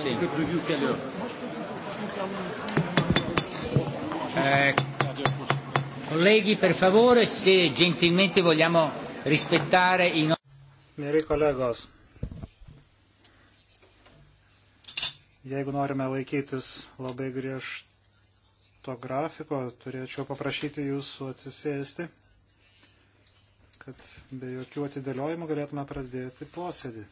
Sì. Good review quelle ore? Eh, colleghi, per favore, se gentilmente vogliamo rispettare i nostri... Mieli kolegos, jeigu norime laikytis labai griežto grafiko, turėčiau paprašyti jūsų atsisėsti, kad be jokių atidėliojimų galėtume pradėti posėdį.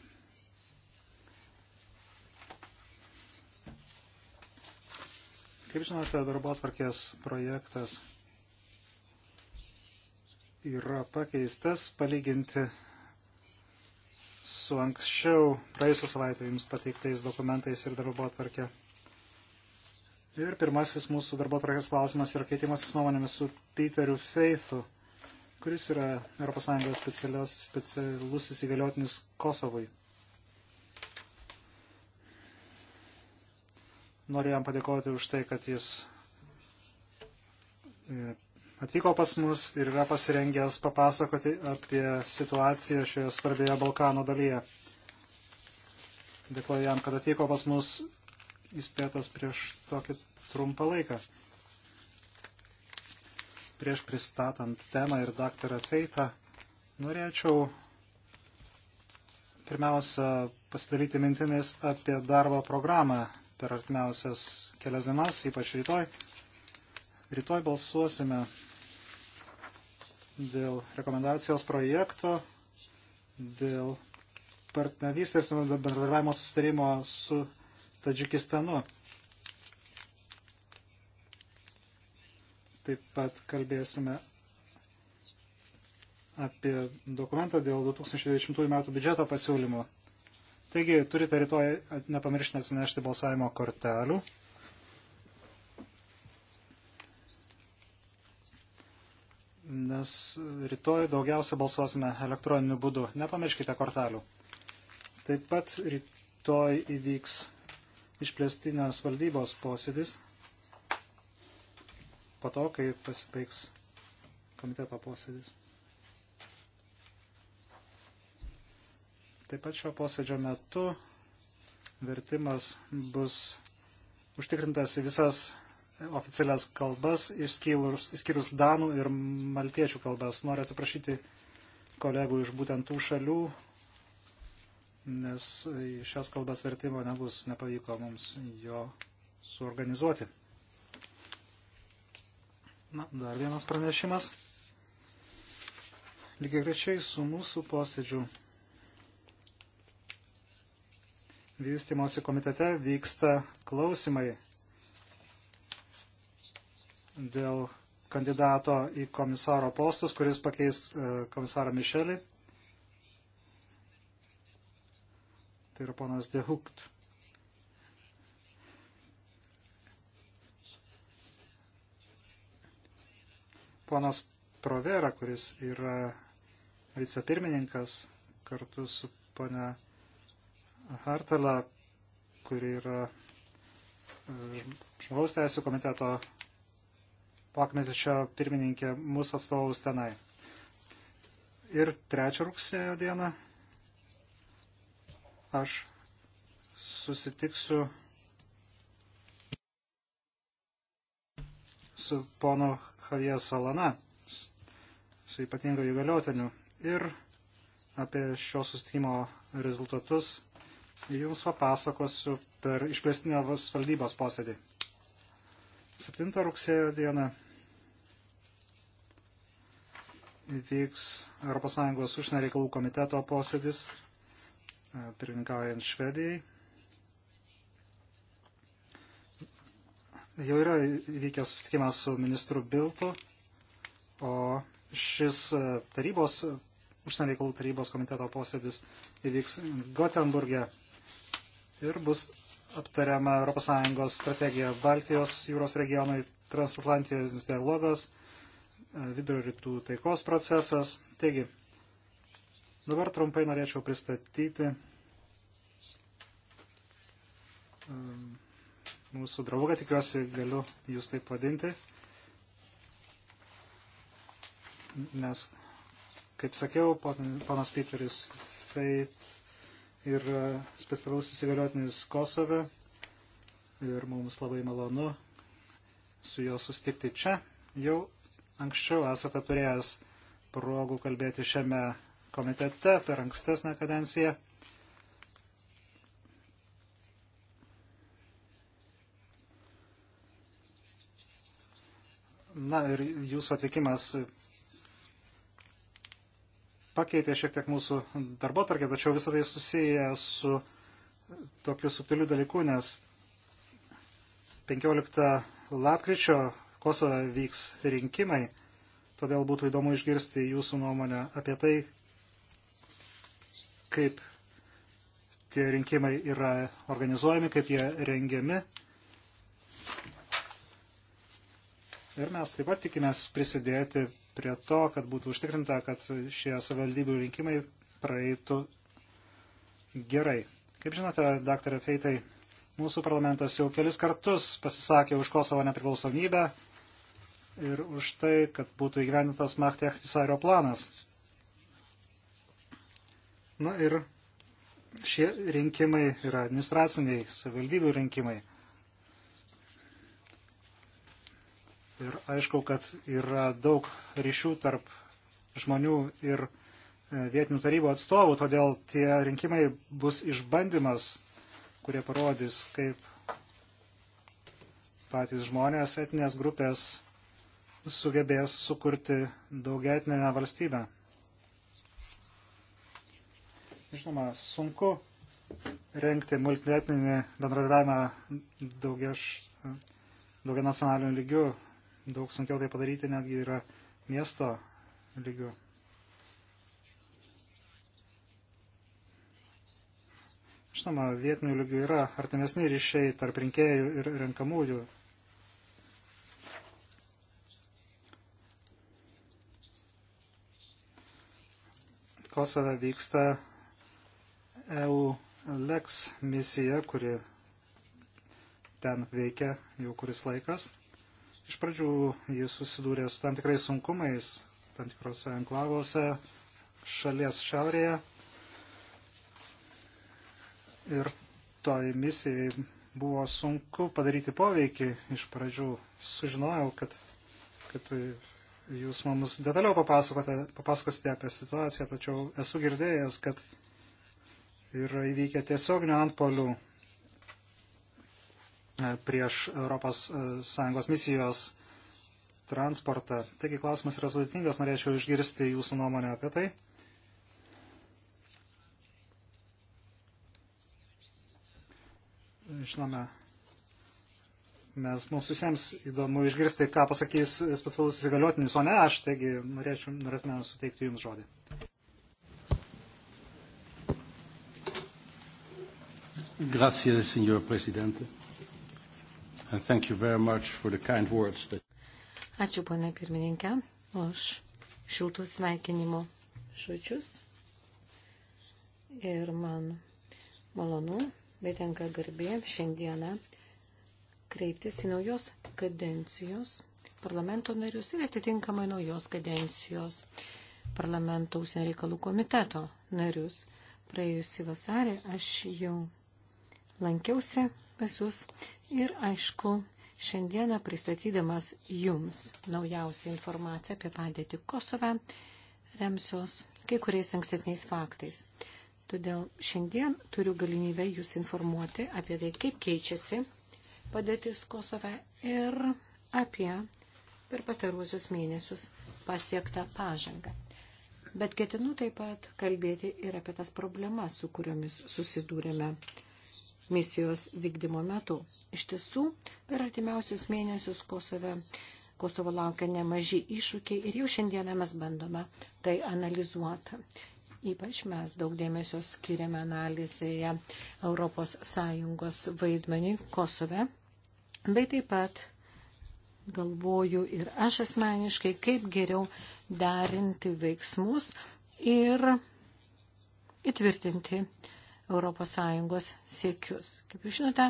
Kaip žinote, darbo atvarkės projektas yra pakeistas palyginti su anksčiau praėjusią savaitę jums pateiktais dokumentais ir darbo atvarkė. Ir pirmasis mūsų darbo atvarkės klausimas yra keitimasis nuomonėmis su Peteriu Feithu, kuris yra ES specialus įsigaliotinis Kosovui. norėjom padėkoti už tai, kad jis e, atvyko pas mus ir yra pasirengęs papasakoti apie situaciją šioje svarbioje Balkano dalyje. Dėkuoju jam, kad atvyko pas mus įspėtas prieš tokį trumpą laiką. Prieš pristatant temą ir daktarą Feitą, norėčiau pirmiausia pasidalyti mintimis apie darbo programą per artimiausias kelias dienas, ypač rytoj. Rytoj balsuosime dėl rekomendacijos projekto, dėl partnerystės ir bendradarbiavimo sustarimo su Tadžikistanu. Taip pat kalbėsime apie dokumentą dėl 2020 m. biudžeto pasiūlymo. Taigi turite rytoj nepamiršti atsinešti balsavimo kortelių. Nes rytoj daugiausia balsuosime elektroniniu būdu. Nepamirškite kortelių. Taip pat rytoj įvyks išplėstinės valdybos posėdis. Po to, kai pasibaigs komiteto posėdis. Taip pat šio posėdžio metu vertimas bus užtikrintas į visas oficialias kalbas, išskyrus, išskyrus danų ir maltiečių kalbas. Noriu atsiprašyti kolegų iš būtent tų šalių, nes į šias kalbas vertimo nebus, nepavyko mums jo suorganizuoti. Na, dar vienas pranešimas. Lygiai grečiai su mūsų posėdžiu vystimosi komitete vyksta klausimai dėl kandidato į komisaro postus, kuris pakeis e, komisarą Mišelį. Tai yra ponas Dehukt. Ponas Provera, kuris yra vicepirmininkas kartu su pana Hartelą, kuri yra e, žmogaus teisų komiteto pakmetičio pirmininkė mūsų atstovus tenai. Ir trečią rugsėjo dieną aš susitiksiu su ponu Javier Salana, su ypatingo įgaliotiniu ir apie šio sustikimo rezultatus jums papasakosiu per išplėstinio valdybos posėdį. 7 rugsėjo dieną vyks ES užsienio reikalų komiteto posėdis, e, pirmininkaujant Švedijai. Jau yra įvykęs susitikimas su ministru Biltu, o šis e, tarybos, užsienio reikalų tarybos komiteto posėdis įvyks Gotenburgė ir bus aptariama ES strategija Baltijos jūros regionui, transatlantinis dialogas, e, vidurio rytų taikos procesas. Taigi, dabar trumpai norėčiau pristatyti mūsų draugą, tikiuosi galiu jūs taip vadinti, nes, kaip sakiau, ponas Piteris Feit ir e, specialaus įsigaliotinis Kosove ir mums labai malonu su juo sustikti čia. Jau anksčiau esate turėjęs progų kalbėti šiame komitete per ankstesnę kadenciją. Na ir jūsų atvykimas pakeitė šiek tiek mūsų darbo tarkė, tačiau visą tai susiję su tokiu subtiliu dalyku, nes 15 lapkričio Kosove vyks rinkimai, todėl būtų įdomu išgirsti jūsų nuomonę apie tai, kaip tie rinkimai yra organizuojami, kaip jie rengiami. Ir mes taip pat tikimės prisidėti prie to, kad būtų užtikrinta, kad šie savivaldybių rinkimai praeitų gerai. Kaip žinote, dr. Feitai, mūsų parlamentas jau kelis kartus pasisakė už Kosovo nepriklausomybę ir už tai, kad būtų įgyvendintas Machtechtisairio planas. Na ir šie rinkimai yra administraciniai savivaldybių rinkimai. Ir aišku, kad yra daug ryšių tarp žmonių ir e, vietinių tarybų atstovų, todėl tie rinkimai bus išbandymas, kurie parodys, kaip patys žmonės, etinės grupės sugebės sukurti daugiatinę valstybę. Žinoma, sunku renkti multietninį bendradavimą daugia nacionalinių lygių, daug sunkiau tai padaryti netgi yra miesto lygių. Žinoma, vietinių lygių yra artimesni ryšiai tarp rinkėjų ir renkamųjų. Kosove vyksta EU Lex misija, kuri ten veikia jau kuris laikas. Iš pradžių jis susidūrė su tam tikrais sunkumais, tam tikrose enklavose šalies šiaurėje. Ir toj misijai buvo sunku padaryti poveikį. Iš pradžių sužinojau, kad, kad jūs mums detaliau papasakosite apie situaciją, tačiau esu girdėjęs, kad yra įvykę tiesioginio antpolių E, prieš ES e, misijos transportą. Taigi klausimas yra sudėtingas, norėčiau išgirsti jūsų nuomonę apie tai. Žinome, mes mums visiems įdomu išgirsti, ką pasakys specialus įsigaliotinis, o ne aš, taigi norėčiau, norėtume suteikti jums žodį. Gracias, señor presidente. That... Ačiū, ponė pirmininkė, už šiltų sveikinimo žodžius. Ir man malonu, bet tenka garbė šiandieną kreiptis į naujos kadencijos parlamento narius ir atitinkamai naujos kadencijos parlamento užsienio reikalų komiteto narius. Praėjusį vasarį aš jau lankiausi pas jūs. Ir aišku, šiandieną pristatydamas jums naujausią informaciją apie padėtį Kosove, remsios kai kuriais ankstesniais faktais. Todėl šiandien turiu galimybę jūs informuoti apie tai, kaip keičiasi padėtis Kosove ir apie per pastaruosius mėnesius pasiektą pažangą. Bet ketinu taip pat kalbėti ir apie tas problemas, su kuriomis susidūrėme misijos vykdymo metu. Iš tiesų, per artimiausius mėnesius Kosove, Kosovo laukia nemaži iššūkiai ir jau šiandieną mes bandome tai analizuoti. Ypač mes daug dėmesio skiriame analizėje ES vaidmenį Kosove, bei taip pat galvoju ir aš asmeniškai, kaip geriau derinti veiksmus ir įtvirtinti uh, ES siekius. Kaip jūs žinote,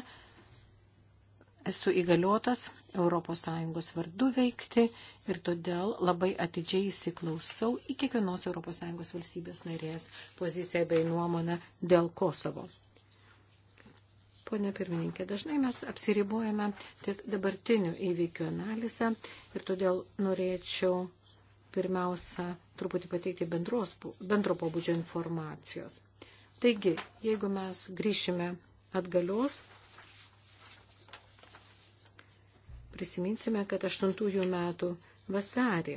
esu įgaliotas ES vardu veikti ir todėl labai atidžiai įsiklausau į kiekvienos ES valstybės narės poziciją bei nuomonę dėl Kosovo. Pone pirmininkė, dažnai mes apsiribojame tik dabartinių įvykių analizę ir todėl norėčiau pirmiausia truputį pateikti bendros, bendro pobūdžio informacijos. Taigi, jeigu mes grįšime atgalios, prisiminsime, kad 8 metų vasarį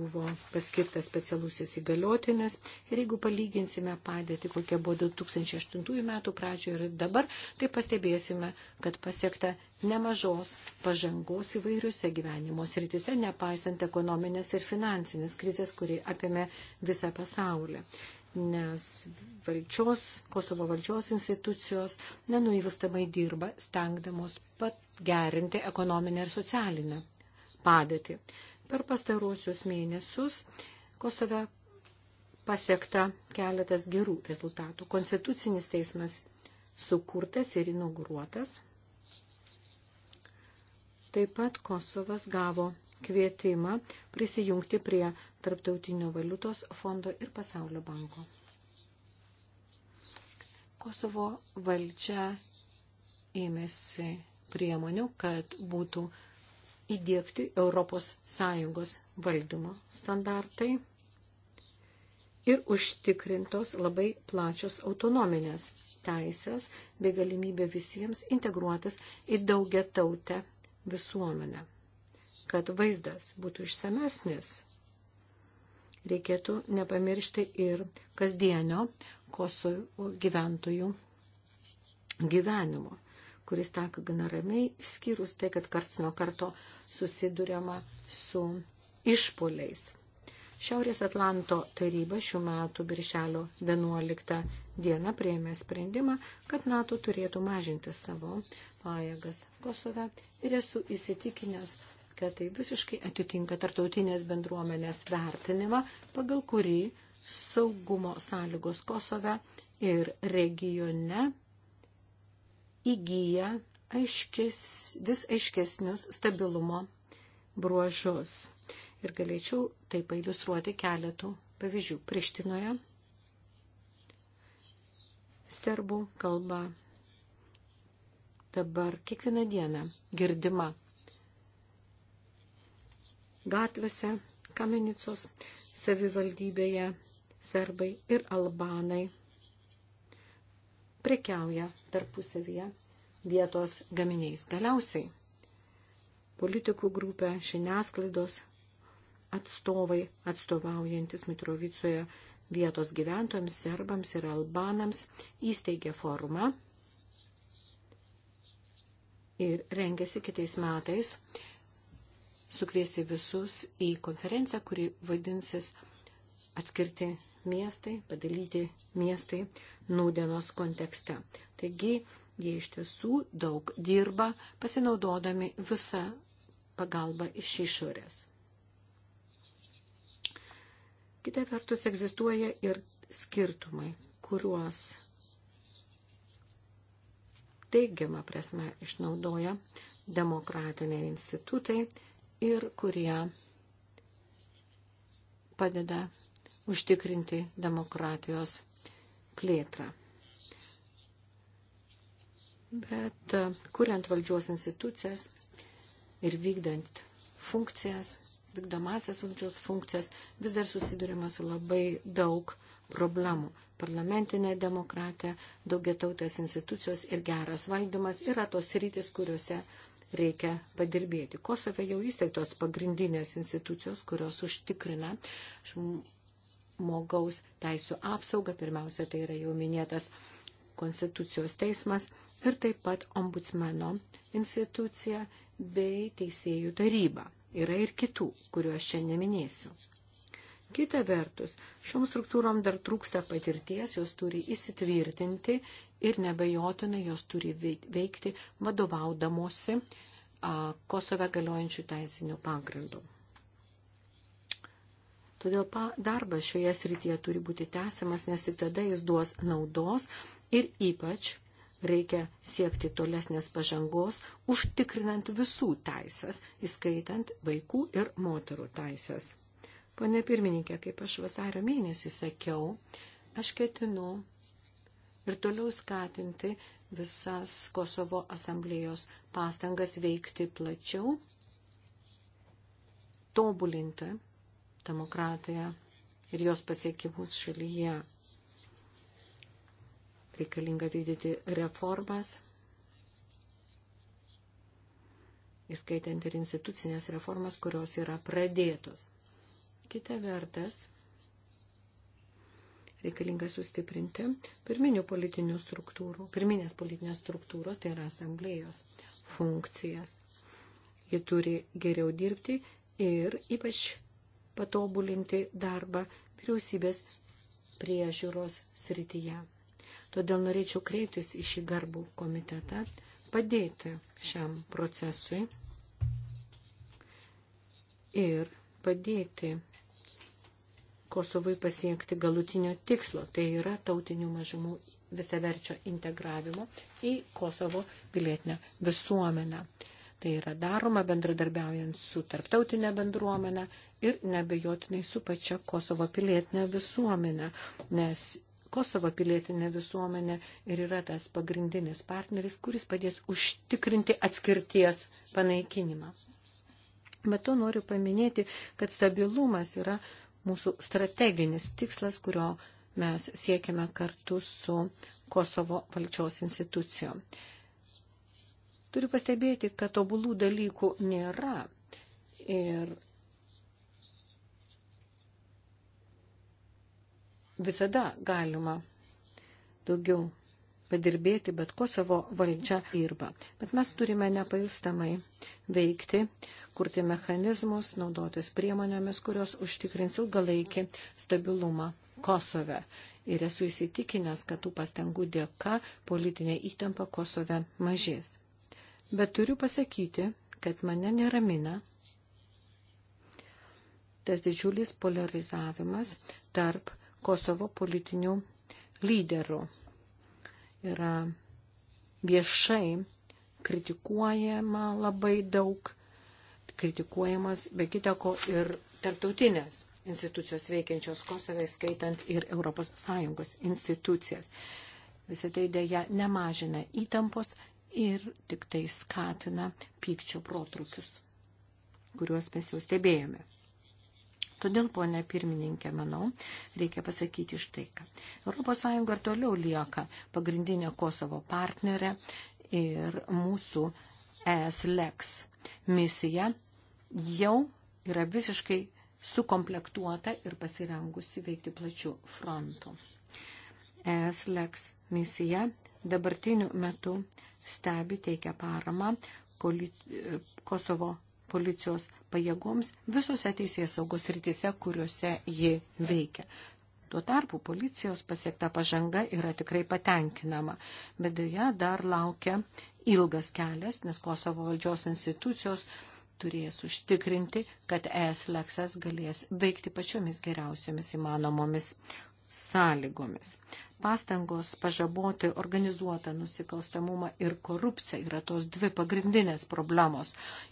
buvo paskirtas specialusis įgaliotinis ir jeigu palyginsime padėtį, kokia buvo 2008 metų pradžioje ir dabar, tai pastebėsime, kad pasiekta nemažos pažangos įvairiuose gyvenimo srityse, nepaisant ekonominės ir finansinės krizės, kuri apėmė visą pasaulį nes valdžios, Kosovo valdžios institucijos nenuivastamai dirba, stengdamos pagerinti ekonominę ir socialinę padėtį. Per pastaruosius mėnesius Kosove pasiekta keletas gerų rezultatų. Konstitucinis teismas sukurtas ir inauguruotas. Taip pat Kosovas gavo kvietimą prisijungti prie Tarptautinio valiutos fondo ir pasaulio banko. Kosovo valdžia ėmėsi priemonių, kad būtų įdėkti ES valdymo standartai ir užtikrintos labai plačios autonominės teisės bei galimybė visiems integruotis į daugia tautę visuomenę kad vaizdas būtų išsamesnis, reikėtų nepamiršti ir kasdienio Kosovo gyventojų gyvenimo, kuris teka gana ramiai, išskyrus tai, kad karts nuo karto susidurėma su išpoliais. Šiaurės Atlanto taryba šių metų birželio 11 dieną prieėmė sprendimą, kad NATO turėtų mažinti savo pajėgas Kosove ir esu įsitikinęs, kad tai visiškai atitinka tartautinės bendruomenės vertinimą, pagal kurį saugumo sąlygos Kosove ir regione įgyja aiškis, vis aiškesnius stabilumo bruožus. Ir galėčiau tai pailustruoti keletų pavyzdžių. Prištinoje serbų kalba dabar kiekvieną dieną girdima gatvėse, Kamenicos savivaldybėje serbai ir albanai prekiauja tarpusavyje vietos gaminiais. Galiausiai politikų grupė, žiniasklaidos atstovai, atstovaujantis Mitrovicoje vietos gyventojams, serbams ir albanams, įsteigė forumą ir rengėsi kitais metais sukviesti visus į konferenciją, kuri vadinsis atskirti miestai, padalyti miestai nūdienos kontekste. Taigi, jie iš tiesų daug dirba, pasinaudodami visą pagalbą iš išorės. Kita vertus egzistuoja ir skirtumai, kuriuos teigiamą prasme išnaudoja demokratiniai institutai ir kurie padeda užtikrinti demokratijos plėtrą. Bet e, kuriant valdžios institucijas ir vykdant funkcijas, vykdomasias valdžios funkcijas, vis dar susidurima su labai daug problemų. Parlamentinė demokratija, daugiatautės institucijos ir geras valdymas yra tos rytis, kuriuose reikia padirbėti. Kosove jau įsteigtos pagrindinės institucijos, kurios užtikrina žmogaus teisų apsaugą. Pirmiausia, tai yra jau minėtas Konstitucijos teismas ir taip pat ombudsmeno institucija bei teisėjų taryba. Yra ir kitų, kuriuos čia neminėsiu. Kita vertus, šiom struktūrom dar trūksta patirties, jos turi įsitvirtinti ir nebejotinai jos turi veikti vadovaudamosi Kosove galiojančių teisinių pagrindų. Todėl darbas šioje srityje turi būti tęsiamas, nes tik tada jis duos naudos ir ypač reikia siekti tolesnės pažangos, užtikrinant visų teisės, įskaitant vaikų ir moterų teisės. Pone pirmininkė, kaip aš vasario mėnesį sakiau, aš ketinu ir toliau skatinti visas Kosovo asamblėjos pastangas veikti plačiau, tobulinti demokratiją ir jos pasiekimus šalyje. Reikalinga vykdyti reformas, įskaitant ir institucinės reformas, kurios yra pradėtos. Kita vertas, reikalinga sustiprinti pirminių politinių struktūrų, pirminės politinės struktūros, tai yra asamblėjos funkcijas. Ji turi geriau dirbti ir ypač patobulinti darbą vyriausybės priežiūros srityje. Todėl norėčiau kreiptis į šį garbų komitetą, padėti šiam procesui ir padėti Kosovui pasiekti galutinio tikslo, tai yra tautinių mažumų visaverčio integravimo į Kosovo pilietinę visuomenę. Tai yra daroma bendradarbiaujant su tarptautinė bendruomenė ir nebejotinai su pačia Kosovo pilietinė visuomenė, nes Kosovo pilietinė visuomenė ir yra tas pagrindinis partneris, kuris padės užtikrinti atskirties panaikinimą. Bet to noriu paminėti, kad stabilumas yra mūsų strateginis tikslas, kurio mes siekiame kartu su Kosovo valdžios institucijom. Turiu pastebėti, kad tobulų dalykų nėra. Ir visada galima daugiau padirbėti, bet Kosovo valdžia dirba. Bet mes turime nepailstamai veikti, kurti mechanizmus, naudotis priemonėmis, kurios užtikrins ilgalaikį stabilumą Kosove. Ir esu įsitikinęs, kad tų pastangų dėka politinė įtampa Kosove mažės. Bet turiu pasakyti, kad mane neramina tas didžiulis polarizavimas tarp Kosovo politinių lyderų yra viešai kritikuojama labai daug, kritikuojamas be kitako ir tarptautinės institucijos veikiančios Kosovai, skaitant ir Europos Sąjungos institucijas. Visą tai dėja nemažina įtampos ir tik tai skatina pykčio protrukius, kuriuos mes jau stebėjome. Todėl, ponė pirmininkė, manau, reikia pasakyti štai ką. ES ir toliau lieka pagrindinė Kosovo partnerė ir mūsų ESLEX misija jau yra visiškai sukomplektuota ir pasirengusi veikti plačių frontų. ESLEX misija dabartiniu metu stebi teikia paramą Kosovo policijos pajėgoms visose teisės saugos rytise, kuriuose ji veikia. Tuo tarpu policijos pasiekta pažanga yra tikrai patenkinama, bet dėja dar laukia ilgas kelias, nes Kosovo valdžios institucijos turės užtikrinti, kad ES leksas galės veikti pačiomis geriausiomis įmanomomis sąlygomis. Pastangos pažaboti organizuotą nusikalstamumą ir korupciją yra tos dvi pagrindinės problemos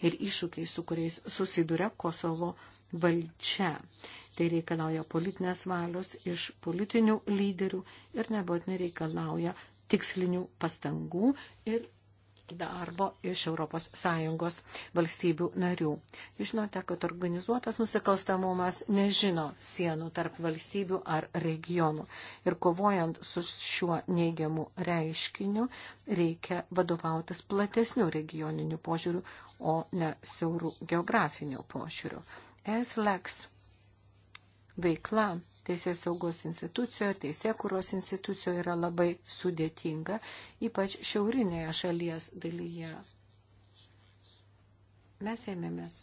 ir iššūkiai, su kuriais susiduria Kosovo valdžia. Tai reikalauja politinės valios iš politinių lyderių ir nebūtinai reikalauja tikslinių pastangų ir darbo iš ES valstybių narių. Jūs žinote, kad organizuotas nusikalstamumas nežino sienų tarp valstybių ar regionų. Ir kovojant su šiuo neigiamu reiškiniu, reikia vadovautis platesnių regioninių požiūrių, o ne siaurų geografinių požiūrių. ESLEX veikla teisės saugos institucijoje, teisėkuros institucijoje yra labai sudėtinga, ypač šiaurinėje šalies dalyje. Mes ėmėmės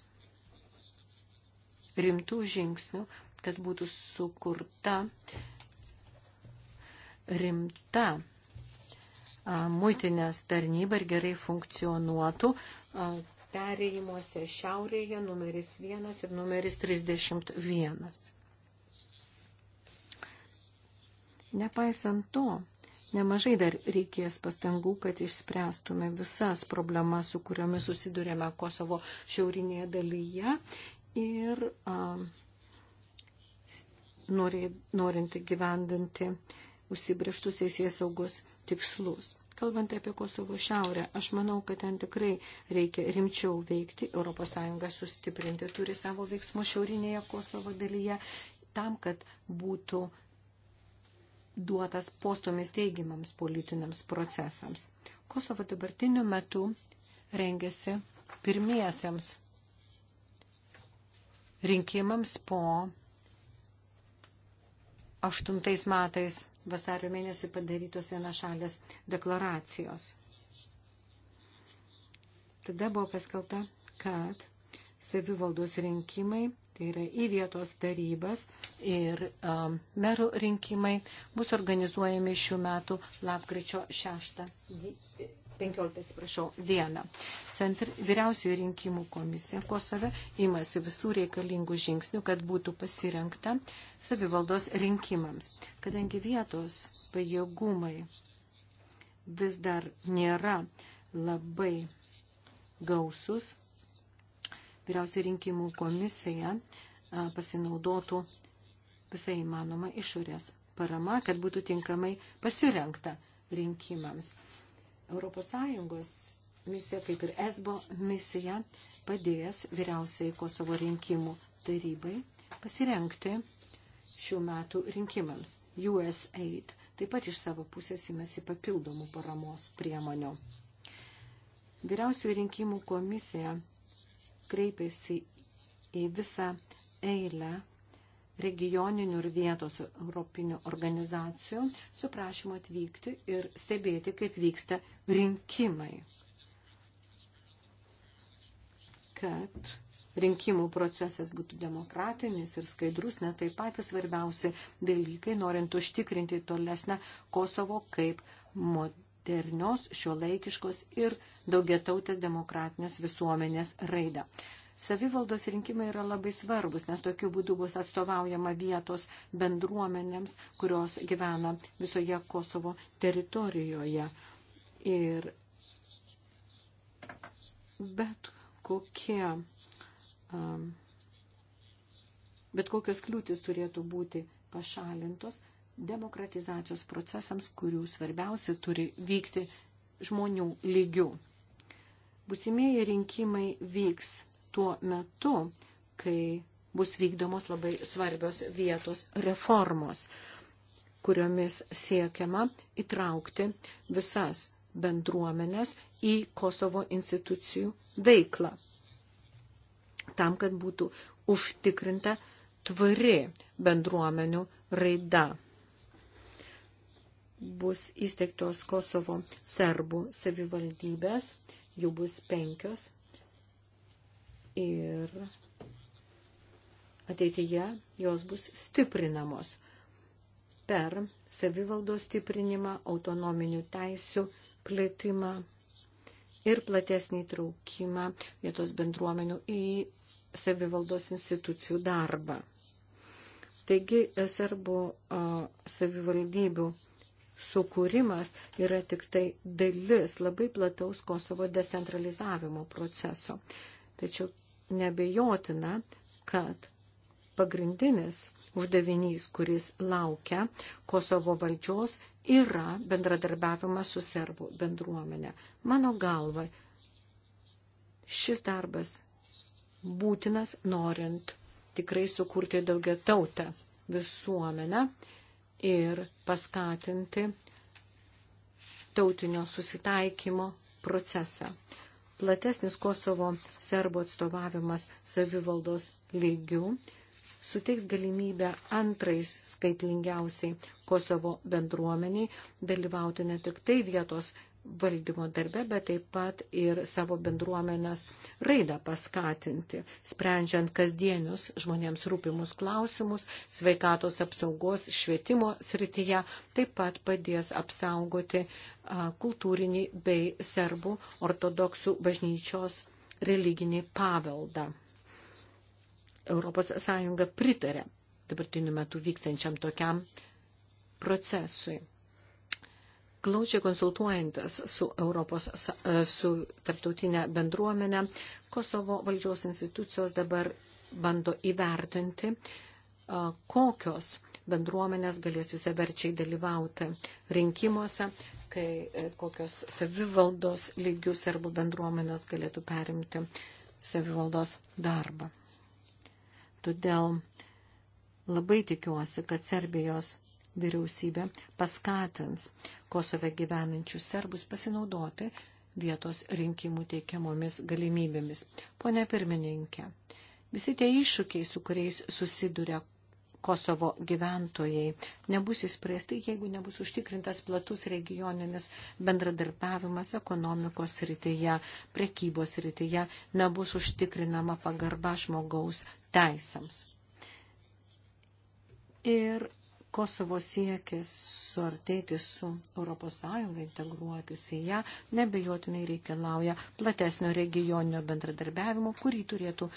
rimtų žingsnių, kad būtų sukurta rimta muitinės tarnyba ir gerai funkcionuotų perėjimuose šiaurėje numeris 1 ir numeris 31. Nepaisant to, nemažai dar reikės pastangų, kad išspręstume visas problemas, su kuriomis susidurėme Kosovo šiaurinėje dalyje. Ir a, norint gyvendinti užsibrieštus teisės saugos tikslus. Kalbant apie Kosovo šiaurę, aš manau, kad ten tikrai reikia rimčiau veikti, ES sustiprinti turi savo veiksmų šiaurinėje Kosovo dalyje tam, kad būtų duotas postumis teigiamams politiniams procesams. Kosovo dabartiniu metu rengiasi pirmiesiems rinkimams po aštuntais metais vasario mėnesį padarytos vienašalės deklaracijos. Tada buvo paskelta, kad savivaldos rinkimai, tai yra į vietos tarybas ir um, merų rinkimai bus organizuojami šių metų lapkričio 6. 15, prašau, dieną. Centr, vyriausiųjų rinkimų komisija Kosove imasi visų reikalingų žingsnių, kad būtų pasirenkta savivaldos rinkimams. Kadangi vietos pajėgumai vis dar nėra labai gausus, vyriausiai rinkimų komisija pasinaudotų visai įmanoma išorės parama, kad būtų tinkamai pasirenkta rinkimams. ES misija, kaip ir ESBO misija, padėjęs vyriausiai Kosovo rinkimų tarybai pasirenkti šių metų rinkimams. USAID taip pat iš savo pusės imasi papildomų paramos priemonių. Vyriausiųjų rinkimų komisija kreipėsi į visą eilę regioninių ir vietos europinių organizacijų su prašymu atvykti ir stebėti, kaip vyksta rinkimai. Kad rinkimų procesas būtų demokratinis ir skaidrus, nes tai patys svarbiausi dalykai, norint užtikrinti tolesnę Kosovo kaip modernios, šiuolaikiškos ir daugiatautės demokratinės visuomenės raidą. Savivaldos rinkimai yra labai svarbus, nes tokiu būdu bus atstovaujama vietos bendruomenėms, kurios gyvena visoje Kosovo teritorijoje. Ir bet kokie, um, bet kokios kliūtis turėtų būti pašalintos demokratizacijos procesams, kurių svarbiausia turi vykti žmonių lygių. Būsimieji rinkimai vyks tuo metu, kai bus vykdomos labai svarbios vietos reformos, kuriomis siekiama įtraukti visas bendruomenės į Kosovo institucijų veiklą, tam, kad būtų užtikrinta tvari bendruomenių raida. Bus įsteigtos Kosovo serbų savivaldybės jų bus penkios ir ateityje jos bus stiprinamos per savivaldos stiprinimą, autonominių teisių plėtimą ir platesnį traukimą vietos bendruomenių į savivaldos institucijų darbą. Taigi, e, svarbu e, savivaldybių uh, sukūrimas yra tik tai dalis labai plataus Kosovo decentralizavimo proceso. Tačiau nebejotina, kad pagrindinis uždavinys, kuris laukia Kosovo valdžios, yra bendradarbiavimas su serbų bendruomenė. Mano galva, šis darbas būtinas norint tikrai sukurti daugia tautą visuomenę ir paskatinti tautinio susitaikymo procesą. Platesnis Kosovo serbo atstovavimas savivaldos lygių suteiks galimybę antrais skaitlingiausiai Kosovo bendruomeniai dalyvauti ne tik tai vietos valdymo darbe, bet taip pat ir savo bendruomenės raidą paskatinti, sprendžiant kasdienius žmonėms rūpimus klausimus, sveikatos apsaugos, švietimo srityje, taip pat padės apsaugoti kultūrinį bei serbų ortodoksų bažnyčios religinį paveldą. ES pritarė dabartiniu metu vykstančiam tokiam procesui glaučiai konsultuojantis su, Europos, e, su tarptautinė bendruomenė, Kosovo valdžios institucijos dabar bando įvertinti, e, kokios bendruomenės galės visaverčiai dalyvauti rinkimuose, kai e, kokios savivaldos lygių serbų bendruomenės galėtų perimti savivaldos darbą. Todėl labai tikiuosi, kad Serbijos vyriausybė paskatins Kosove gyvenančius serbus pasinaudoti vietos rinkimų teikiamomis galimybėmis. Pone pirmininkė, visi tie iššūkiai, su kuriais susiduria Kosovo gyventojai nebus įspręsti, jeigu nebus užtikrintas platus regioninis bendradarbiavimas ekonomikos rytyje, prekybos rytyje, nebus užtikrinama pagarba žmogaus teisams. Ir Kosovo siekis suartėti su ES, integruotis į ją, nebejotinai reikalauja platesnio regioninio bendradarbiavimo, kurį turėtų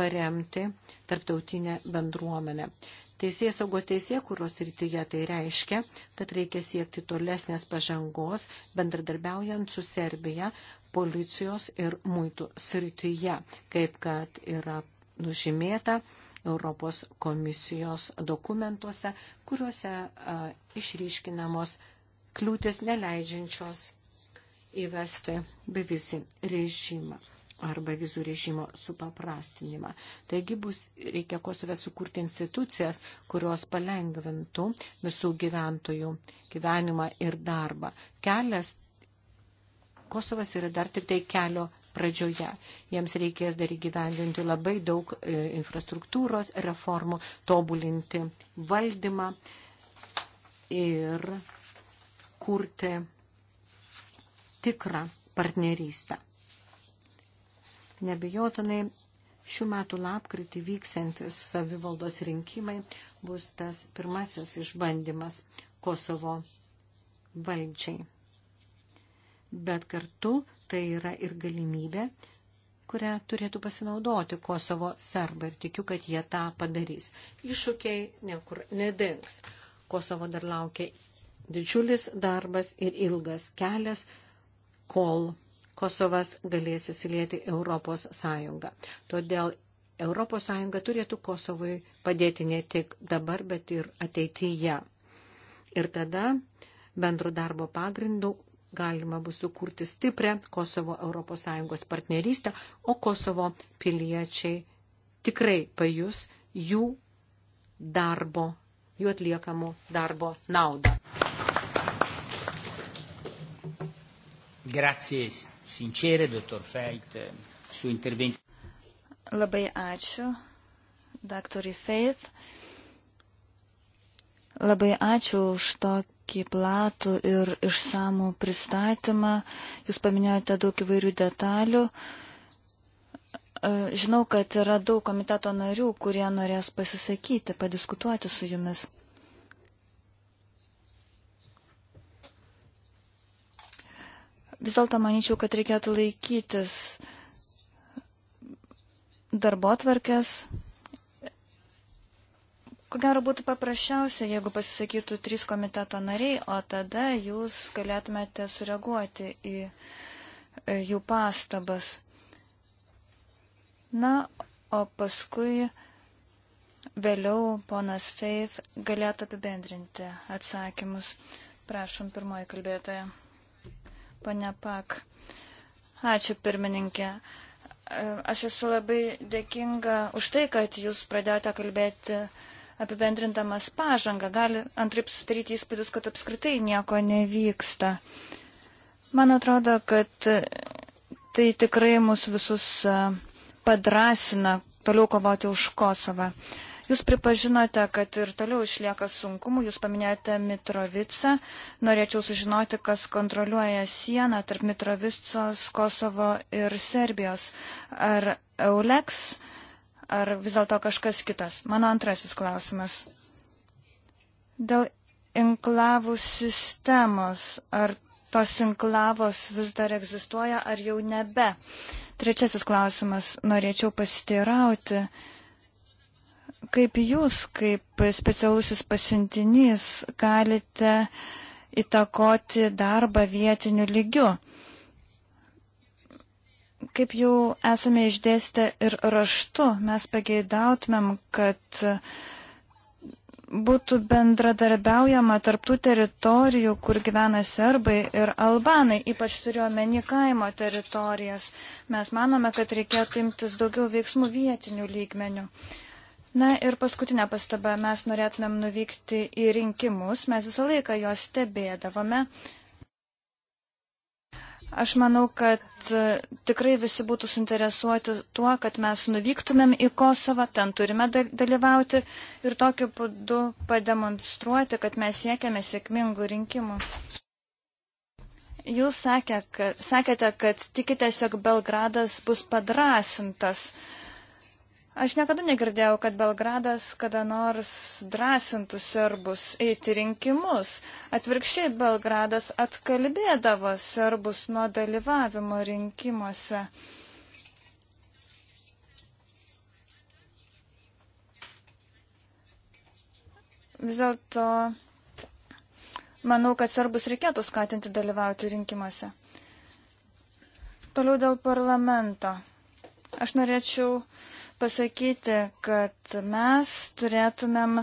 paremti tarptautinė bendruomenė. Teisės saugo teisė, kuros rytyje tai reiškia, kad reikia siekti tolesnės pažangos, bendradarbiaujant su Serbija, policijos ir muitų srityje, kaip kad yra nužymėta Europos komisijos dokumentuose, kuriuose a, išryškinamos kliūtis neleidžiančios įvesti bevizį režimą arba vizų režimo supaprastinimą. Taigi bus reikia Kosove sukurti institucijas, kurios palengvintų visų gyventojų gyvenimą ir darbą. Kelias Kosovas yra dar tik tai kelio pradžioje. Jiems reikės dar įgyvendinti labai daug e, infrastruktūros reformų, tobulinti valdymą ir kurti tikrą partnerystę. Nebejotinai šių metų lapkritį vyksiantis savivaldos rinkimai bus tas pirmasis išbandymas Kosovo valdžiai bet kartu tai yra ir galimybė, kurią turėtų pasinaudoti Kosovo serbai ir tikiu, kad jie tą padarys. Iššūkiai niekur nedings. Kosovo dar laukia didžiulis darbas ir ilgas kelias, kol Kosovas galės įsilieti Europos Sąjungą. Todėl Europos Sąjunga turėtų Kosovui padėti ne tik dabar, bet ir ateityje. Ir tada bendrų darbo pagrindų galima bus sukurti stiprią Kosovo ES partnerystę, o Kosovo piliečiai tikrai pajus jų darbo, jų atliekamų darbo naudą. Grazie, sincere, dottor Feit, su interventi. Labai ačiū, daktarui Faith. Labai ačiū už tokį tokį platų ir išsamų pristatymą. Jūs paminėjote daug įvairių detalių. E, žinau, kad yra daug komiteto narių, kurie norės pasisakyti, padiskutuoti su jumis. Vis dėlto manyčiau, kad reikėtų laikytis darbo tvarkės, Ko gero būtų paprasčiausia, jeigu pasisakytų trys komiteto nariai, o tada jūs galėtumėte sureaguoti į e, jų pastabas. Na, o paskui vėliau ponas Faith galėtų apibendrinti atsakymus. Prašom, pirmoji kalbėtoja. Pane Pak. Ačiū, pirmininkė. E, aš esu labai dėkinga už tai, kad jūs pradėjote kalbėti apibendrindamas pažangą, gali antraip susidaryti įspūdis, kad apskritai nieko nevyksta. Man atrodo, kad tai tikrai mus visus e, padrasina toliau kovoti už Kosovą. Jūs pripažinote, kad ir toliau išlieka sunkumų, jūs paminėjote Mitrovicą. Norėčiau sužinoti, kas kontroliuoja sieną tarp Mitrovicos, Kosovo ir Serbijos. Ar Euleks ar vis dėlto kažkas kitas? Mano antrasis klausimas. Dėl inklavų sistemos, ar tos inklavos vis dar egzistuoja, ar jau nebe? Trečiasis klausimas. Norėčiau pasiteirauti, kaip jūs, kaip specialusis pasiuntinys, galite įtakoti darbą vietiniu lygiu kaip jau esame išdėstę ir raštu, mes pageidautumėm, kad būtų bendradarbiaujama tarptų teritorijų, kur gyvena serbai ir albanai, ypač turiuomenį kaimo teritorijas. Mes manome, kad reikėtų imtis daugiau veiksmų vietinių lygmenių. Na ir paskutinė pastaba, mes norėtumėm nuvykti į rinkimus, mes visą laiką juos stebėdavome. Uh, Aš manau, kad e, tikrai visi būtų suinteresuoti tuo, kad mes nuvyktumėm į Kosovą, ten turime dalyvauti ir tokiu būdu pademonstruoti, kad mes siekiame sėkmingų rinkimų. Jūs sakė, kad, sakėte, kad tikitės, jog Belgradas bus padrasintas. Uh, Aš niekada negirdėjau, kad Belgradas kada nors drąsintų serbus eiti rinkimus. Atvirkščiai Belgradas atkalbėdavo serbus nuo dalyvavimo rinkimuose. Vis dėlto manau, kad serbus reikėtų skatinti dalyvauti rinkimuose. Toliau dėl parlamento. Aš norėčiau uh, pasakyti, kad mes turėtumėm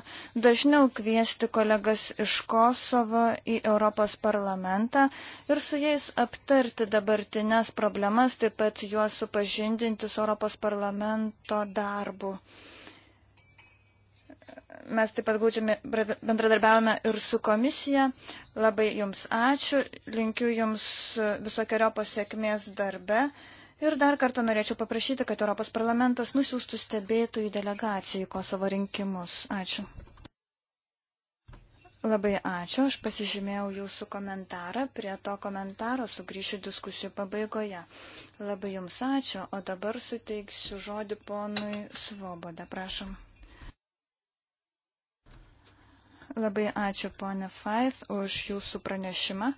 dažniau kviesti kolegas iš Kosovo į Europos parlamentą ir su jais aptarti dabartinės problemas, taip pat juos supažindinti su Europos parlamento darbu. Mes taip pat gaučiame, bendradarbiavame ir su komisija. Labai Jums ačiū, linkiu Jums visokiojo pasiekmės darbe. Ir dar kartą norėčiau paprašyti, kad Europos parlamentas nusiųstų stebėtojų delegaciją į Kosovo rinkimus. Ačiū. Labai ačiū, aš pasižymėjau jūsų komentarą, prie to komentaro sugrįšiu diskusijų pabaigoje. Labai jums ačiū, o dabar suteiksiu žodį ponui Svoboda, prašom. Labai ačiū, ponė Faith, už jūsų pranešimą.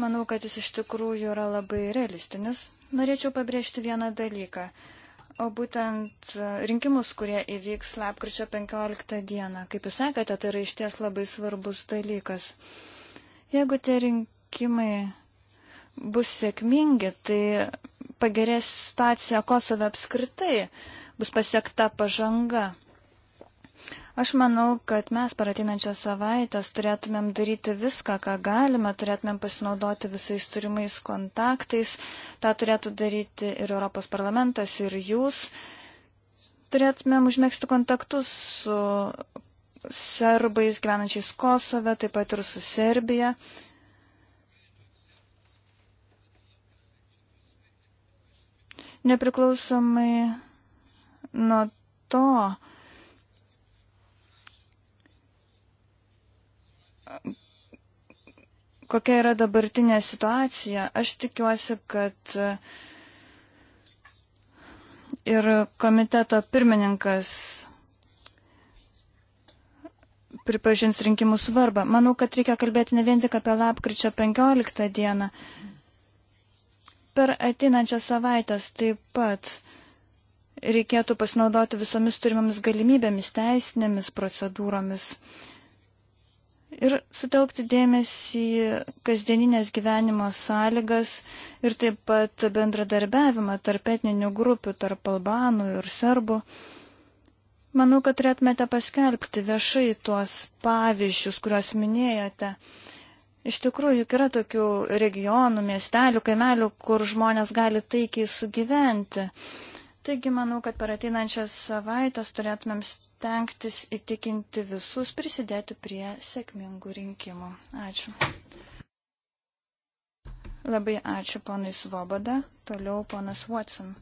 Manau, kad jis iš tikrųjų yra labai realistinis. Norėčiau pabrėžti vieną dalyką, o būtent e, rinkimus, kurie įvyks lapkričio 15 dieną. Kaip jūs sakėte, tai yra išties labai svarbus dalykas. Jeigu tie rinkimai bus sėkmingi, tai pagerės situacija Kosove apskritai, bus pasiekta pažanga. Aš manau, kad mes per ateinančią savaitę turėtumėm daryti viską, ką galime, turėtumėm pasinaudoti visais turimais kontaktais, tą turėtų daryti ir Europos parlamentas, ir jūs. Turėtumėm užmėgsti kontaktus su serbais gyvenančiais Kosove, taip pat ir su Serbija. Nepriklausomai nuo to, kokia yra dabartinė situacija. Aš tikiuosi, kad ir komiteto pirmininkas pripažins rinkimų svarbą. Manau, kad reikia kalbėti ne vien tik apie lapkričio 15 dieną. Per ateinančią savaitę taip pat reikėtų pasinaudoti visomis turimomis galimybėmis, teisinėmis procedūromis. Uh, ir sutelkti dėmesį kasdieninės gyvenimo sąlygas ir taip pat bendradarbiavimą tarp etninių grupių, tarp albanų ir serbų. Manau, kad turėtumėte paskelbti viešai tuos pavyzdžius, kuriuos minėjote. Iš tikrųjų, juk yra tokių regionų, miestelių, kaimelių, kur žmonės gali taikiai sugyventi. Taigi, manau, kad per ateinančias savaitės turėtumėm stengtis įtikinti visus prisidėti prie sėkmingų rinkimų. Ačiū. Labai ačiū ponui Svoboda, toliau ponas Watson.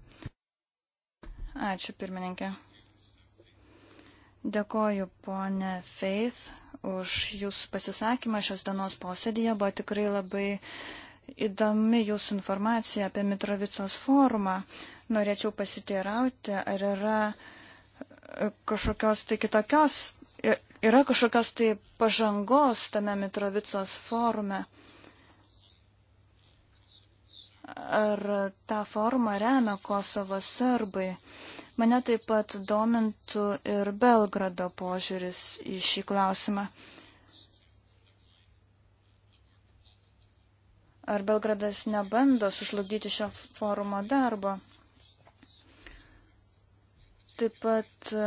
Ačiū pirmininkė. Dėkoju ponė Faith už jūsų pasisakymą šios dienos posėdėje. Buvo tikrai labai įdomi jūsų informacija apie Mitrovicos forumą. Norėčiau pasiteirauti, ar yra kažkokios tai kitokios, yra kažkokios tai pažangos tame Mitrovicos forume. Ar tą formą remia Kosovo serbai? Mane taip pat domintų ir Belgrado požiūris į šį klausimą. Ar Belgradas nebando sužlugdyti šio forumo darbo? Taip pat e,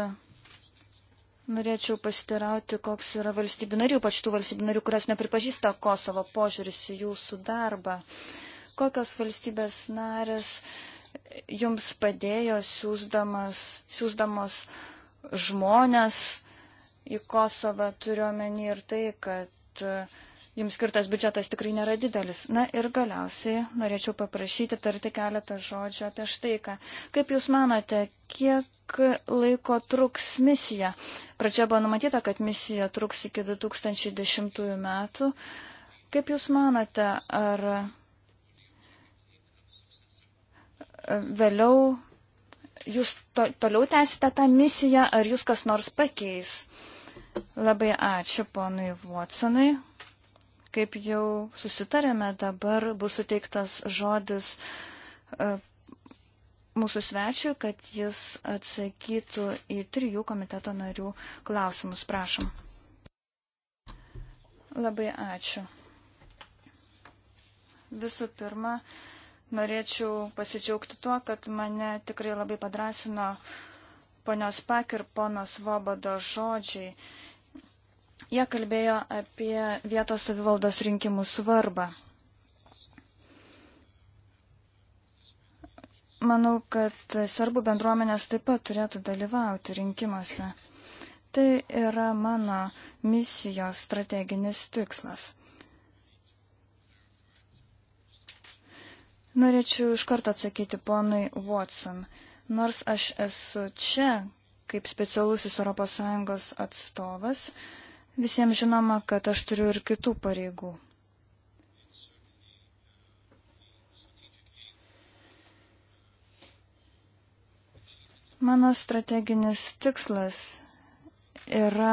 norėčiau pasitirauti, koks yra valstybių narių, pač tų valstybių narių, kurias nepripažįsta Kosovo požiūris į jūsų darbą. Kokios valstybės narės jums padėjo siūsdamos žmonės į Kosovą, turiuomenį ir tai, kad e, jums skirtas biudžetas tikrai nėra didelis. Na ir galiausiai norėčiau paprašyti tarti keletą žodžių apie štai ką. Kaip jūs manote, kiek laiko truks misija. Pradžia buvo numatyta, kad misija truks iki 2010 metų. Kaip Jūs manote, ar vėliau Jūs to, toliau tęsite tą misiją, ar Jūs kas nors pakeis? Labai ačiū ponui Watsonui. Kaip jau susitarėme, dabar bus suteiktas žodis e, mūsų svečiui, kad jis atsakytų į trijų komiteto narių klausimus. Prašom. Labai ačiū. Visų pirma, norėčiau pasidžiaugti tuo, kad mane tikrai labai padrasino ponios Pak ir ponos Vobodo žodžiai. Jie kalbėjo apie vietos savivaldos rinkimų svarbą. Manau, kad serbų bendruomenės taip pat turėtų dalyvauti rinkimuose. Tai yra mano misijos strateginis tikslas. Norėčiau iš karto atsakyti ponui Watson. Nors aš esu čia kaip specialusis ES atstovas, visiems žinoma, kad aš turiu ir kitų pareigų. Mano strateginis tikslas yra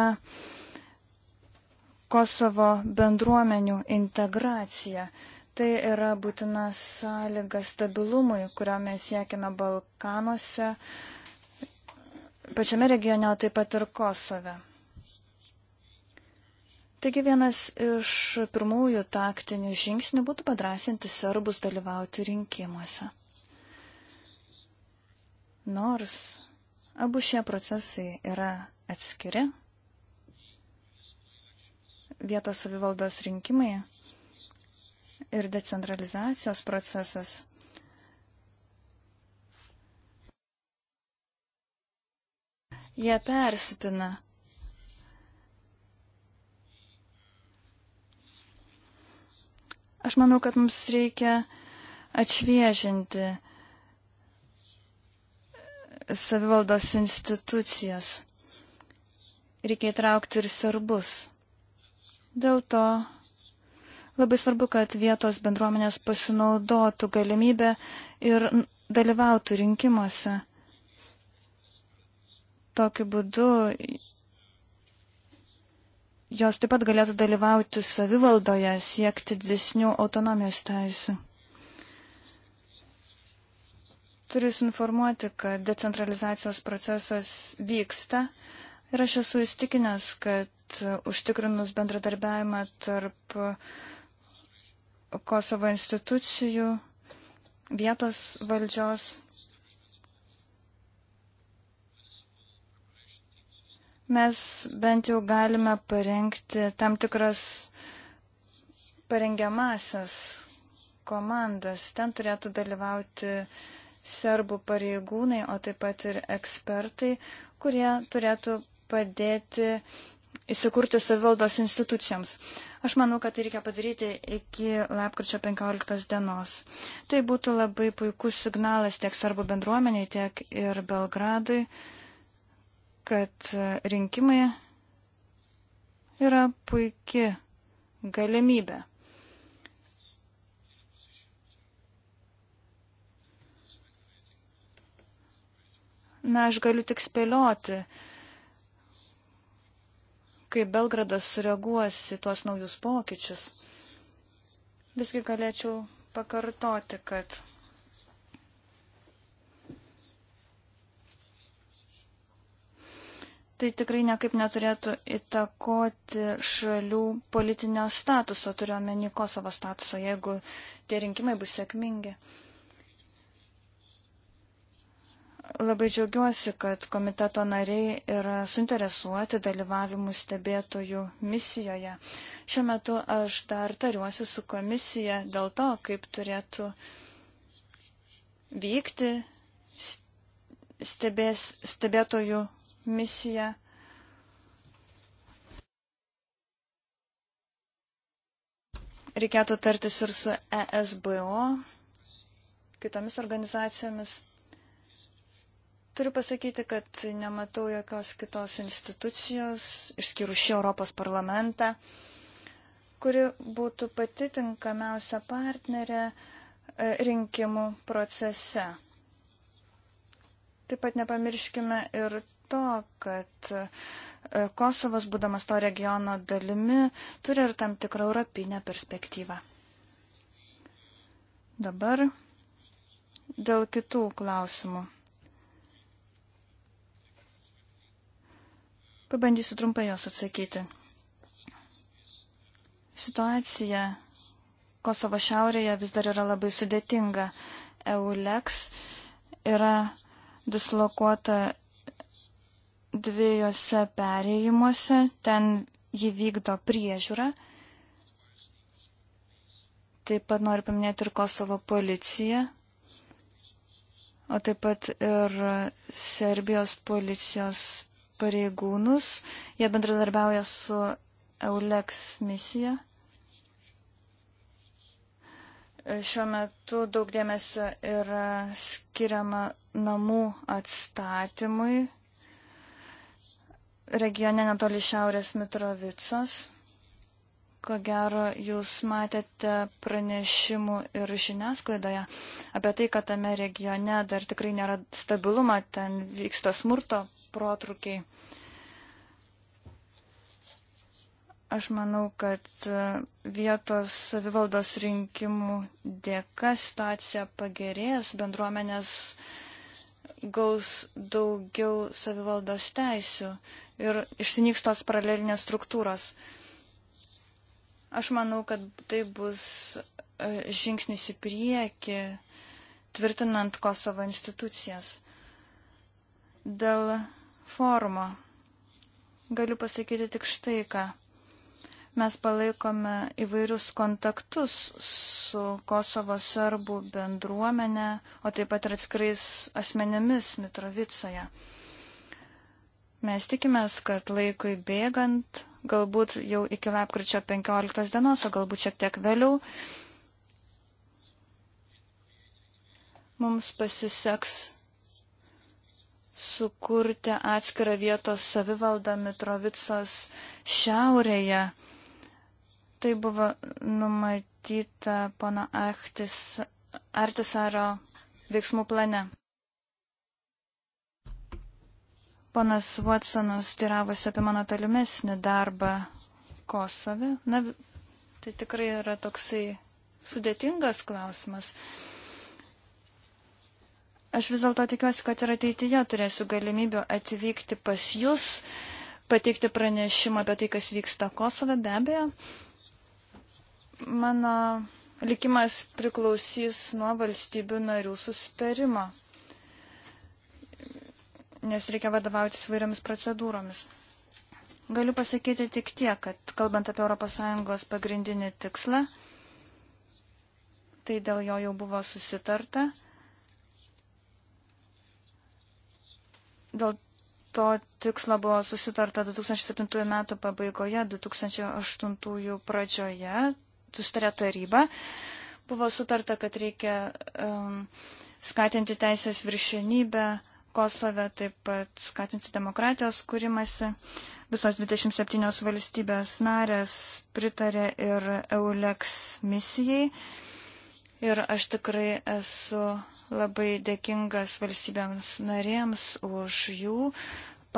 Kosovo bendruomenių integracija. Tai yra būtina sąlyga stabilumui, kurio mes siekiame Balkanuose, pačiame regione, o taip pat ir Kosove. Taigi vienas iš pirmųjų taktinių žingsnių būtų padrasinti serbus dalyvauti rinkimuose. Nors abu šie procesai yra atskiri, vietos savivaldos rinkimai ir decentralizacijos procesas jie persipina. Aš manau, kad mums reikia atšviežinti savivaldos institucijas. Reikia įtraukti ir serbus. Dėl to labai svarbu, kad vietos bendruomenės pasinaudotų galimybę ir dalyvautų rinkimuose. Tokiu būdu jos taip pat galėtų dalyvauti savivaldoje, siekti didesnių autonomijos teisų. Turiu jūs informuoti, kad decentralizacijos procesas vyksta ir aš esu įstikinęs, kad užtikrinus bendradarbiavimą tarp Kosovo institucijų, vietos valdžios mes bent jau galime parengti tam tikras parengiamasias komandas. Ten turėtų dalyvauti serbų pareigūnai, o taip pat ir ekspertai, kurie turėtų padėti įsikurti savivaldos institucijoms. Aš manau, kad tai reikia padaryti iki lapkričio 15 dienos. Tai būtų labai puikus signalas tiek serbų bendruomeniai, tiek ir Belgradui, kad rinkimai yra puikia galimybė. Na, aš galiu tik spėlioti, kaip Belgradas sureaguos į tuos naujus pokyčius. Visgi galėčiau pakartoti, kad tai tikrai nekaip neturėtų įtakoti šalių politinio statuso, turiuomenį Kosovo statuso, jeigu tie rinkimai bus sėkmingi. Labai džiaugiuosi, kad komiteto nariai yra suinteresuoti dalyvavimu stebėtojų misijoje. Šiuo metu aš dar tariuosi su komisija dėl to, kaip turėtų vykti stebės, stebėtojų misija. Reikėtų tartis ir su ESBO, kitomis organizacijomis. Turiu pasakyti, kad nematau jokios kitos institucijos, išskyrus šį Europos parlamentą, kuri būtų pati tinkamiausia partnerė e, rinkimų procese. Taip pat nepamirškime ir to, kad e, Kosovas, būdamas to regiono dalimi, turi ir tam tikrą europinę perspektyvą. Dabar dėl kitų klausimų. Pabandysiu trumpai jos atsakyti. Situacija Kosovo šiaurėje vis dar yra labai sudėtinga. EULEX yra dislokuota dviejose perėjimuose, ten jį vykdo priežiūra. Taip pat noriu paminėti ir Kosovo policiją, o taip pat ir Serbijos policijos pareigūnus. Jie bendradarbiauja su EULEX misija. Šiuo metu daug dėmesio yra skiriama namų atstatymui regione netoli šiaurės Mitrovicos. Ko gero, jūs matėte pranešimų ir žiniasklaidoje apie tai, kad tame regione dar tikrai nėra stabilumo, ten vyksta smurto protrukiai. Aš manau, kad vietos savivaldos rinkimų dėka situacija pagerės, bendruomenės gaus daugiau savivaldos teisių ir išsiniks tos paralelinės struktūros. Uh, Aš manau, kad tai bus e, žingsnis į priekį, tvirtinant Kosovo institucijas. Dėl forumo galiu pasakyti tik štai ką. Mes palaikome įvairius kontaktus su Kosovo serbų bendruomenė, o taip pat ir atskirais asmenėmis Mitrovicoje. Mes tikimės, kad laikui bėgant galbūt jau iki lapkričio 15 dienos, o galbūt šiek tiek vėliau. Mums pasiseks sukurti atskirą vietos savivaldą Mitrovicos šiaurėje. Tai buvo numatyta pono Artisaro veiksmų plane. Panas Watsonas tiravosi apie mano tolimesnį darbą Kosove. Na, tai tikrai yra toksai sudėtingas klausimas. Aš vis dėlto tikiuosi, kad ir ateityje turėsiu galimybių atvykti pas jūs, pateikti pranešimą apie tai, kas vyksta Kosove, be abejo. Mano likimas priklausys nuo valstybių narių susitarimo nes reikia vadovautis vairiomis procedūromis. Galiu pasakyti tik tiek, kad kalbant apie ES pagrindinį tikslą, tai dėl jo jau buvo susitarta. Dėl to tikslo buvo susitarta 2007 metų pabaigoje, 2008 pradžioje, sustarė taryba. Buvo sutarta, kad reikia um, skatinti teisės viršenybę Kosove, taip pat skatinti demokratijos kūrimasi. Visos 27 valstybės narės pritarė ir EULEX misijai. Ir aš tikrai esu labai dėkingas valstybėms narėms už jų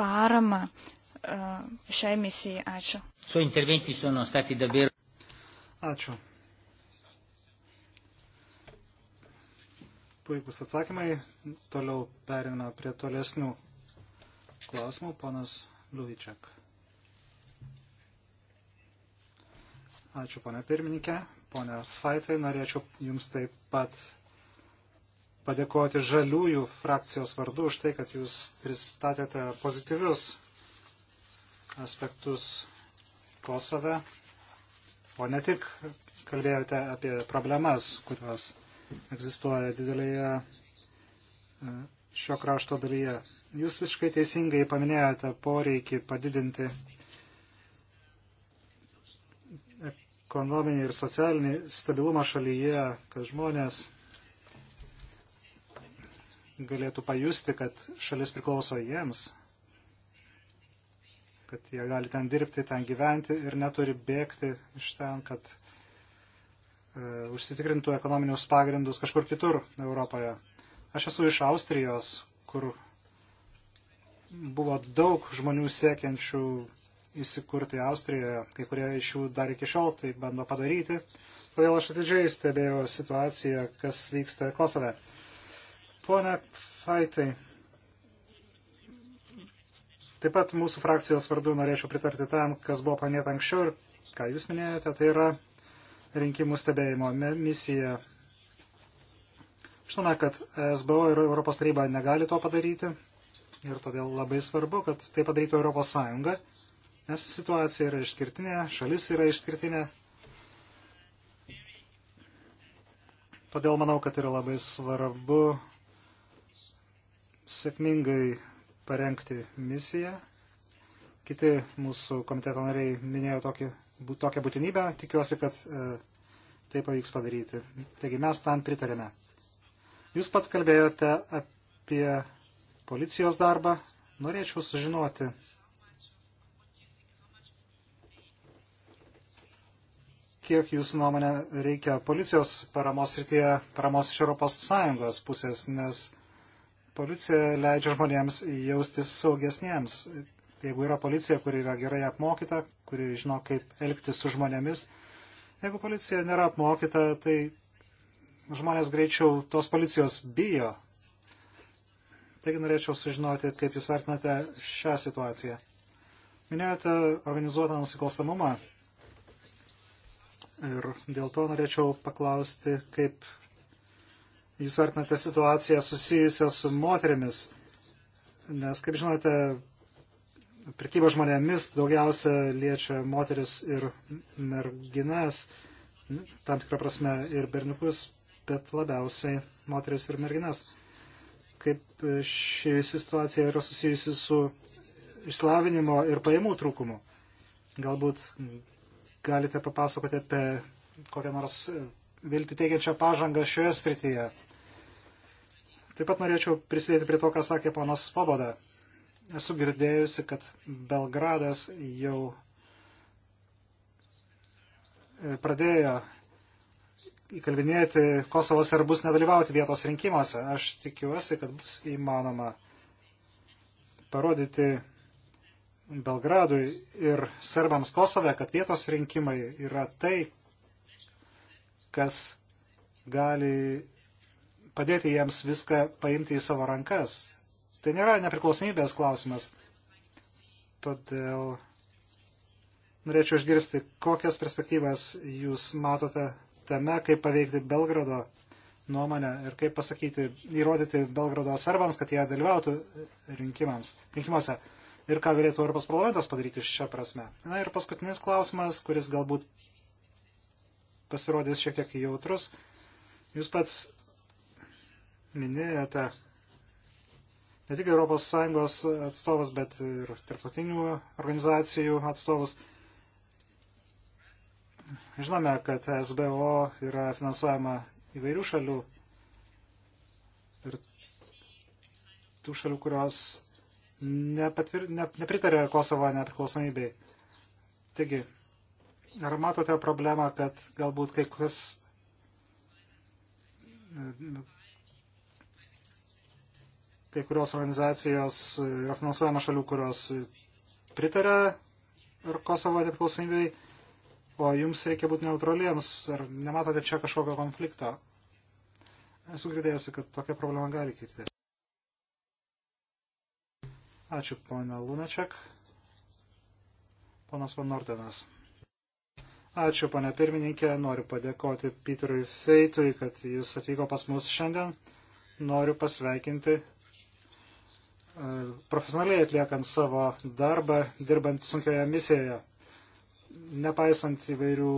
paramą e, šiai misijai. Ačiū. Ačiū. puikus atsakymai. Toliau periname prie tolesnių klausimų. Ponas Liuvičiak. Ačiū, ponė pirmininkė. Pone Faitai, norėčiau Jums taip pat padėkoti žaliųjų frakcijos vardu už tai, kad Jūs pristatėte pozityvius aspektus Kosove, o ne tik kalbėjote apie problemas, kurios egzistuoja didelėje e, šio krašto dalyje. Jūs visiškai teisingai paminėjote poreikį padidinti ekonominį ir socialinį stabilumą šalyje, kad žmonės galėtų pajusti, kad šalis priklauso jiems, kad jie gali ten dirbti, ten gyventi ir neturi bėgti iš ten, kad E, užsitikrintų ekonominius pagrindus kažkur kitur Europoje. Aš esu iš Austrijos, kur buvo daug žmonių siekiančių įsikurti Austrijoje, kai kurie iš jų dar iki šiol tai bando padaryti. Todėl aš atidžiai stebėjau situaciją, kas vyksta Kosove. Pone Faitai, taip pat mūsų frakcijos vardu norėčiau pritarti tam, kas buvo panėta anksčiau ir ką jūs minėjote, tai yra rinkimų stebėjimo misiją. Žinome, kad SBO ir Europos taryba negali to padaryti ir todėl labai svarbu, kad tai padarytų Europos Sąjunga, nes situacija yra išskirtinė, šalis yra išskirtinė. Todėl manau, kad yra labai svarbu sėkmingai parengti misiją. Kiti mūsų komiteto nariai minėjo tokį tokią būtinybę, tikiuosi, kad e, tai pavyks padaryti. Taigi mes tam pritarėme. Jūs pats kalbėjote apie policijos darbą. Norėčiau sužinoti, kiek jūsų nuomonė reikia policijos paramos srityje, paramos iš ES pusės, nes policija leidžia žmonėms jaustis saugesniems, Jeigu yra policija, kuri yra gerai apmokyta, kuri žino, kaip elgtis su žmonėmis, jeigu policija nėra apmokyta, tai žmonės greičiau tos policijos bijo. Taigi norėčiau sužinoti, kaip Jūs vertinate šią situaciją. Minėjote organizuotą nusikalstamumą ir dėl to norėčiau paklausti, kaip Jūs vertinate situaciją susijusią su moterimis, nes, kaip žinote, prekyba žmonėmis daugiausia liečia moteris ir merginas, tam tikrą prasme ir berniukus, bet labiausiai moteris ir merginas. Kaip e, ši situacija yra susijusi su išslavinimo ir pajamų trūkumu. Galbūt galite papasakoti apie kokią nors e, vilti teikiančią pažangą šioje srityje. Taip pat norėčiau prisidėti prie to, ką sakė ponas Svoboda esu girdėjusi, kad Belgradas jau e, pradėjo įkalbinėti Kosovo serbus nedalyvauti vietos rinkimuose. Aš tikiuosi, kad bus įmanoma parodyti Belgradui ir serbams Kosove, kad vietos rinkimai yra tai, kas gali padėti jiems viską paimti į savo rankas Tai nėra nepriklausomybės klausimas. Todėl norėčiau išgirsti, kokias perspektyvas jūs matote tame, kaip paveikti Belgrado nuomonę ir kaip pasakyti, įrodyti Belgrado serbams, kad jie dalyvautų rinkimams, rinkimuose ir ką galėtų Europos parlamentas padaryti šią prasme. Na ir paskutinis klausimas, kuris galbūt pasirodys šiek tiek jautrus. Jūs pats minėjote, ne tik ES atstovus, bet ir tarptautinių organizacijų atstovus. Žinome, kad SBO yra finansuojama įvairių šalių ir tų šalių, kurios nepatvir... ne... nepritarė Kosovo nepriklausomybei. Taigi, ar matote problemą, kad galbūt kai kas kai kurios organizacijos e, yra finansuojama šalių, kurios e, pritarė ir Kosovo nepriklausomybei, o jums reikia būti neutraliems. Ar nematote čia kažkokio konflikto? Esu girdėjusi, kad tokia problema gali kilti. Ačiū, ponia Lunačiak. Ponas Van Nordenas. Ačiū, ponė pirmininkė. Noriu padėkoti Peterui Feitui, kad jis atvyko pas mus šiandien. Noriu pasveikinti profesionaliai atliekant savo darbą, dirbant sunkioje misijoje, nepaisant įvairių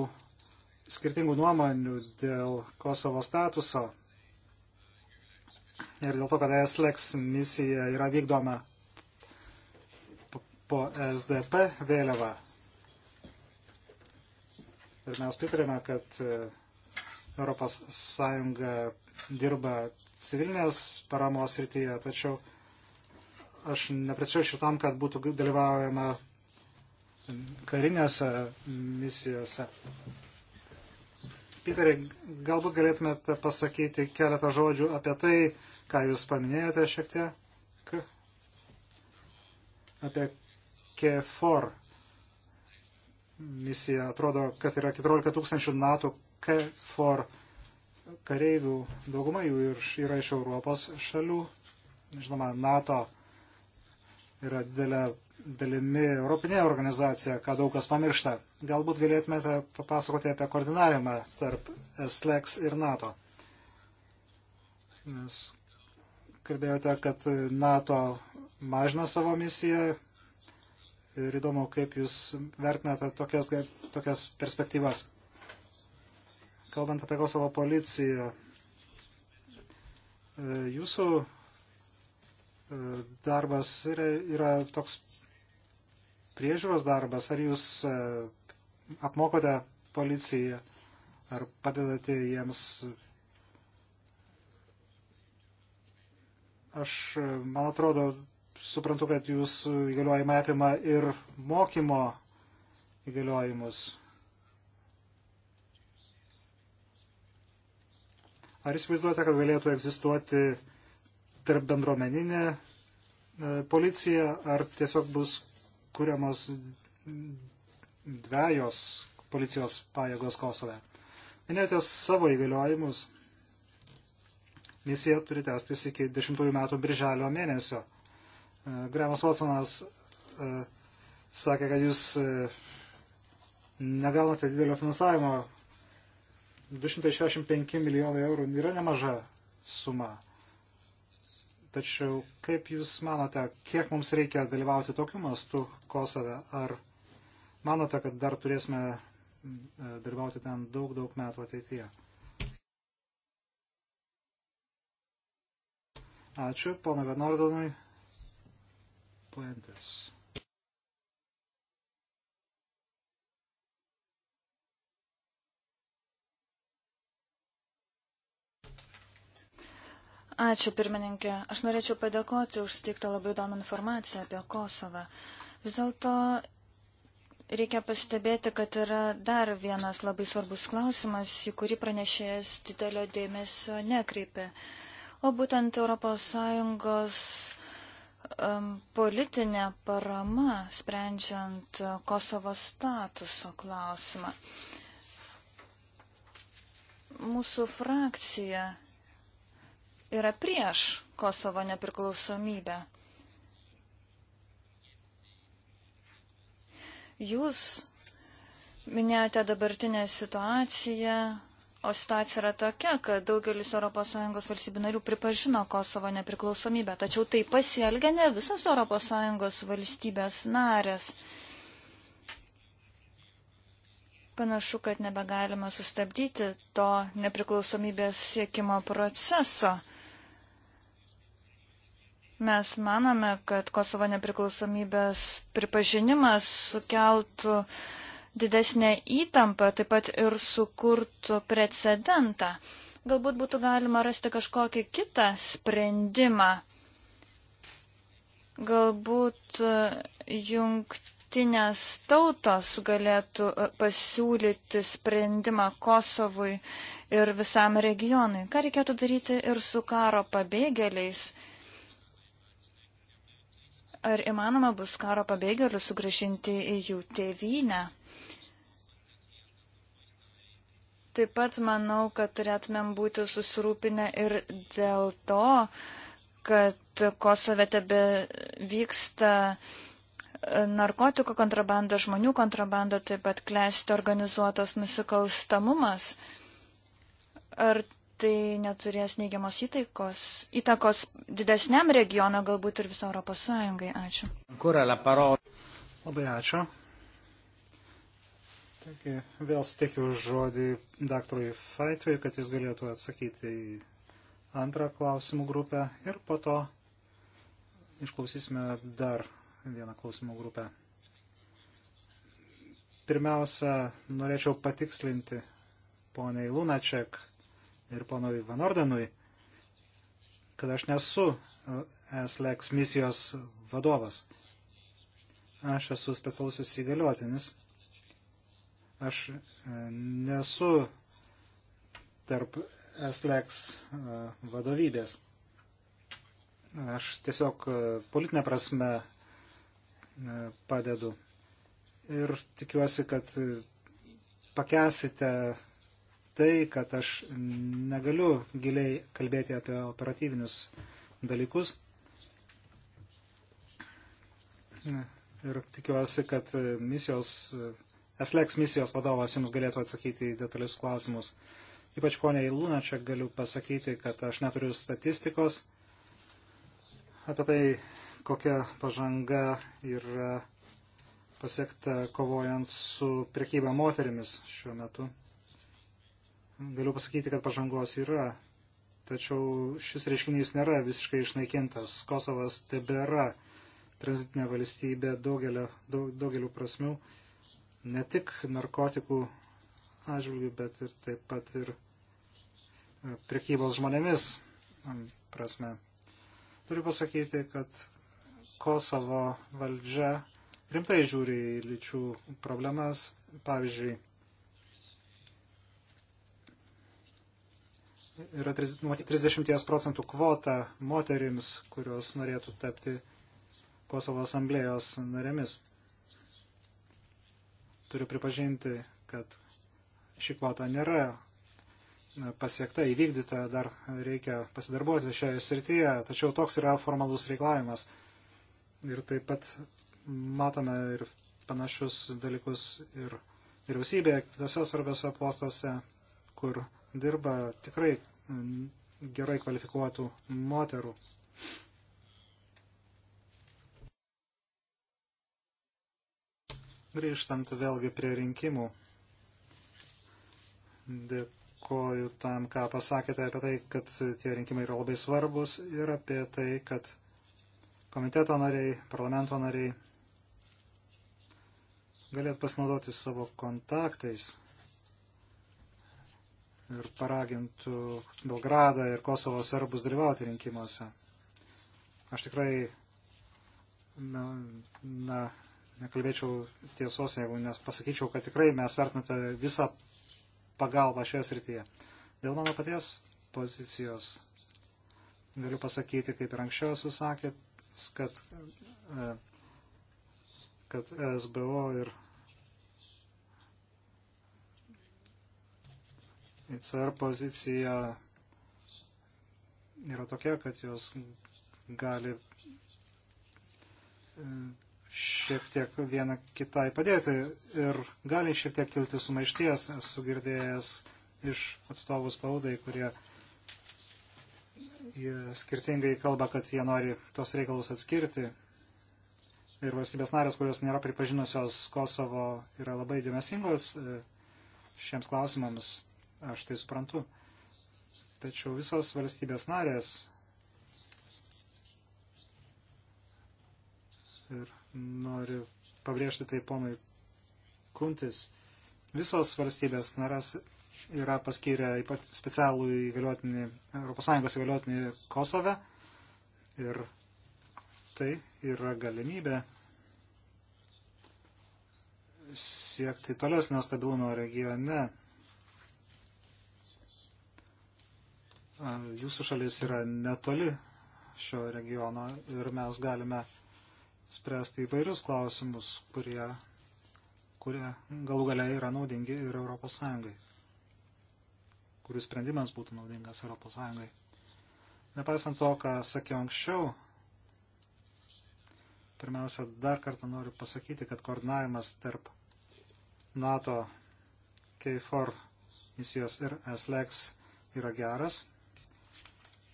skirtingų nuomonių dėl Kosovo statuso ir dėl to, kad ESLEX misija yra vykdoma po e SDP vėliava. Ir mes pritarėme, kad ES dirba civilinės paramos srityje, tačiau aš nepritriešiu tam, kad būtų dalyvaujama karinėse misijose. Piterį, galbūt galėtumėte pasakyti keletą žodžių apie tai, ką jūs paminėjote šiek tiek, apie KFOR misiją. Atrodo, kad yra 14 tūkstančių NATO KFOR kareivių, dauguma jų yra iš Europos šalių. Žinoma, NATO yra didelė dalimi Europinė organizacija, ką daug kas pamiršta. Galbūt galėtumėte papasakoti apie koordinavimą tarp SLEX ir NATO. Nes kalbėjote, kad NATO mažina savo misiją ir įdomu, kaip jūs vertinate tokias, tokias perspektyvas. Kalbant apie Kosovo policiją, e, jūsų E, darbas yra, yra toks priežiūros darbas, ar jūs e, apmokote policiją, ar padedate jiems. Aš, e, man atrodo, suprantu, kad jūsų įgaliojimai apima ir mokymo įgaliojimus. Ar įsivaizduojate, kad galėtų egzistuoti tarp bendruomeninė e, policija, ar tiesiog bus kuriamos dviejos policijos pajėgos Kosove. Minėjote savo įgaliojimus. Misija turi tęstis iki 10 metų birželio mėnesio. E, Gremas Watsonas e, sakė, kad jūs negaunate didelio finansavimo. 265 milijonai eurų yra nemaža suma. Tačiau kaip Jūs manote, kiek mums reikia dalyvauti tokiu mastu Kosove? Ar manote, kad dar turėsime e, dalyvauti ten daug, daug metų ateityje? Ačiū, pono Venordonui. Puentes. Ačiū, pirmininkė. Aš norėčiau padėkoti už suteiktą labai įdomią informaciją apie Kosovą. Vis dėlto reikia pastebėti, kad yra dar vienas labai svarbus klausimas, į kurį pranešėjas didelio dėmesio nekreipė. O būtent ES um, politinė parama sprendžiant Kosovo statuso klausimą. Mūsų frakcija yra prieš Kosovo nepriklausomybę. Jūs minėjote dabartinę situaciją, o situacija yra tokia, kad daugelis ES valstybių narių pripažino Kosovo nepriklausomybę, tačiau tai pasielgia ne visas ES valstybės narės. Panašu, kad nebegalima sustabdyti to nepriklausomybės siekimo proceso. Mes manome, kad Kosovo nepriklausomybės pripažinimas sukeltų didesnę įtampą, taip pat ir sukurtų precedentą. Galbūt būtų galima rasti kažkokį kitą sprendimą. Galbūt e, jungtinės tautos galėtų e, pasiūlyti sprendimą Kosovui ir visam regionui. Ką reikėtų daryti ir su karo pabėgėliais? Ar įmanoma bus karo pabėgėlius sugražinti į jų tėvynę? Taip pat manau, kad turėtumėm būti susirūpinę ir dėl to, kad Kosove tebe vyksta e, narkotikų kontrabanda, žmonių kontrabanda, taip pat klesti organizuotas nusikalstamumas. Ar tai neturės neigiamos įtaikos, įtakos didesniam regiono, galbūt ir visą Europos Sąjungai. Ačiū. Labai ačiū. Taigi, vėl steikiu žodį daktarui Faitui, kad jis galėtų atsakyti į antrą klausimų grupę ir po to išklausysime dar vieną klausimų grupę. Pirmiausia, norėčiau patikslinti poniai Lunaček, ir ponui Van Ordenui, kad aš nesu e, SLEX misijos vadovas. Aš esu specialusis įgaliotinis. Aš e, nesu tarp SLEX e, vadovybės. Aš tiesiog politinę prasme padedu. Ir tikiuosi, kad pakesite tai, kad aš negaliu giliai kalbėti apie operatyvinius dalykus. Ir tikiuosi, kad misijos, SLEX misijos vadovas jums galėtų atsakyti į detalius klausimus. Ypač poniai Lūna čia galiu pasakyti, kad aš neturiu statistikos apie tai, kokia pažanga yra pasiekta kovojant su prekyba moterimis šiuo metu galiu pasakyti, kad pažangos yra, tačiau šis reiškinys nėra visiškai išnaikintas. Kosovas tebėra tranzitinė valstybė daugelio, daug, daugeliu prasmių, ne tik narkotikų atžvilgių, bet ir taip pat ir e, priekybos žmonėmis prasme. Turiu pasakyti, kad Kosovo valdžia rimtai žiūri į lyčių problemas. Pavyzdžiui, yra 30 procentų kvota moterims, kurios norėtų tapti Kosovo asamblėjos narėmis. Turiu pripažinti, kad ši kvota nėra pasiekta, įvykdyta, dar reikia pasidarbuoti šioje srityje, tačiau toks yra formalus reikalavimas. Ir taip pat matome ir panašius dalykus ir vyriausybėje, kitose svarbiose postuose, kur uh, dirba tikrai mm, gerai kvalifikuotų moterų. Grįžtant vėlgi prie rinkimų, dėkoju tam, ką pasakėte apie tai, kad tie rinkimai yra labai svarbus ir apie tai, kad komiteto nariai, parlamento nariai galėtų pasinaudoti savo kontaktais ir paragintų Belgradą ir Kosovo serbus dalyvauti rinkimuose. Aš tikrai na, na, nekalbėčiau tiesos, jeigu nepasakyčiau, kad tikrai mes vertiname visą pagalbą šioje srityje. Dėl mano paties pozicijos galiu pasakyti, kaip ir anksčiau susakė, kad, e, kad SBO ir ECR pozicija yra tokia, kad jos gali e, šiek tiek viena kitai padėti ir gali šiek tiek kilti sumaišties, esu girdėjęs iš atstovų spaudai, kurie skirtingai kalba, kad jie nori tos reikalus atskirti. Ir valstybės narės, kurios nėra pripažinusios Kosovo, yra labai dėmesingos e, šiems klausimams. Aš tai suprantu. Tačiau visos valstybės narės ir noriu pabrėžti tai ponui Kuntis, visos valstybės narės yra paskyrę specialų įgaliotinį, ES įgaliotinį Kosove ir tai yra galimybė siekti tolesnio stabilumo regione jūsų šalis yra netoli šio regiono ir mes galime spręsti įvairius klausimus, kurie, kurie galų galia yra naudingi ir Europos Sąjungai, kurių sprendimas būtų naudingas Europos Sąjungai. Nepaisant to, ką sakiau anksčiau, pirmiausia, dar kartą noriu pasakyti, kad koordinavimas tarp NATO KFOR misijos ir SLEX yra geras.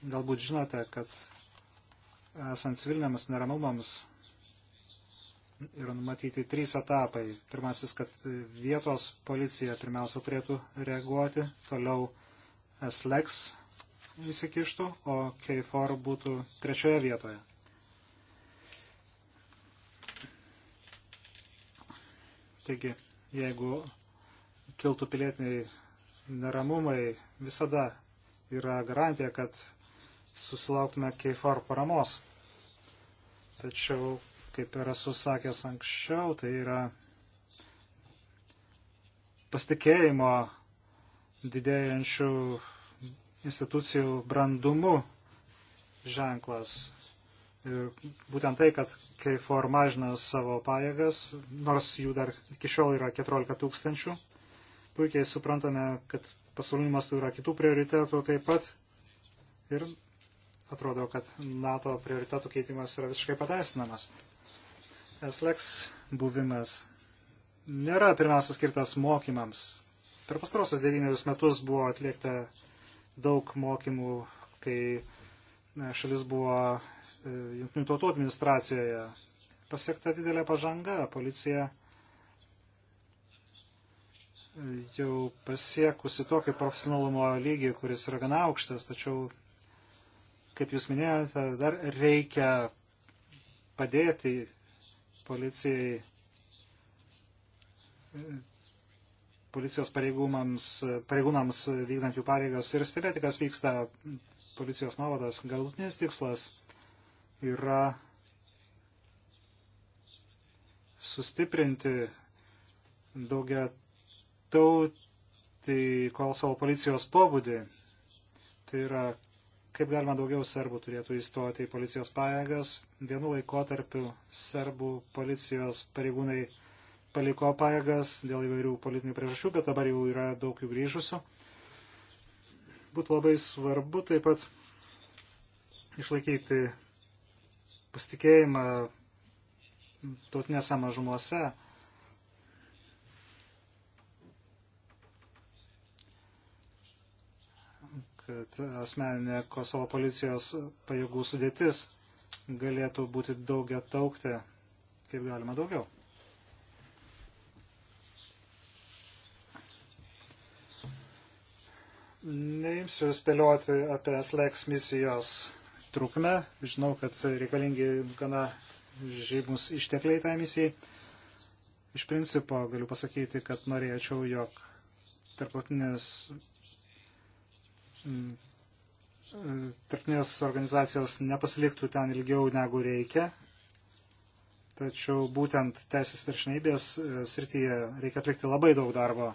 Galbūt žinote, kad esant civiliniams neramumams yra numatyti trys etapai. Pirmasis, kad vietos policija pirmiausia turėtų reaguoti, toliau SLEX įsikištų, o KFOR būtų trečioje vietoje. Taigi, jeigu kiltų pilietiniai neramumai, visada yra garantija, kad susilauktume KFOR paramos. Tačiau, kaip ir esu sakęs anksčiau, tai yra pasitikėjimo didėjančių institucijų brandumu ženklas. Ir būtent tai, kad KFOR mažina savo pajėgas, nors jų dar iki šiol yra 14 tūkstančių, puikiai suprantame, kad pasaulinimas tų yra kitų prioritetų taip pat. Ir atrodo, kad NATO prioritetų keitimas yra visiškai pateisinamas. SLEX buvimas nėra pirmiausia skirtas mokymams. Per pastarosius devynerius metus buvo atlikta daug mokymų, kai šalis buvo e, Junktinių tautų administracijoje. Pasiekta didelė pažanga, policija e, jau pasiekusi tokį profesionalumo lygį, kuris yra gana aukštas, tačiau kaip jūs minėjote, dar reikia padėti policijai, policijos pareigūnams, pareigūnams vykdant jų pareigas ir stebėti, kas vyksta policijos nuovadas. Galutinis tikslas yra sustiprinti daugia tautį kol savo policijos pobūdį. Tai yra kaip galima daugiau serbų turėtų įstoti į policijos pajėgas. Vienu laikotarpiu serbų policijos pareigūnai paliko pajėgas dėl įvairių politinių priežasčių, bet dabar jau yra daug jų grįžusių. Būtų labai svarbu taip pat išlaikyti pasitikėjimą tautinėse mažumose kad asmeninė Kosovo policijos pajėgų sudėtis galėtų būti daugia taukti, kaip galima daugiau. Neimsiu spėlioti apie SLEX misijos trukmę. Žinau, kad reikalingi gana žymus ištekliai tai misijai. Iš principo galiu pasakyti, kad norėčiau, jog tarptautinis tarpinės organizacijos nepasiliktų ten ilgiau negu reikia. Tačiau būtent teisės viršnybės e, srityje reikia atlikti labai daug darbo.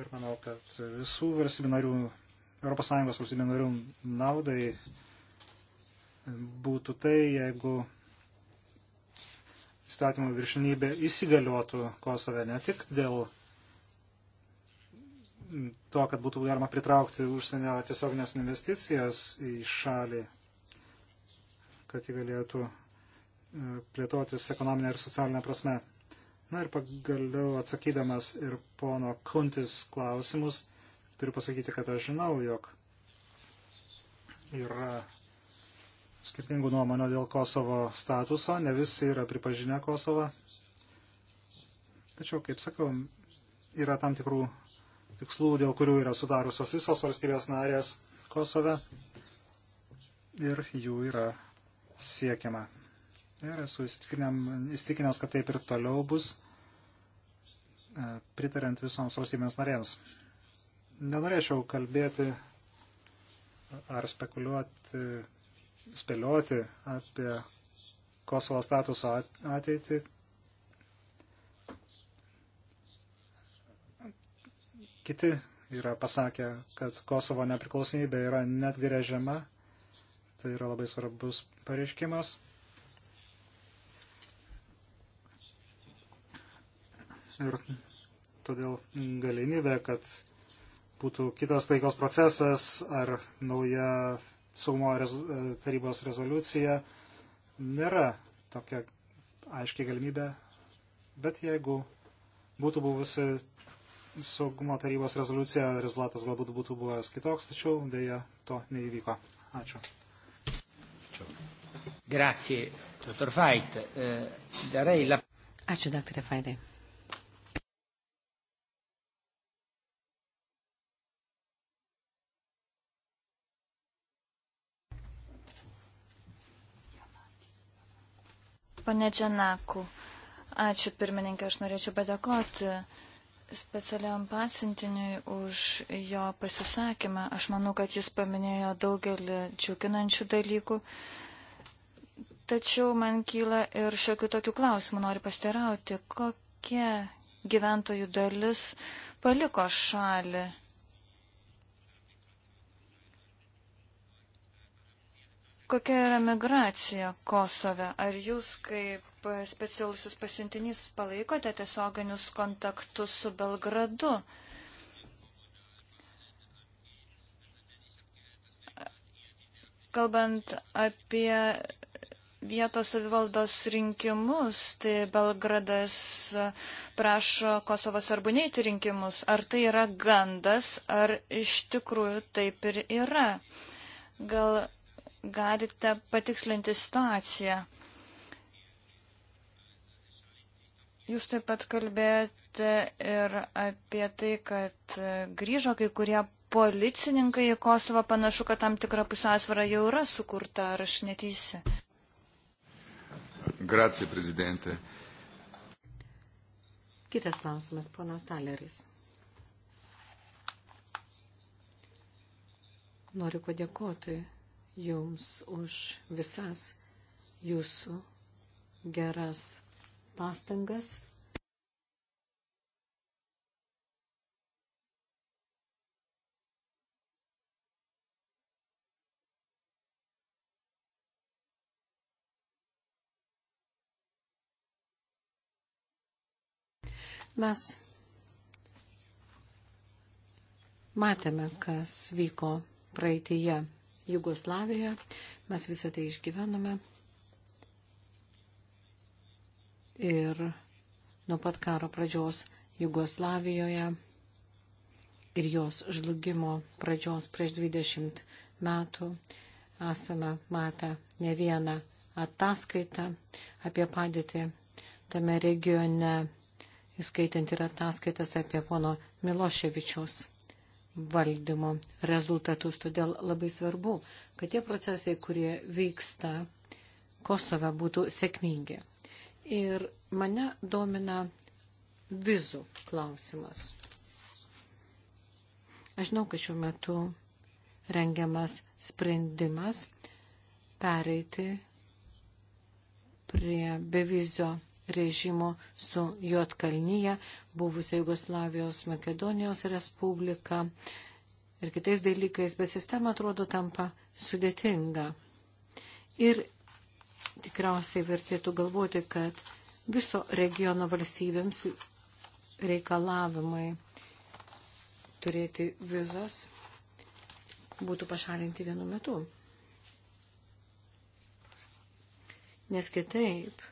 Ir manau, kad visų valstybių narių, ES valstybių narių naudai būtų tai, jeigu įstatymų viršinybė įsigaliotų Kosove ne tik dėl to, kad būtų galima pritraukti užsienio tiesioginės investicijas į šalį, kad jį galėtų e, plėtotis ekonominė ir socialinė prasme. Na ir pagaliau atsakydamas ir pono Kuntis klausimus, turiu pasakyti, kad aš žinau, jog yra skirtingų nuomonių dėl Kosovo statuso, ne visi yra pripažinę Kosovą. Tačiau, kaip sakau, yra tam tikrų tikslų, dėl kurių yra sudarusios visos valstybės narės Kosove ir jų yra siekiama. Ir esu įstikinęs, kad taip ir toliau bus, e, pritariant visoms valstybėms narėms. Nenorėčiau kalbėti ar spekuliuoti, spėlioti apie Kosovo statuso ateitį, kiti yra pasakę, kad Kosovo nepriklausomybė yra net grėžiama. Tai yra labai svarbus pareiškimas. Ir todėl galimybė, kad būtų kitas taikos procesas ar nauja saugumo rez tarybos rezoliucija, nėra tokia aiškiai galimybė. Bet jeigu būtų buvusi saugumo tarybos rezoliuciją, rezultatas galbūt būtų buvęs kitoks, tačiau dėja to neįvyko. Ačiū. Grazie, dottor Fait. Eh, darei la... Ačiū, daktarė Faitai. Pane Čianaku, ačiū pirmininkė, aš norėčiau padėkoti specialiam pasiuntiniui už jo pasisakymą. Aš manau, kad jis paminėjo daugelį džiuginančių dalykų. Tačiau man kyla ir šiokių tokių klausimų. Noriu pasterauti, kokia gyventojų dalis paliko šalį Kokia yra migracija Kosove? Ar jūs kaip specialusis pasiuntinys palaikote tiesioginius kontaktus su Belgradu? Kalbant apie vietos savivaldos rinkimus, tai Belgradas prašo Kosovo svarbu neiti rinkimus. Ar tai yra gandas, ar iš tikrųjų taip ir yra? Gal galite patikslinti situaciją. Jūs taip pat kalbėjote ir apie tai, kad grįžo kai kurie policininkai į Kosovą, panašu, kad tam tikra pusiausvara jau yra sukurta, ar aš neteisi. Gracija, prezidentė. Kitas klausimas, ponas Taleris. Noriu padėkoti Jums už visas Jūsų geras pastangas. Mes matėme, kas vyko praeitįje Jugoslavijoje. Mes visą tai išgyvenome. Ir nuo pat karo pradžios Jugoslavijoje ir jos žlugimo pradžios prieš 20 metų esame matę ne vieną ataskaitą apie padėtį tame regione, įskaitant ir ataskaitas apie pono Miloševičiaus valdymo rezultatus. Todėl labai svarbu, kad tie procesai, kurie vyksta Kosove, būtų sėkmingi. Ir mane domina vizų klausimas. Aš žinau, kad šiuo metu rengiamas sprendimas pereiti prie bevizio režimo su Jotkalnyje, buvusio Jugoslavijos Makedonijos Respublika ir kitais dalykais, bet sistema atrodo tampa sudėtinga. Ir tikriausiai vertėtų galvoti, kad viso regiono valstybėms reikalavimai turėti vizas būtų pašalinti vienu metu. Nes kitaip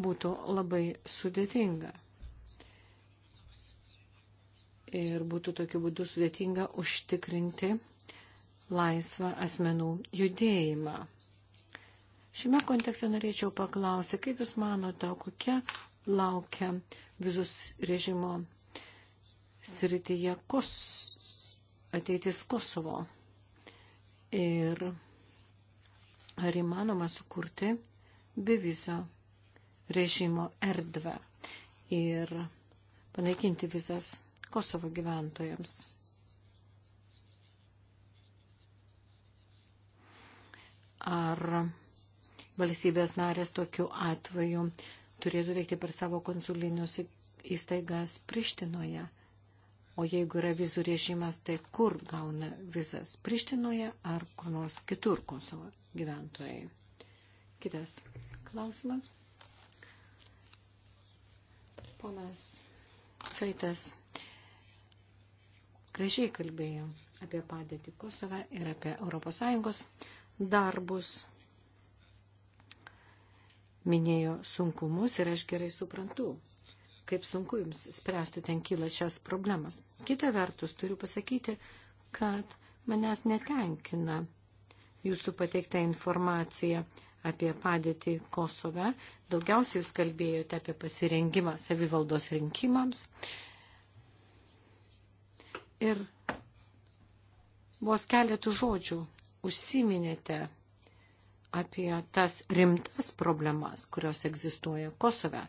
būtų labai sudėtinga. Ir būtų tokiu būdu sudėtinga užtikrinti laisvą asmenų judėjimą. Šiame kontekste norėčiau paklausti, kaip Jūs manote, kokia laukia vizus režimo srityje kos, ateitis Kosovo ir ar įmanoma sukurti bevizio režimo erdvę ir panaikinti vizas Kosovo gyventojams. Ar valstybės narės tokiu atveju turėtų veikti per savo konsulinius įstaigas Prištinoje? O jeigu yra vizų režimas, tai kur gauna vizas? Prištinoje ar kur nors kitur Kosovo gyventojai? Kitas klausimas. Ponas Feitas gražiai kalbėjo apie padėtį Kosove ir apie ES darbus. Minėjo sunkumus ir aš gerai suprantu, kaip sunku jums spręsti ten kyla šias problemas. Kita vertus, turiu pasakyti, kad manęs netenkina jūsų pateikta informacija apie padėtį Kosove. Daugiausiai jūs kalbėjote apie pasirengimą savivaldos rinkimams. Ir vos keletų žodžių užsiminėte apie tas rimtas problemas, kurios egzistuoja Kosove.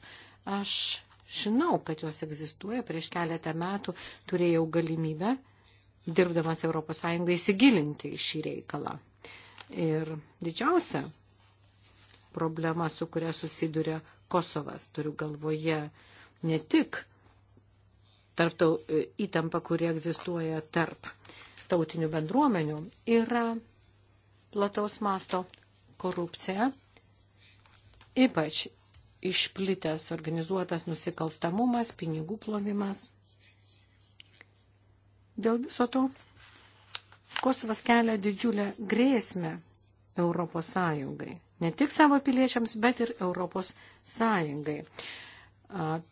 Aš žinau, kad jos egzistuoja. Prieš keletą metų turėjau galimybę, dirbdamas ES, įsigilinti į šį reikalą. Ir didžiausia problema, su kuria susiduria Kosovas. Turiu galvoje ne tik tarptau e, įtampa, kuri egzistuoja tarp tautinių bendruomenių, yra plataus masto korupcija, ypač išplitęs organizuotas nusikalstamumas, pinigų plovimas. Dėl viso to Kosovas kelia didžiulę grėsmę Europos Sąjungai ne tik savo piliečiams, bet ir Europos Sąjungai.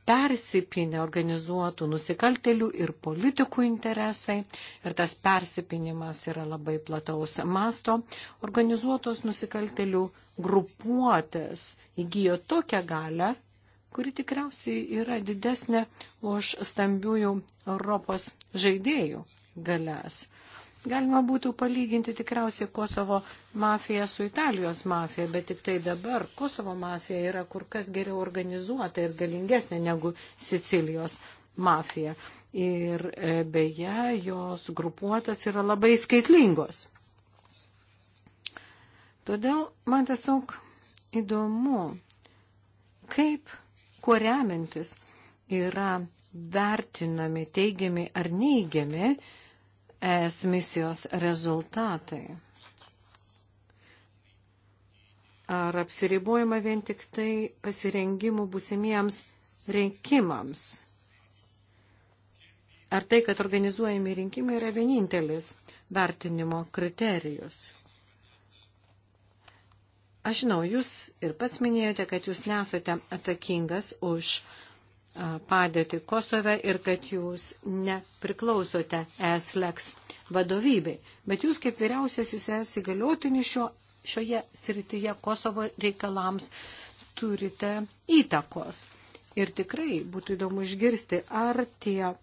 Persipinę organizuotų nusikaltelių ir politikų interesai ir tas persipinimas yra labai plataus masto. Organizuotos nusikaltelių grupuotės įgyjo tokią galę, kuri tikriausiai yra didesnė už stambiųjų Europos žaidėjų galės. Galima būtų palyginti tikriausiai Kosovo mafiją su Italijos mafija, bet tik tai dabar Kosovo mafija yra kur kas geriau organizuota ir galingesnė negu Sicilijos mafija. Ir e, beje, jos grupuotas yra labai skaitlingos. Todėl man tiesiog įdomu, kaip, kuo remintis yra vertinami teigiami ar neigiami ES misijos rezultatai? Ar apsiribuojama vien tik tai pasirengimų busimiems rinkimams? Ar tai, kad organizuojami rinkimai, yra vienintelis vertinimo kriterijus? Aš žinau, jūs ir pats minėjote, kad jūs nesate atsakingas už uh, padėtį Kosove ir kad jūs nepriklausote ESLEX vadovybei. Bet jūs kaip vyriausiasis ES įgaliotinis šio, šioje srityje Kosovo reikalams turite įtakos. Ir tikrai būtų įdomu išgirsti, ar tie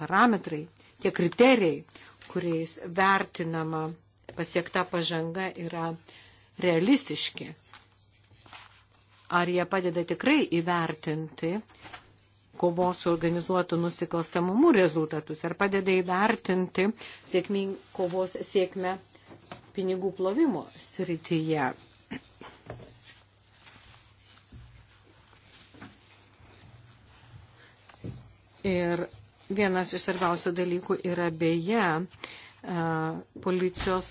parametrai, tie kriterijai, kuriais vertinama pasiekta pažanga, yra realistiški ar jie padeda tikrai įvertinti kovos su organizuotu nusikalstamumu rezultatus? Ar padeda įvertinti sėkming, kovos sėkmę pinigų plovimo srityje? Ir vienas iš svarbiausių dalykų yra beje policijos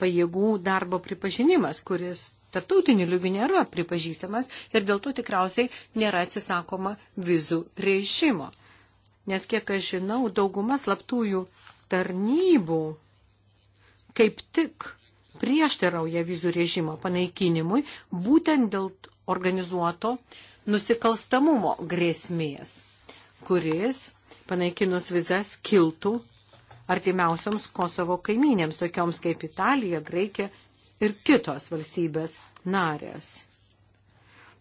pajėgų darbo pripažinimas, kuris tarptautiniu lygiu nėra pripažįstamas ir dėl to tikriausiai nėra atsisakoma vizų režimo. Nes kiek aš žinau, dauguma slaptųjų tarnybų kaip tik prieštarauja vizų režimo panaikinimui būtent dėl organizuoto nusikalstamumo grėsmės, kuris panaikinus vizas kiltų artimiausioms Kosovo kaiminėms, tokioms kaip Italija, Graikija ir kitos valstybės narės.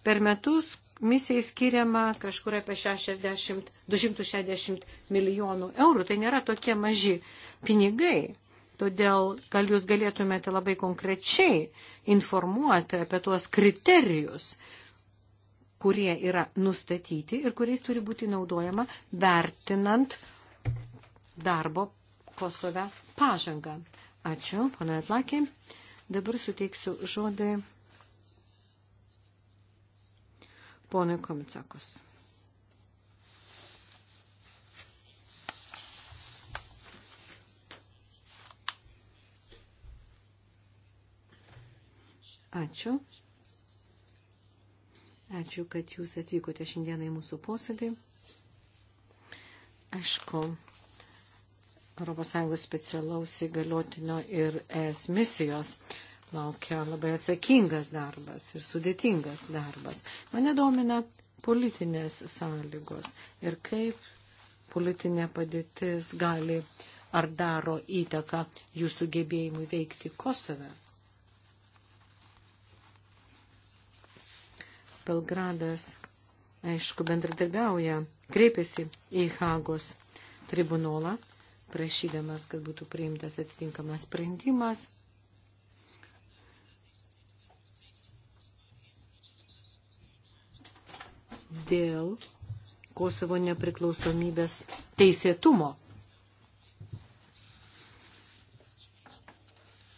Per metus misijai skiriama kažkur apie 60, 260 milijonų eurų. Tai nėra tokie maži pinigai. Todėl gal jūs galėtumėte labai konkrečiai informuoti apie tuos kriterijus, kurie yra nustatyti ir kuriais turi būti naudojama vertinant darbo Kosove pažangą. Ačiū, pana Atlakė. Dabar suteiksiu žodį ponui Komicakos. Ačiū. Ačiū, kad jūs atvykote šiandieną į mūsų posėdį. Aišku, ES specialaus įgaliotinio ir ES misijos laukia labai atsakingas darbas ir sudėtingas darbas. Mane domina politinės sąlygos ir kaip politinė padėtis gali ar daro įtaką jūsų gebėjimui veikti Kosove. Belgradas, aišku, bendradarbiauja, kreipiasi į Hagos tribunolą prašydamas, kad būtų priimtas atitinkamas sprendimas. Dėl Kosovo nepriklausomybės teisėtumo.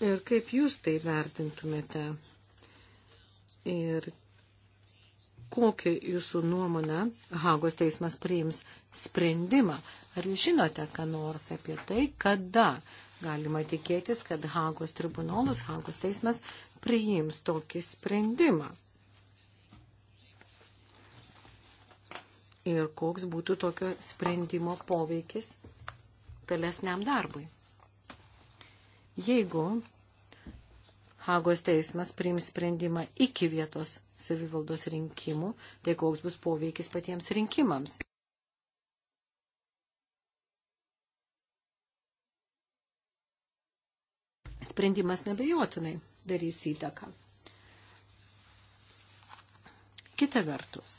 Ir kaip jūs tai vertintumėte? Ir kokią jūsų nuomonę Hagos teismas priims sprendimą, Ar jūs žinote, ką nors apie tai, kada galima tikėtis, kad Hagos tribunolas, Hagos teismas priims tokį sprendimą? Ir koks būtų tokio sprendimo poveikis tolesniam darbui? Jeigu Hagos teismas priims sprendimą iki vietos savivaldos rinkimų, tai koks bus poveikis patiems rinkimams. sprendimas nebejotinai darys įtaką. Kita vertus,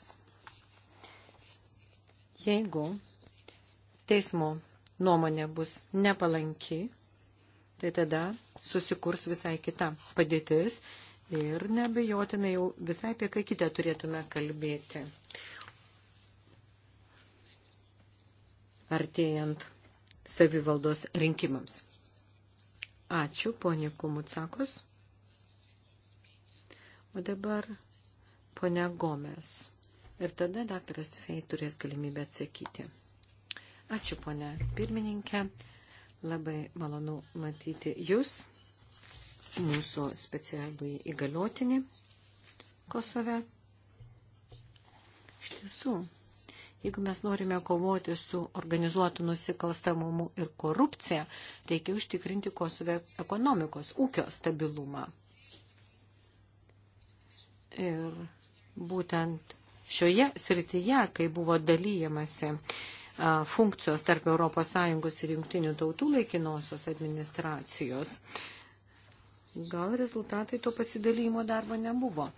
jeigu teismo nuomonė bus nepalanki, tai tada susikurs visai kita padėtis ir nebejotinai jau visai apie ką kitą turėtume kalbėti. Artėjant savivaldos rinkimams. Ačiū, ponė Kumutsakos. O dabar ponia Gomes. Ir tada daktaras Fei turės galimybę atsakyti. Ačiū, ponia pirmininkė. Labai malonu matyti Jūs, mūsų specialui įgaliotinį Kosove. Iš tiesų, Jeigu mes norime kovoti su organizuotu nusikalstamumu ir korupcija, reikia užtikrinti Kosove ekonomikos, ūkio stabilumą. Ir būtent šioje srityje, kai buvo dalyjamasi funkcijos tarp ES ir jungtinių tautų laikinosios administracijos, gal rezultatai to pasidalymo darbo nebuvo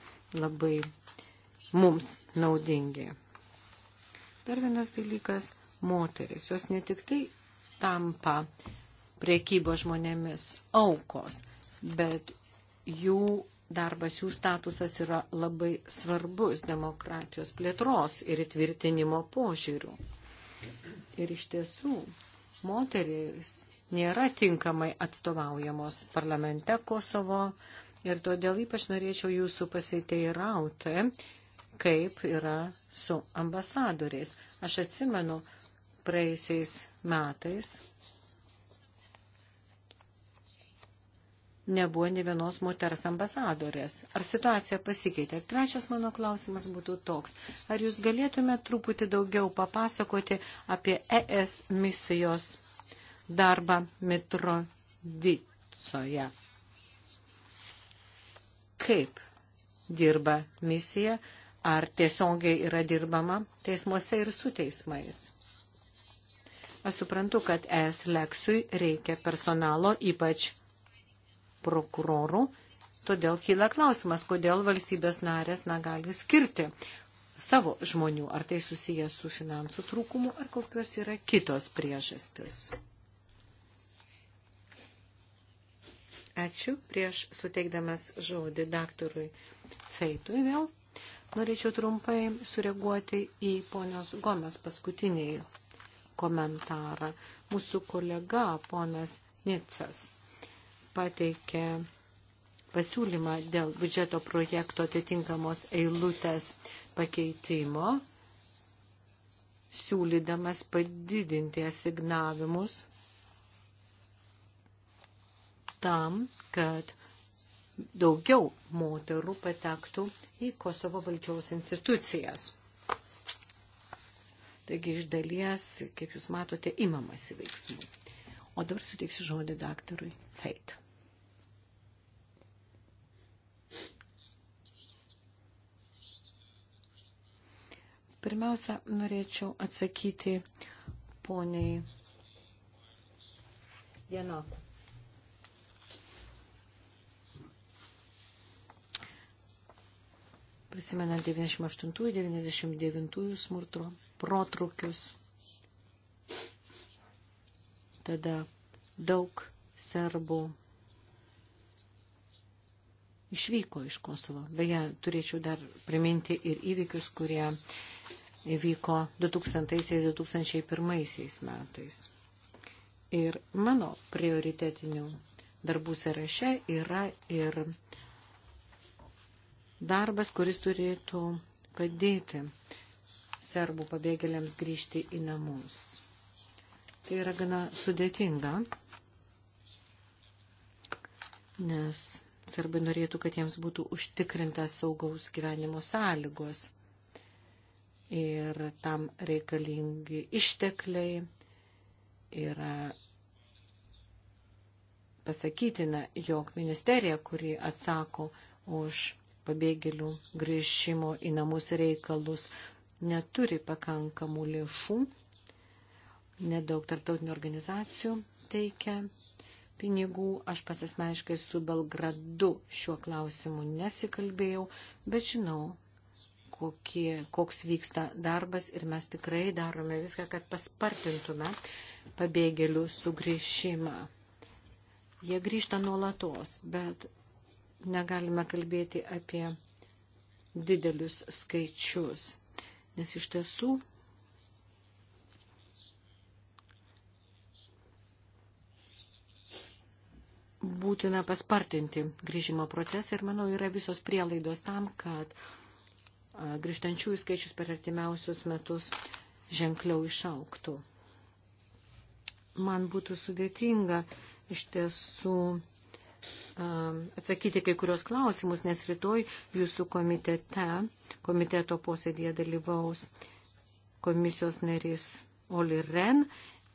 labai mums naudingi. Dar vienas dalykas - moteris. Jos ne tik tai tampa priekybo žmonėmis aukos, bet jų darbas, jų statusas yra labai svarbus demokratijos plėtros ir įtvirtinimo požiūrių. Ir iš tiesų, moteris nėra tinkamai atstovaujamos parlamente Kosovo ir todėl ypač norėčiau jūsų pasiteirauti, kaip yra su ambasadoriais. Aš atsimenu praeisiais metais nebuvo ne vienos moters ambasadorės. Ar situacija pasikeitė? Ir trečias mano klausimas būtų toks. Ar jūs galėtumėte truputį daugiau papasakoti apie ES misijos darbą Mitrovicoje? Kaip dirba misija ar tiesiogiai yra dirbama teismuose ir su teismais. Aš suprantu, kad es leksui reikia personalo, ypač prokurorų, todėl kyla klausimas, kodėl valstybės narės negali skirti savo žmonių, ar tai susijęs su finansų trūkumu, ar kokios yra kitos priežastis. Ačiū prieš suteikdamas žodį daktarui Feitui vėl Norėčiau trumpai sureaguoti į ponios Gomes paskutinį komentarą. Mūsų kolega, ponas Nicas, pateikė pasiūlymą dėl biudžeto projekto atitinkamos eilutės pakeitimo, siūlydamas padidinti asignavimus tam, kad daugiau moterų patektų į Kosovo valdžiaus institucijas. Taigi iš dalies, kaip jūs matote, imamasi veiksmų. O dabar suteiksiu žodį daktarui Feit. Pirmiausia, norėčiau atsakyti poniai Janaku. prisimenant 98-99 smurto protrukius. Tada daug serbų išvyko iš Kosovo. Beje, turėčiau dar priminti ir įvykius, kurie įvyko 2000-2001 metais. Ir mano prioritetinių darbų sąraše yra ir darbas, kuris turėtų padėti serbų pabėgėliams grįžti į namus. Tai yra gana sudėtinga, nes serbai norėtų, kad jiems būtų užtikrintas saugaus gyvenimo sąlygos. Ir tam reikalingi ištekliai yra pasakytina, jog ministerija, kuri atsako už pabėgėlių grįžimo į namus reikalus, neturi pakankamų lėšų, nedaug tarptautinių organizacijų teikia pinigų. Aš pasismeiškai su Belgradu šiuo klausimu nesikalbėjau, bet žinau, kokie, koks vyksta darbas ir mes tikrai darome viską, kad paspartintume pabėgėlių sugrįžimą. Jie grįžta nuolatos, bet negalime kalbėti apie didelius skaičius, nes iš tiesų būtina paspartinti grįžimo procesą ir, manau, yra visos prielaidos tam, kad grįžtančiųjų skaičius per artimiausius metus ženkliau išauktų. Man būtų sudėtinga iš tiesų atsakyti kai kurios klausimus, nes rytoj jūsų komitete, komiteto posėdėje dalyvaus komisijos narys Oli Ren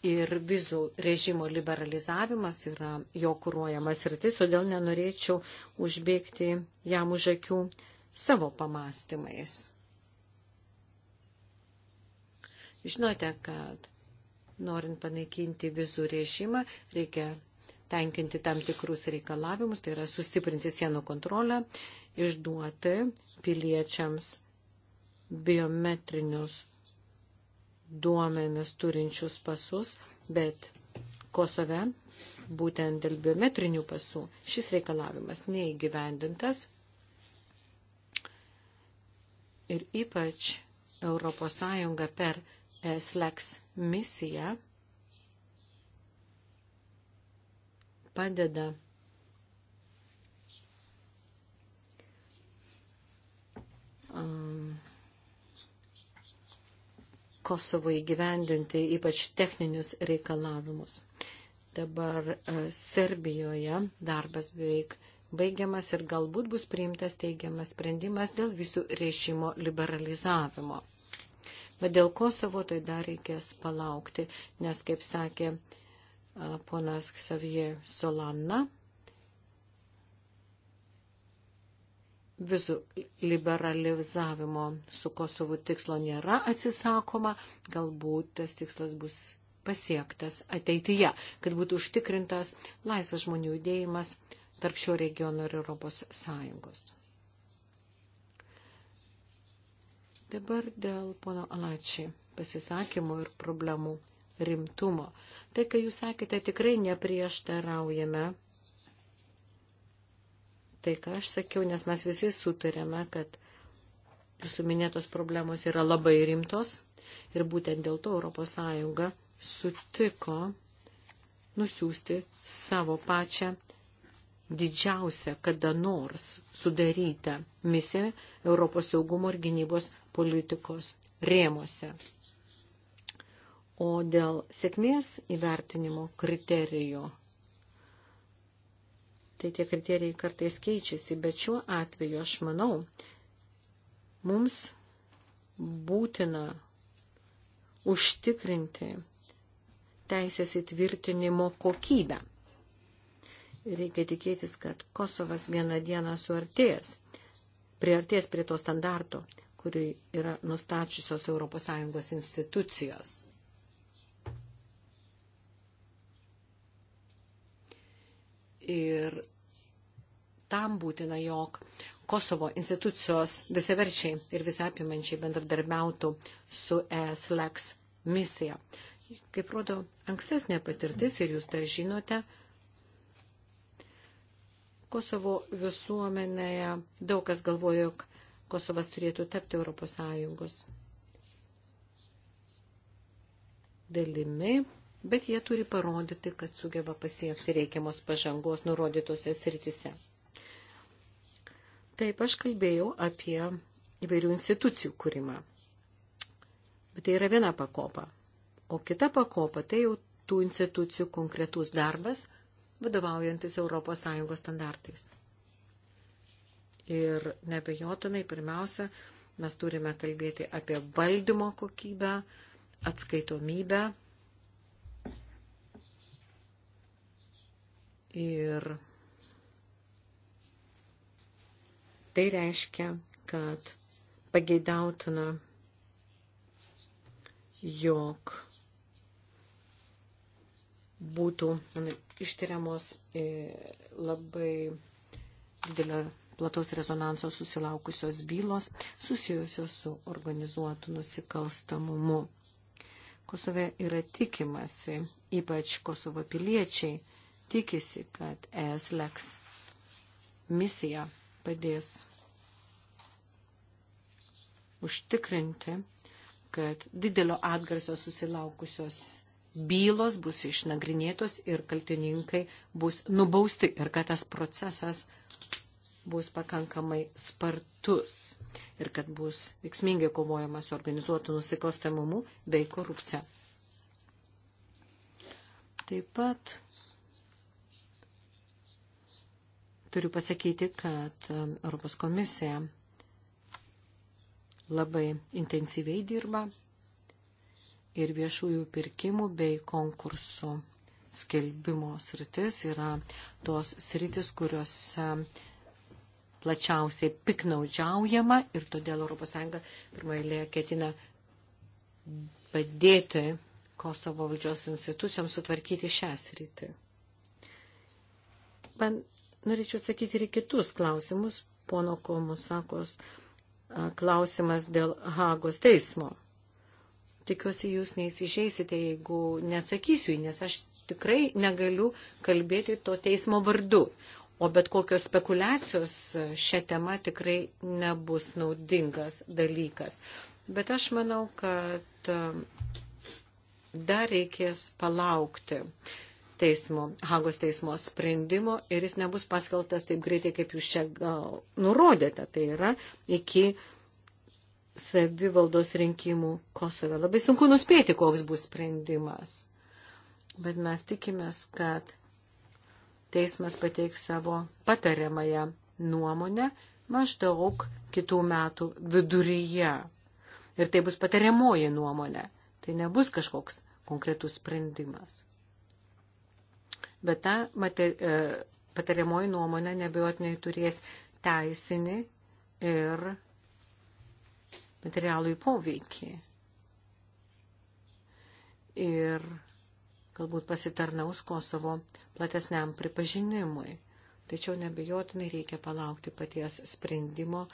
ir vizų režimo liberalizavimas yra jo kūruojamas rytis, todėl nenorėčiau užbėgti jam už akių savo pamastymais. Žinote, kad norint panaikinti vizų režimą, reikia tenkinti tam tikrus reikalavimus, tai yra sustiprinti sienų kontrolę, išduoti piliečiams biometrinius duomenis turinčius pasus, bet Kosove būtent dėl biometrinių pasų šis reikalavimas neįgyvendintas ir ypač ES per SLEX misiją padeda um, Kosovui gyvendinti ypač techninius reikalavimus. Dabar e, Serbijoje darbas beveik baigiamas ir galbūt bus priimtas teigiamas sprendimas dėl visų režimo liberalizavimo. Bet dėl Kosovo tai dar reikės palaukti, nes, kaip sakė ponas Xavier Solana, vizų liberalizavimo su Kosovu tikslo nėra atsisakoma, galbūt tas tikslas bus pasiektas ateityje, kad būtų užtikrintas laisvas žmonių judėjimas tarp šio regiono ir Europos Sąjungos. Dabar dėl pono Alačiai pasisakymų ir problemų rimtumo. Tai, ką jūs sakėte, tikrai neprieštaraujame. Tai, ką aš sakiau, nes mes visi sutarėme, kad jūsų minėtos problemos yra labai rimtos ir būtent dėl to ES sutiko nusiųsti savo pačią didžiausią kada nors sudarytą misiją Europos saugumo ir gynybos politikos rėmose. O dėl sėkmės įvertinimo kriterijų, tai tie kriterijai kartais keičiasi, bet šiuo atveju aš manau, mums būtina užtikrinti teisės įtvirtinimo kokybę. Reikia tikėtis, kad Kosovas vieną dieną suartės, priartės prie to standarto, kurį yra nustačiusios ES institucijos. ir tam būtina, jog Kosovo institucijos visaverčiai ir visapimančiai bendradarbiautų su ESLEX misija. Kaip rodo ankstesnė patirtis ir jūs tai žinote, Kosovo visuomenėje daug kas galvoja, jog Kosovas turėtų tapti Europos Sąjungos dalimi bet jie turi parodyti, kad sugeba pasiekti reikiamos pažangos nurodytose sritise. Taip aš kalbėjau apie įvairių institucijų kūrimą. Bet tai yra viena pakopa. O kita pakopa tai jau tų institucijų konkretus darbas, vadovaujantis ES standartais. Ir nebejotinai, pirmiausia, mes turime kalbėti apie valdymo kokybę, atskaitomybę Ir tai reiškia, kad pageidautina, jog būtų ištiriamos e, labai didelio plataus rezonanso susilaukusios bylos susijusios su organizuotu nusikalstamumu. Kosove yra tikimasi, ypač Kosovo piliečiai, tikisi, kad ESLEX misija padės užtikrinti, kad didelio atgarsio susilaukusios bylos bus išnagrinėtos ir kaltininkai bus nubausti ir kad tas procesas bus pakankamai spartus ir kad bus veiksmingai kovojama su organizuotu nusikalstamumu bei korupcija. Taip pat Turiu pasakyti, kad um, Europos komisija labai intensyviai dirba ir viešųjų pirkimų bei konkursų skelbimo sritis yra tos sritis, kuriuose plačiausiai piknaudžiaujama ir todėl ES pirmąjį lėją ketina padėti Kosovo valdžios institucijoms sutvarkyti šią sritį. Man Norėčiau atsakyti ir kitus klausimus. Pono Komusakos klausimas dėl Hagos teismo. Tikiuosi, jūs neįsižeisite, jeigu neatsakysiu, nes aš tikrai negaliu kalbėti to teismo vardu. O bet kokios spekulacijos šią temą tikrai nebus naudingas dalykas. Bet aš manau, kad dar reikės palaukti teismo, Hagos teismo sprendimo ir jis nebus paskeltas taip greitai, kaip jūs čia gal nurodėte. Tai yra iki savivaldos rinkimų Kosove. Labai sunku nuspėti, koks bus sprendimas. Bet mes tikimės, kad teismas pateiks savo patariamąją nuomonę maždaug kitų metų viduryje. Ir tai bus patariamoji nuomonė. Tai nebus kažkoks konkretus sprendimas bet ta mater, e, patariamoji nuomonė nebejotinai turės teisinį ir materialų poveikį. Ir galbūt pasitarnaus Kosovo platesniam pripažinimui. Tačiau nebejotinai reikia palaukti paties sprendimo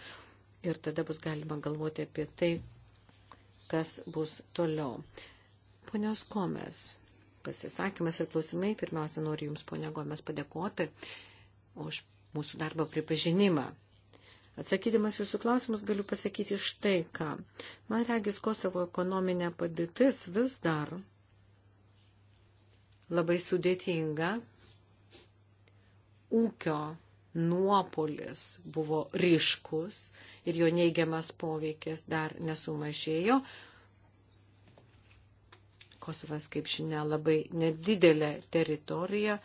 ir tada bus galima galvoti apie tai, kas bus toliau. Ponios Komes pasisakymas ir klausimai. Pirmiausia, noriu Jums, ponia Gomes, padėkoti už mūsų darbo pripažinimą. Atsakydamas jūsų klausimus galiu pasakyti štai ką. Man regis Kosovo ekonominė padėtis vis dar labai sudėtinga. Ūkio nuopolis buvo ryškus ir jo neigiamas poveikis dar nesumažėjo, Kosovas, kaip žinia, labai nedidelė teritorija,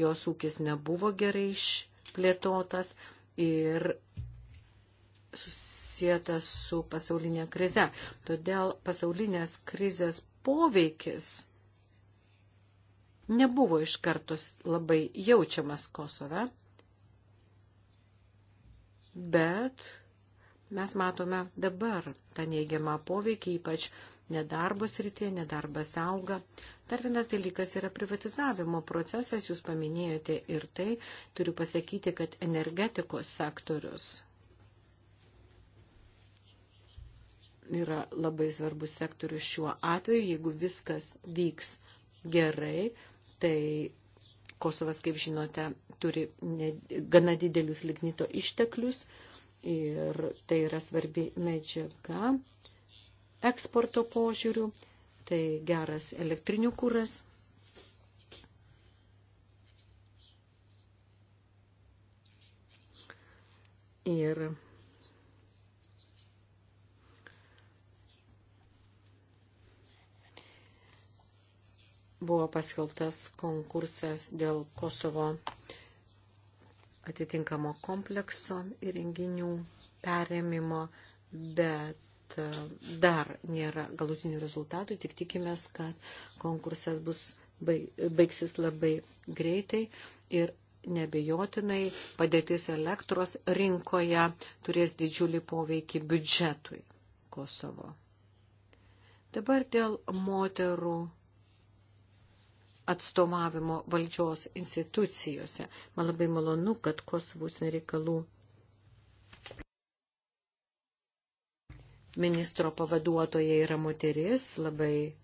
jos ūkis nebuvo gerai išplėtotas ir susijęs su pasaulinė krize. Todėl pasaulinės krizės poveikis nebuvo iš kartos labai jaučiamas Kosove, bet mes matome dabar tą neigiamą poveikį, ypač nedarbos rytie, nedarbas auga. Dar vienas dalykas yra privatizavimo procesas, jūs paminėjote ir tai, turiu pasakyti, kad energetikos sektorius yra labai svarbus sektorius šiuo atveju, jeigu viskas vyks gerai, tai Kosovas, kaip žinote, turi ne, gana didelius lignito išteklius ir tai yra svarbi medžiaga eksporto požiūrių, tai geras elektrinių kūras. Ir buvo paskelbtas konkursas dėl Kosovo atitinkamo komplekso įrenginių perėmimo, bet E, dar nėra galutinių rezultatų, tik tikimės, kad konkursas bus baigsis labai greitai ir nebejotinai padėtis elektros rinkoje turės didžiulį poveikį biudžetui Kosovo. Dabar dėl moterų atstovavimo valdžios institucijose. Man labai malonu, kad Kosovos reikalų ministro pavaduotoja yra moteris, labai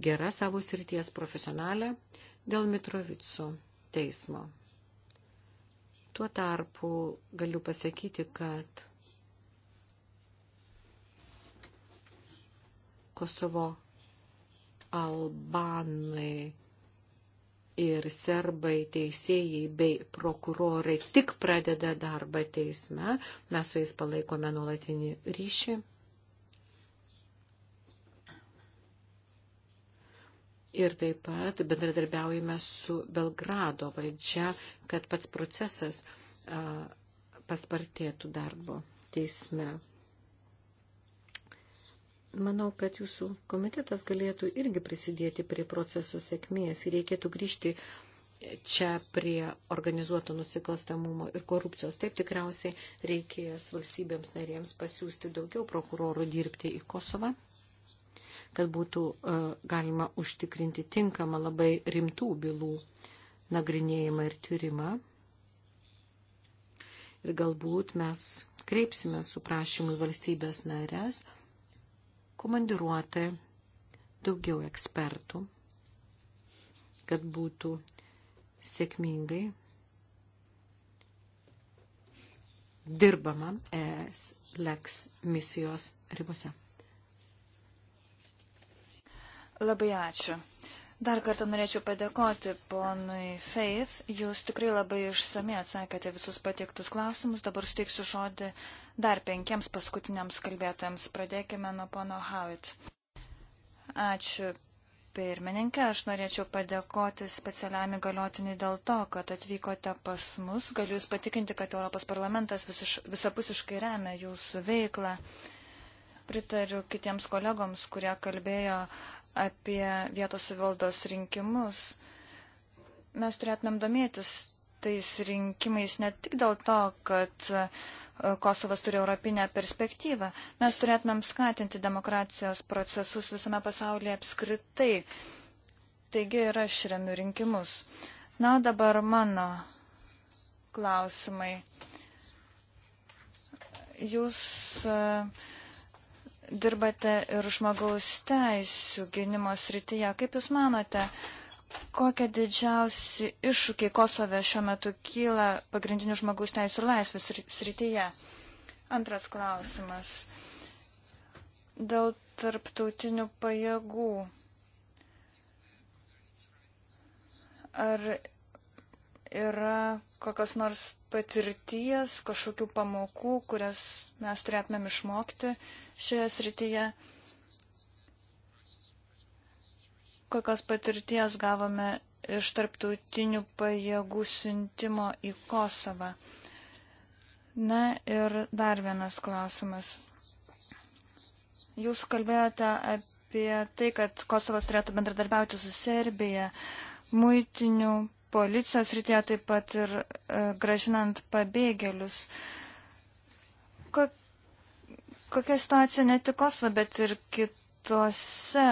gera savo srities profesionalė dėl Mitrovico teismo. Tuo tarpu galiu pasakyti, kad Kosovo albanai ir serbai teisėjai bei prokurorai tik pradeda darbą teisme, mes su jais palaikome nuolatinį ryšį. Ir taip pat bendradarbiaujame su Belgrado valdžia, kad pats procesas a, paspartėtų darbo teisme. Manau, kad jūsų komitetas galėtų irgi prisidėti prie procesų sėkmės ir reikėtų grįžti čia prie organizuoto nusikalstamumo ir korupcijos. Taip tikriausiai reikės valstybėms narėms pasiūsti daugiau prokurorų dirbti į Kosovą, kad būtų uh, galima užtikrinti tinkamą labai rimtų bylų nagrinėjimą ir tyrimą. Ir galbūt mes kreipsime su prašymu valstybės narės komandiruoti daugiau ekspertų, kad būtų sėkmingai dirbama ES leks misijos ribose. Labai ačiū. Dar kartą norėčiau padėkoti ponui Faith. Jūs tikrai labai išsamei atsakėte visus pateiktus klausimus. Dabar suteiksiu žodį dar penkiems paskutiniams kalbėtojams. Pradėkime nuo pono Howitt. Ačiū pirmininkė, aš norėčiau padėkoti specialiam įgaliotiniui dėl to, kad atvykote pas mus. Galiu Jūs patikinti, kad Europos parlamentas visiš, visapusiškai remia Jūsų veiklą. Pritariu kitiems kolegoms, kurie kalbėjo apie vietos savivaldos rinkimus, mes turėtumėm domėtis tais rinkimais ne tik dėl to, kad e, Kosovas turi europinę perspektyvą. Mes turėtumėm skatinti demokratijos procesus visame pasaulyje apskritai. Taigi ir aš remiu rinkimus. Na, dabar mano klausimai. Jūs uh, dirbate ir žmogaus teisų gynimo srityje. Kaip Jūs manote, kokie didžiausi iššūkiai Kosove šiuo metu kyla pagrindinių žmogaus teisų ir laisvės srityje? Antras klausimas. Dėl tarptautinių pajėgų. Ar yra kokios nors patirties, kažkokių pamokų, kurias mes turėtumėm išmokti šioje srityje. Kokios patirties gavome iš tarptautinių pajėgų siuntimo į Kosovą. Na ir dar vienas klausimas. Jūs kalbėjote apie tai, kad Kosovas turėtų bendradarbiauti su Serbija muitinių policijos rytėje, taip pat ir e, gražinant pabėgėlius. Kokia situacija ne tik Kosovo, bet ir kitose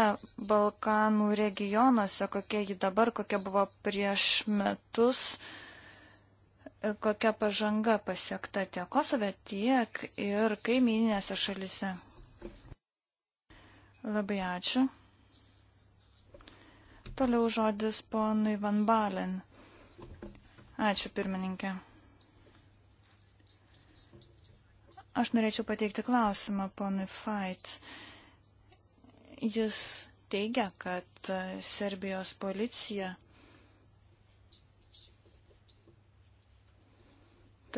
Balkanų regionuose, kokia ji dabar, kokia buvo prieš metus, e, kokia pažanga pasiekta tiek Kosove, tiek ir kaimininėse šalise. Labai ačiū. Toliau žodis ponui Van Balen. Ačiū, pirmininkė. Aš norėčiau pateikti klausimą ponui Fait. Jis teigia, kad Serbijos policija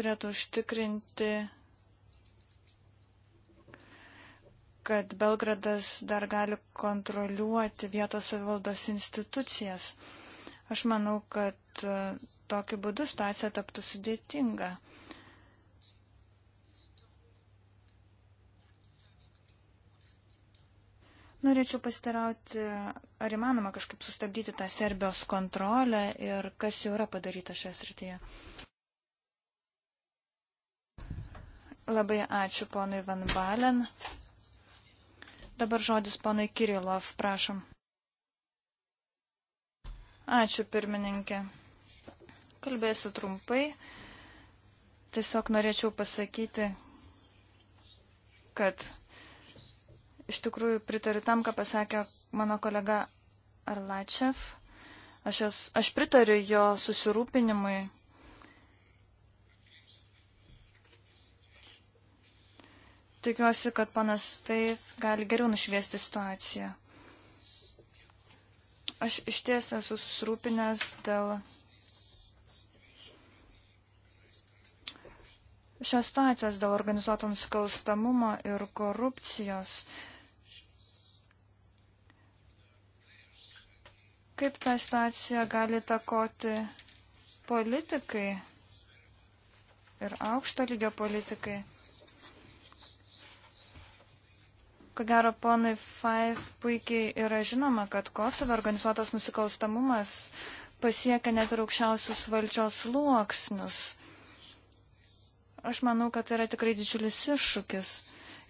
turėtų užtikrinti, kad Belgradas dar gali kontroliuoti vietos savivaldos institucijas. Aš manau, kad e, tokiu būdu situacija taptų sudėtinga. Norėčiau pasitarauti, ar įmanoma kažkaip sustabdyti tą Serbijos kontrolę ir kas jau yra padaryta šioje srityje. Labai ačiū ponui Van Balen. Dabar žodis ponui Kirilov, prašom. Ačiū pirmininkė. Kalbėsiu trumpai. Tiesiog norėčiau pasakyti, kad iš tikrųjų pritariu tam, ką pasakė mano kolega Arlačev. Aš, es, aš pritariu jo susirūpinimui. Tikiuosi, kad panas Faith gali geriau nušviesti situaciją. Aš iš ties esu susirūpinęs dėl šios situacijos, dėl organizuoto nusikalstamumo ir korupcijos. Kaip tą situaciją gali takoti politikai ir aukšto lygio politikai? Ko gero, ponai Faith puikiai yra žinoma, kad Kosovo organizuotas nusikalstamumas pasiekia net ir aukščiausius valdžios sluoksnius. Aš manau, kad tai yra tikrai didžiulis iššūkis.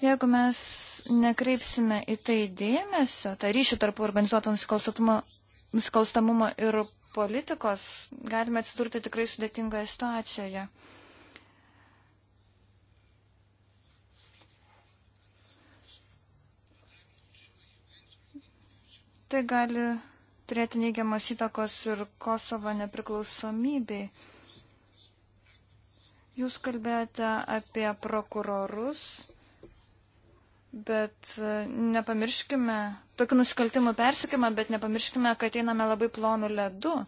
Jeigu mes nekreipsime į tai dėmesio, tą tai ryšį tarp organizuoto nusikalstamumo ir politikos, galime atsidurti tikrai sudėtingoje situacijoje. Tai gali turėti neigiamas įtakos ir Kosovo nepriklausomybei. Jūs kalbėjote apie prokurorus, bet e, nepamirškime, tokių nusikaltimų persikimą, bet nepamirškime, kad einame labai plonų ledu.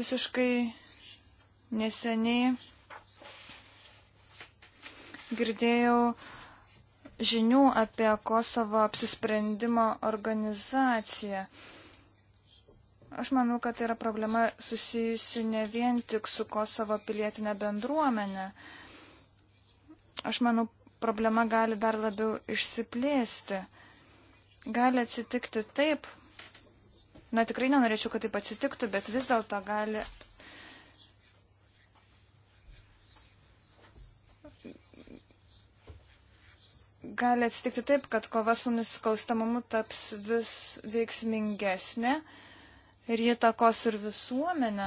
Visiškai neseniai girdėjau žinių apie Kosovo apsisprendimo organizaciją. Aš manau, kad tai yra problema susijusi ne vien tik su Kosovo pilietinė bendruomenė. Aš manau, problema gali dar labiau išsiplėsti. Gali atsitikti taip, na tikrai nenorėčiau, kad taip atsitiktų, bet vis dėlto gali gali atsitikti taip, kad kova su nusikalstamumu taps vis veiksmingesnė ir jie takos ir visuomenę.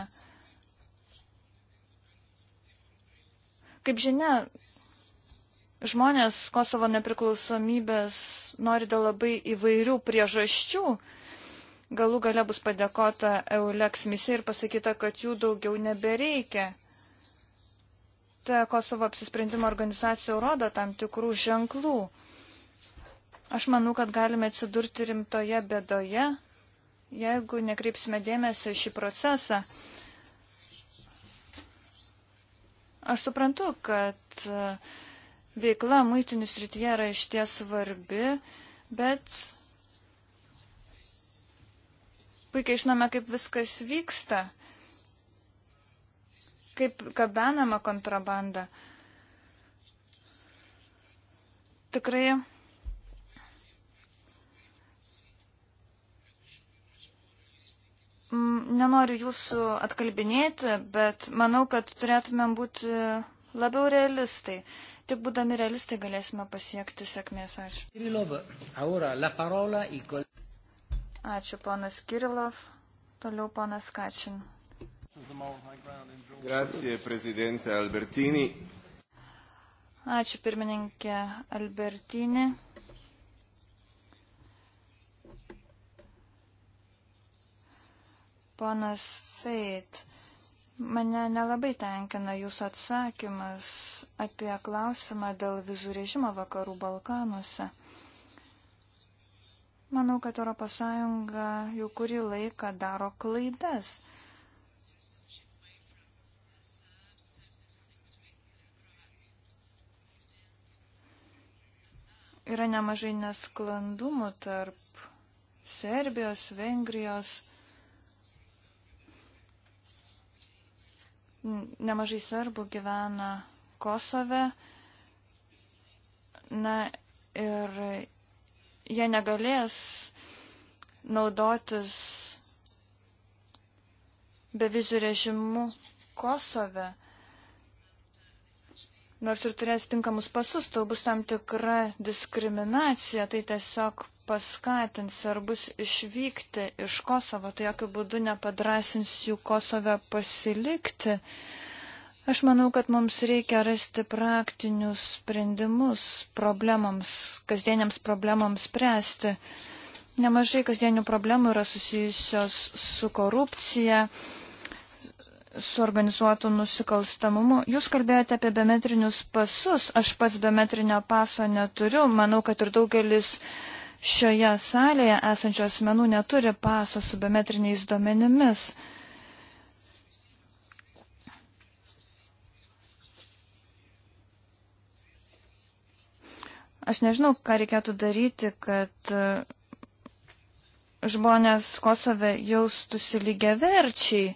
Kaip žinia, žmonės Kosovo nepriklausomybės nori dėl labai įvairių priežasčių. Galų gale bus padėkota EULEX misija ir pasakyta, kad jų daugiau nebereikia. Kosovo apsisprendimo organizacijų rodo tam tikrų ženklų. Aš manau, kad galime atsidurti rimtoje bėdoje, jeigu nekreipsime dėmesio į šį procesą. Aš suprantu, kad e, veikla muitinių srityje yra išties svarbi, bet puikiai žinome, kaip viskas vyksta kaip gabenama kontrabanda. Tikrai nenoriu jūsų atkalbinėti, bet manau, kad turėtumėm būti labiau realistai. Tik būdami realistai galėsime pasiekti sėkmės. Ačiū. Ačiū, ponas Kirilov. Toliau ponas Kačin. Grazie, prezidente Albertini. Ačiū pirmininkė Albertini. Ponas Feit, mane nelabai tenkina jūsų atsakymas apie klausimą dėl vizų režimo vakarų Balkanuose. Manau, kad ES jau kurį laiką daro klaidas. Yra nemažai nesklandumų tarp Serbijos, Vengrijos. Nemažai serbų gyvena Kosove. Na ir jie negalės naudotis bevizių režimu Kosove nors ir turės tinkamus pasus, tau bus tam tikra diskriminacija, tai tiesiog paskatins ar bus išvykti iš Kosovo, tai jokių būdų nepadrasins jų Kosove pasilikti. Aš manau, kad mums reikia rasti praktinius sprendimus problemams, kasdieniams problemams spręsti. Nemažai kasdienių problemų yra susijusios su korupcija, su organizuotu nusikalstamumu. Jūs kalbėjote apie biometrinius pasus, aš pats biometrinio paso neturiu, manau, kad ir daugelis šioje salėje esančių asmenų neturi paso su biometriniais duomenimis. Aš nežinau, ką reikėtų daryti, kad e, žmonės Kosove jaustųsi lygiaverčiai. verčiai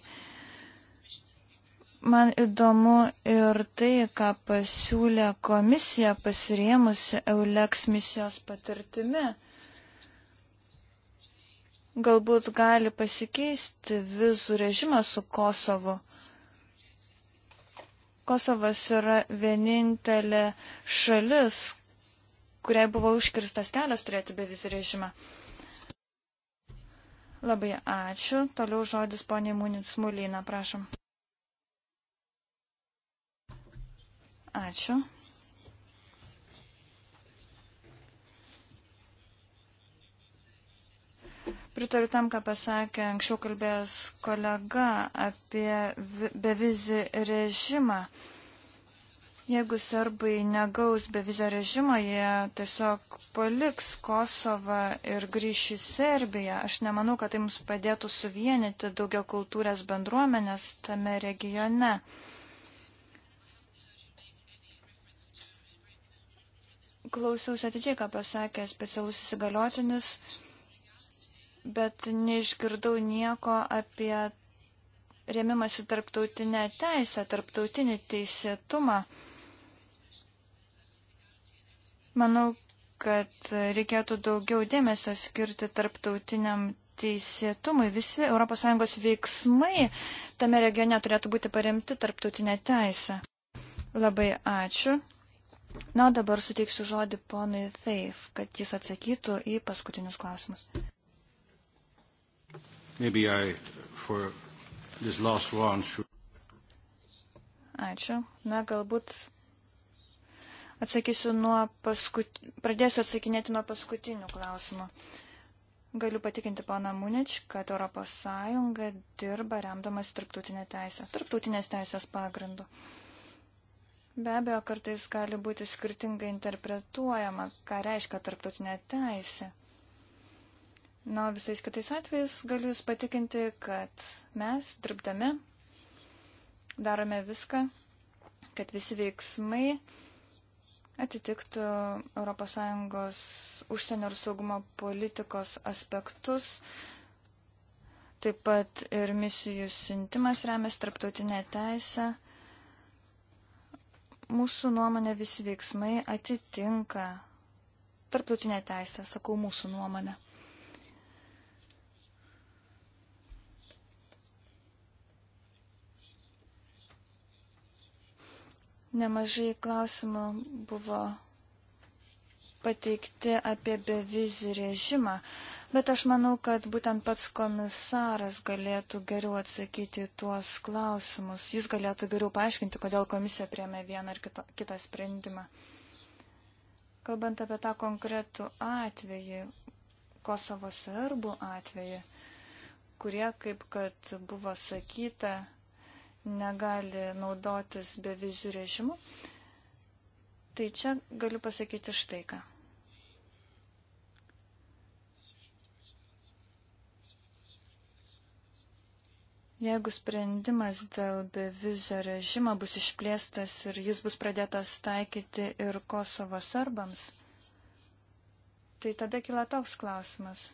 Man įdomu ir tai, ką pasiūlė komisija pasiriemusi Euleks misijos patirtimi. Galbūt gali pasikeisti vizų režimas su Kosovu. Kosovas yra vienintelė šalis, kuriai buvo užkirstas kelias turėti bevizį režimą. Labai ačiū. Toliau žodis poniai Munic Mulina, prašom. Ačiū. Pritariu tam, ką pasakė anksčiau kalbėjęs kolega apie bevizį režimą. Jeigu serbai negaus bevizio režimo, jie tiesiog paliks Kosovą ir grįš į Serbiją. Aš nemanau, kad tai mums padėtų suvienyti daugia kultūrės bendruomenės tame regione. klausiausi atidžiai, ką pasakė specialus įsigaliotinis, bet neišgirdau nieko apie rėmimąsi tarptautinę teisę, tarptautinį teisėtumą. Manau, kad reikėtų daugiau dėmesio skirti tarptautiniam teisėtumui. Visi ES veiksmai tame regione turėtų būti paremti tarptautinę teisę. Labai ačiū. Na, dabar suteiksiu žodį ponui Thaif, kad jis atsakytų į paskutinius klausimus. I, should... Ačiū. Na, galbūt atsakysiu nuo paskut... pradėsiu atsakinėti nuo paskutinių klausimų. Galiu patikinti pana Munič, kad ES dirba remdamas tarptautinę teisę, tarptautinės teisės pagrindu. Uh, Be abejo, kartais gali būti skirtingai interpretuojama, ką reiškia tarptautinė teisė. Na, visais kitais atvejais galiu Jūs patikinti, kad mes, dirbdami, darome viską, kad visi veiksmai atitiktų ES užsienio ir saugumo politikos aspektus. Taip pat ir misijų siuntimas remės tarptautinė teisė. Mūsų nuomonė visi veiksmai atitinka tarptautinę teisę, sakau mūsų nuomonę. Nemažai klausimų buvo pateikti apie bevizį režimą, bet aš manau, kad būtent pats komisaras galėtų geriau atsakyti tuos klausimus. Jis galėtų geriau paaiškinti, kodėl komisija priemė vieną ar kito, kitą sprendimą. Kalbant apie tą konkretų atvejį, Kosovo serbų atvejį, kurie, kaip kad buvo sakyta, negali naudotis bevizių režimu. Tai čia galiu pasakyti štai ką. Jeigu sprendimas dėl bevizio režimo bus išplėstas ir jis bus pradėtas taikyti ir Kosovo serbams, tai tada kila toks klausimas.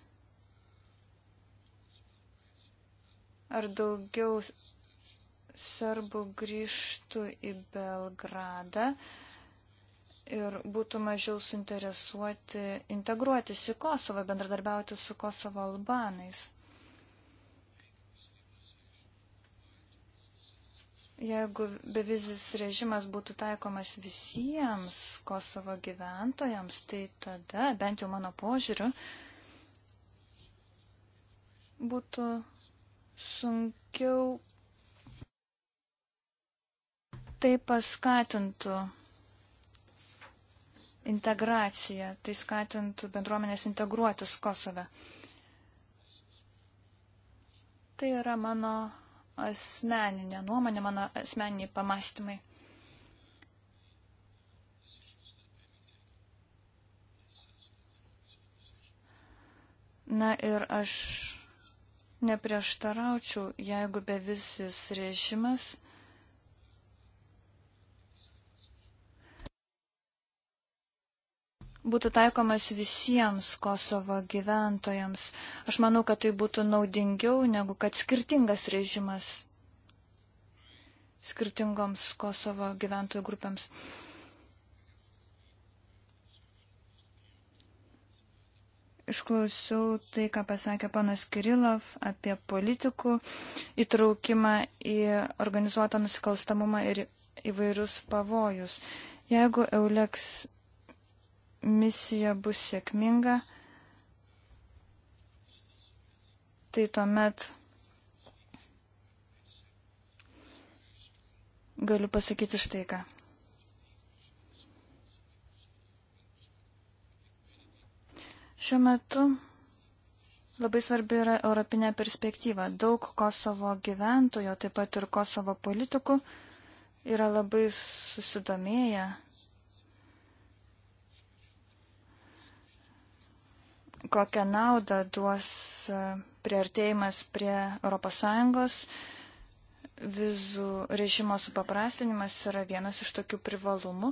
Ar daugiau serbų grįžtų į Belgradą, ir būtų mažiau suinteresuoti integruotis į Kosovą, bendradarbiauti su Kosovo albanais. Jeigu bevizis režimas būtų taikomas visiems Kosovo gyventojams, tai tada, bent jau mano požiūriu, būtų sunkiau tai paskatintų integraciją, tai skatintų bendruomenės integruotis Kosove. Tai yra mano asmeninė nuomonė, mano asmeniniai pamastymai. Na ir aš neprieštaraučiau, jeigu bevisis režimas būtų taikomas visiems Kosovo gyventojams. Aš manau, kad tai būtų naudingiau negu kad skirtingas režimas skirtingoms Kosovo gyventojų grupėms. Išklausiau tai, ką pasakė panas Kirilov apie politikų įtraukimą į organizuotą nusikalstamumą ir įvairius pavojus. Jeigu Euleks misija bus sėkminga, tai tuomet galiu pasakyti štai ką. Šiuo metu labai svarbi yra europinė perspektyva. Daug Kosovo gyventojų, taip pat ir Kosovo politikų yra labai susidomėję kokią naudą duos e, priartėjimas prie ES. Vizų režimo supaprastinimas yra vienas iš tokių privalumų.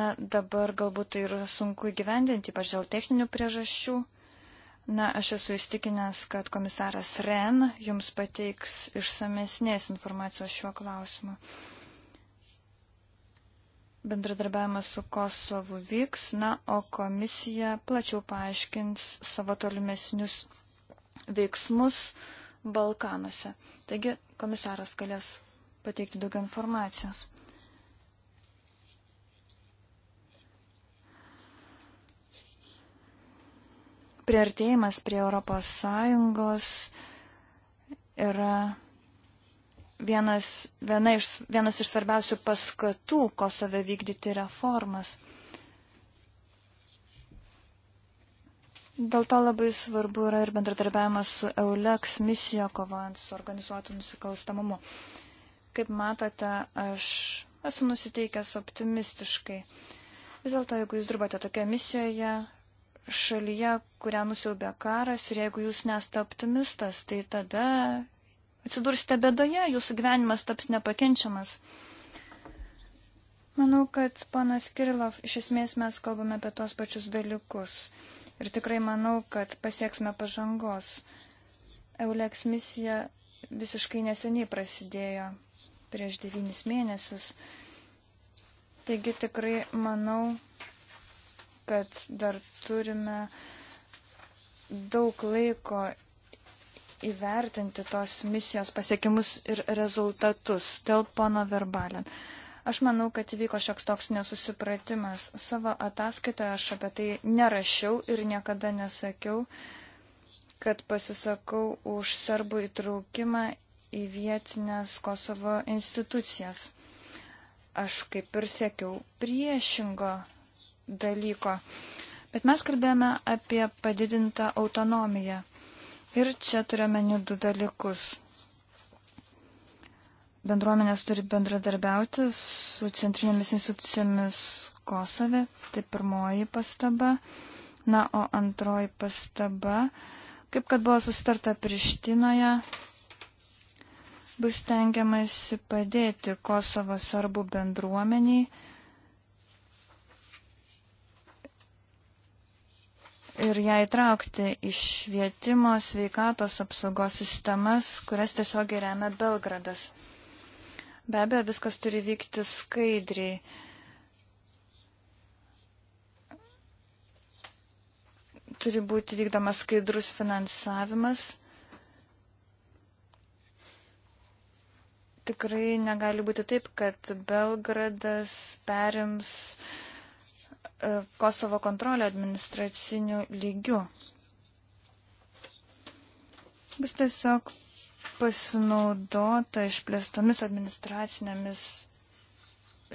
Na, dabar galbūt tai yra sunku įgyvendinti, ypač dėl techninių priežasčių. Na, aš esu įstikinęs, kad komisaras Ren jums pateiks išsamesnės informacijos šiuo klausimu. Uh, bendradarbiavimas su Kosovu vyks, na, o komisija plačiau paaiškins savo tolimesnius veiksmus Balkanuose. Taigi komisaras galės pateikti daugiau informacijos. Priartėjimas prie Europos Sąjungos yra vienas, viena iš, vienas iš svarbiausių paskatų Kosove vykdyti reformas. Dėl to labai svarbu yra ir bendradarbiavimas su EULEX misija kovojant su organizuotu nusikalstamumu. Kaip matote, aš esu nusiteikęs optimistiškai. Vis dėlto, jeigu jūs dirbate tokioje misijoje, šalyje, kurią nusiaubė karas ir jeigu jūs nesate optimistas, tai tada atsidursite bėdoje, jūsų gyvenimas taps nepakenčiamas. Manau, kad panas Kirilov, iš esmės mes kalbame apie tos pačius dalykus. Ir tikrai manau, kad pasieksime pažangos. Euleks misija visiškai neseniai prasidėjo, prieš devynis mėnesius. Taigi tikrai manau, kad dar turime daug laiko įvertinti tos misijos pasiekimus ir rezultatus dėl pono Verbalin. Aš manau, kad įvyko šioks toks nesusipratimas. Savo ataskaitoje aš apie tai nerašiau ir niekada nesakiau, kad pasisakau už serbų įtraukimą į vietinės Kosovo institucijas. Aš kaip ir sėkiau priešingo dalyko. Bet mes kalbėjome apie padidintą autonomiją. Ir čia turime ne du dalykus. Bendruomenės turi bendradarbiauti su centrinėmis institucijomis Kosove, tai pirmoji pastaba. Na, o antroji pastaba, kaip kad buvo sustarta Prištinoje, bus tengiamasi padėti Kosovo sarbų bendruomeniai ir ją įtraukti į švietimo sveikatos apsaugos sistemas, kurias tiesiog remia Belgradas. Be abejo, viskas turi vykti skaidriai. Turi būti vykdomas skaidrus finansavimas. Tikrai negali būti taip, kad Belgradas perims uh, E, Kosovo kontrolę administraciniu lygiu. Bus tiesiog pasinaudota išplėstomis administracinėmis,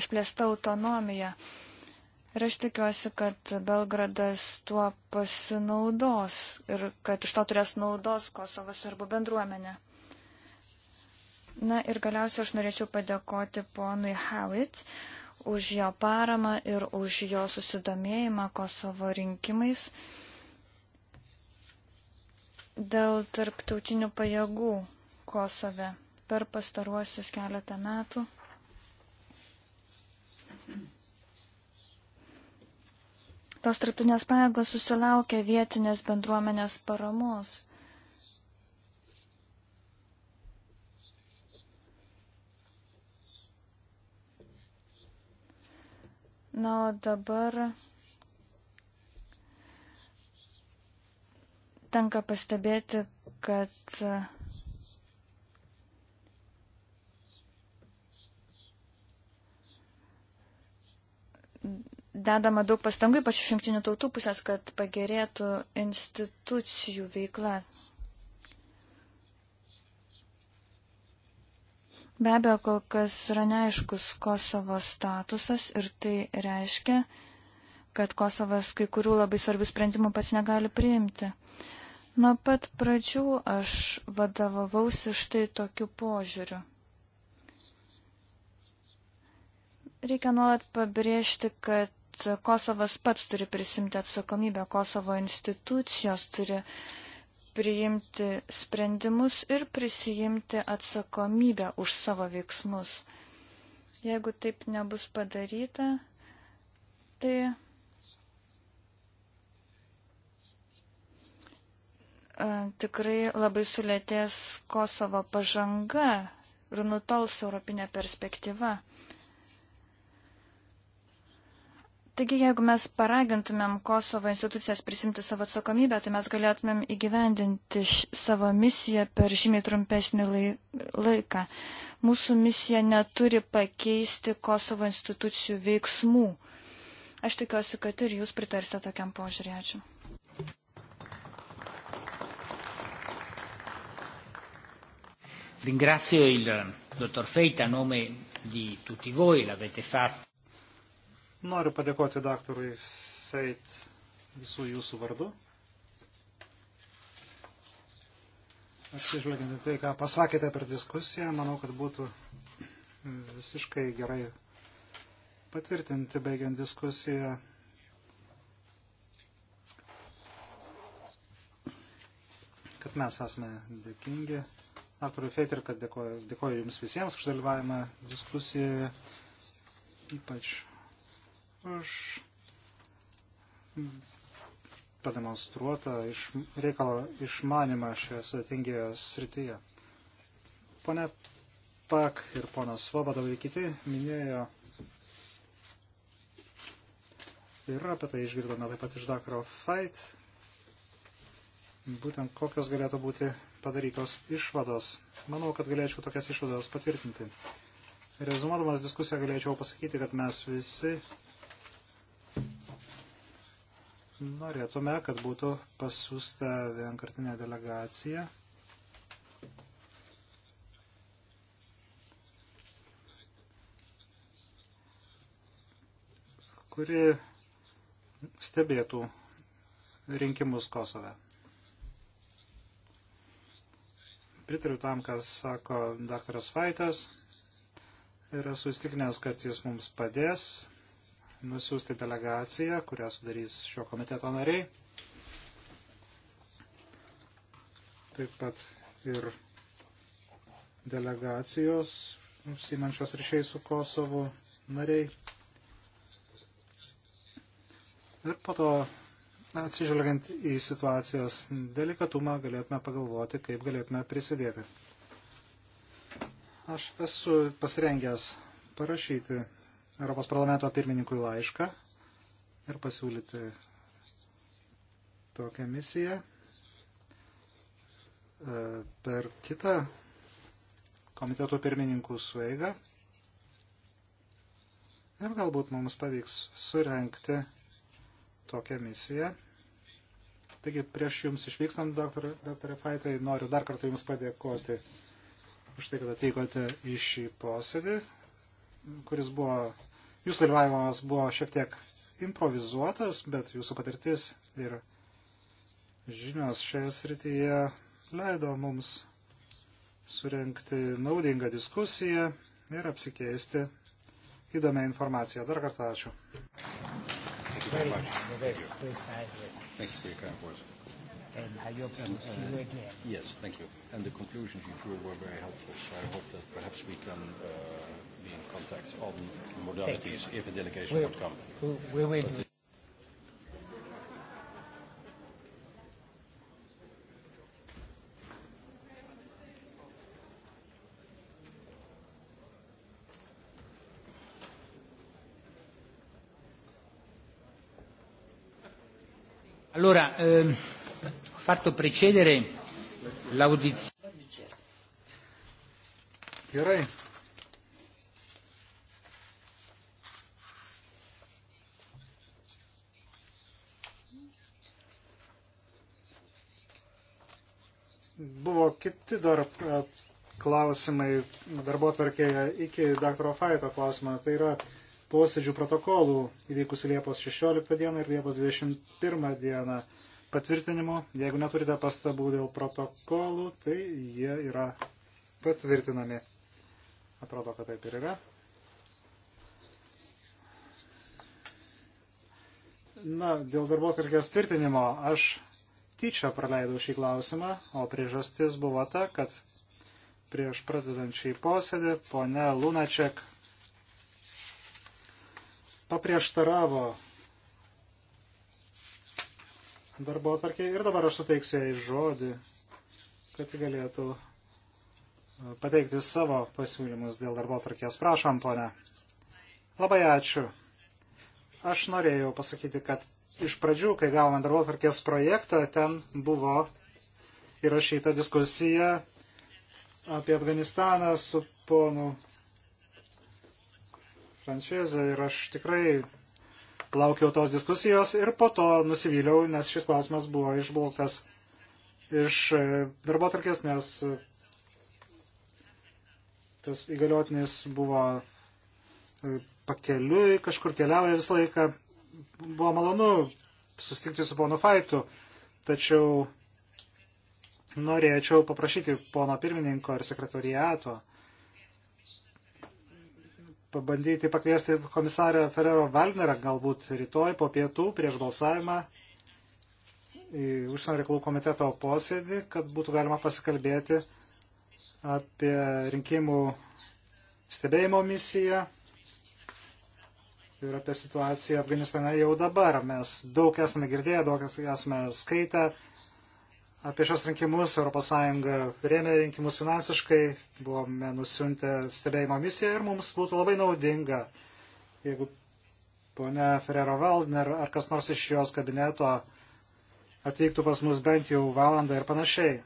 išplėsta autonomija. Ir aš tikiuosi, kad Belgradas tuo pasinaudos ir kad iš to turės naudos Kosovas arba bendruomenė. Na ir galiausiai aš norėčiau padėkoti ponui Howitt už jo paramą ir už jo susidomėjimą Kosovo rinkimais dėl tarptautinių pajėgų Kosove per pastaruosius keletą metų. Tos tarptautinės pajėgos susilaukia vietinės bendruomenės paramos. Na, o dabar tenka pastebėti, kad dedama daug pastangų, ypač iš jungtinių tautų pusės, kad pagerėtų institucijų veikla Be abejo, kol kas yra neaiškus Kosovo statusas ir tai reiškia, kad Kosovas kai kurių labai svarbių sprendimų pats negali priimti. Nuo pat pradžių aš vadovavausi štai tokiu požiūriu. Reikia nuolat pabrėžti, kad Kosovas pats turi prisimti atsakomybę, Kosovo institucijos turi uh, priimti sprendimus ir prisijimti atsakomybę už savo veiksmus. Jeigu taip nebus padaryta, tai tikrai labai sulėtės Kosovo pažanga ir nutols europinė perspektyva. Taigi, jeigu mes paragintumėm Kosovo institucijas prisimti savo atsakomybę, tai mes galėtumėm įgyvendinti š, savo misiją per žymiai trumpesnį lai, laiką. Mūsų misija neturi pakeisti Kosovo institucijų veiksmų. Aš tikiuosi, kad ir jūs pritarsite tokiam požiūrį. Ačiū. Ringrazio il dottor Feita a nome di tutti voi, l'avete fatto. Noriu padėkoti daktarui Feit visų jūsų vardu. Atsižvelgiant į tai, ką pasakėte per diskusiją, manau, kad būtų visiškai gerai patvirtinti, baigiant diskusiją. kad mes esame dėkingi aktoriui Feiter, kad dėkoju, dėkoju Jums visiems už dalyvavimą diskusijoje, ypač už pademonstruotą iš, reikalo išmanimą šioje sudėtingėje srityje. Pone Pak ir ponas Svobodov ir kiti minėjo ir apie tai išgirdome taip pat iš Dakaro Fight, būtent kokios galėtų būti padarytos išvados. Manau, kad galėčiau tokias išvadas patvirtinti. Rezumuodamas diskusiją galėčiau pasakyti, kad mes visi Norėtume, kad būtų pasiūsta vienkartinė delegacija. kuri stebėtų rinkimus Kosove. Pritariu tam, kas sako daktaras Faitas ir esu įstikinęs, kad jis mums padės nusiųsti delegaciją, kurią sudarys šio komiteto nariai. Taip pat ir delegacijos, užsimančios ryšiai su Kosovu nariai. Ir po to, atsižvelgiant į situacijos delikatumą, galėtume pagalvoti, kaip galėtume prisidėti. Aš esu pasirengęs parašyti Europos parlamento pirmininkui laišką ir pasiūlyti tokią misiją. E, per kitą komiteto pirmininkų sueigą ir galbūt mums pavyks surenkti tokią misiją. Taigi prieš Jums išvykstant, dr. dr. Faitai, noriu dar kartą Jums padėkoti už tai, kad atvykote į šį posėdį, kuris buvo Jūsų dalyvavimas buvo šiek tiek improvizuotas, bet jūsų patirtis ir žinios šioje srityje leido mums surenkti naudingą diskusiją ir apsikeisti įdomią informaciją. Dar kartą ačiū. Very, very precisely. Thank you for your kind words. And I hope to see you again. Yes, thank you. And the conclusions you drew were very helpful, so I hope that perhaps we can uh, be in contact on modalities if a delegation we're, would come. We will. Allora, eh, ho fatto precedere l'audizione. Gerai, kiti dar e, klausimai darbo tvarkėje iki dr. Faito klausimą. Tai yra posėdžių protokolų įvykusių Liepos 16 dieną ir Liepos 21 dieną patvirtinimo. Jeigu neturite pastabų dėl protokolų, tai jie yra patvirtinami. Atrodo, kad taip ir yra. Na, dėl darbo tvarkės tvirtinimo aš tyčia praleidau šį klausimą, o priežastis buvo ta, kad prieš pradedant šį posėdį ponia Lunaček paprieštaravo darbo atvarkiai ir dabar aš suteiksiu jai žodį, kad galėtų e, pateikti savo pasiūlymus dėl darbo atvarkės. Prašom, ponia. Labai ačiū. Aš norėjau pasakyti, kad iš pradžių, kai gavome darbo tvarkės projektą, ten buvo įrašyta diskusija apie Afganistaną su ponu Frančizė ir aš tikrai laukiau tos diskusijos ir po to nusivyliau, nes šis klausimas buvo išbrauktas iš e, darbo tarkės, nes tas įgaliotinis buvo e, pakeliui, kažkur keliavo visą laiką buvo malonu susitikti su ponu Faitu, tačiau norėčiau paprašyti pono pirmininko ir sekretoriato pabandyti pakviesti komisarę Ferrero Valnerą galbūt rytoj po pietų prieš balsavimą į užsienio reikalų komiteto posėdį, kad būtų galima pasikalbėti apie rinkimų stebėjimo misiją ir apie situaciją Afganistane jau dabar. Mes daug esame girdėję, daug esame skaitę apie šios rinkimus. ES rėmė rinkimus finansiškai, buvome nusiuntę stebėjimo misiją ir mums būtų labai naudinga, jeigu ponia Ferrero Valdner ar kas nors iš jos kabineto atvyktų pas mus bent jau valandą ir panašiai.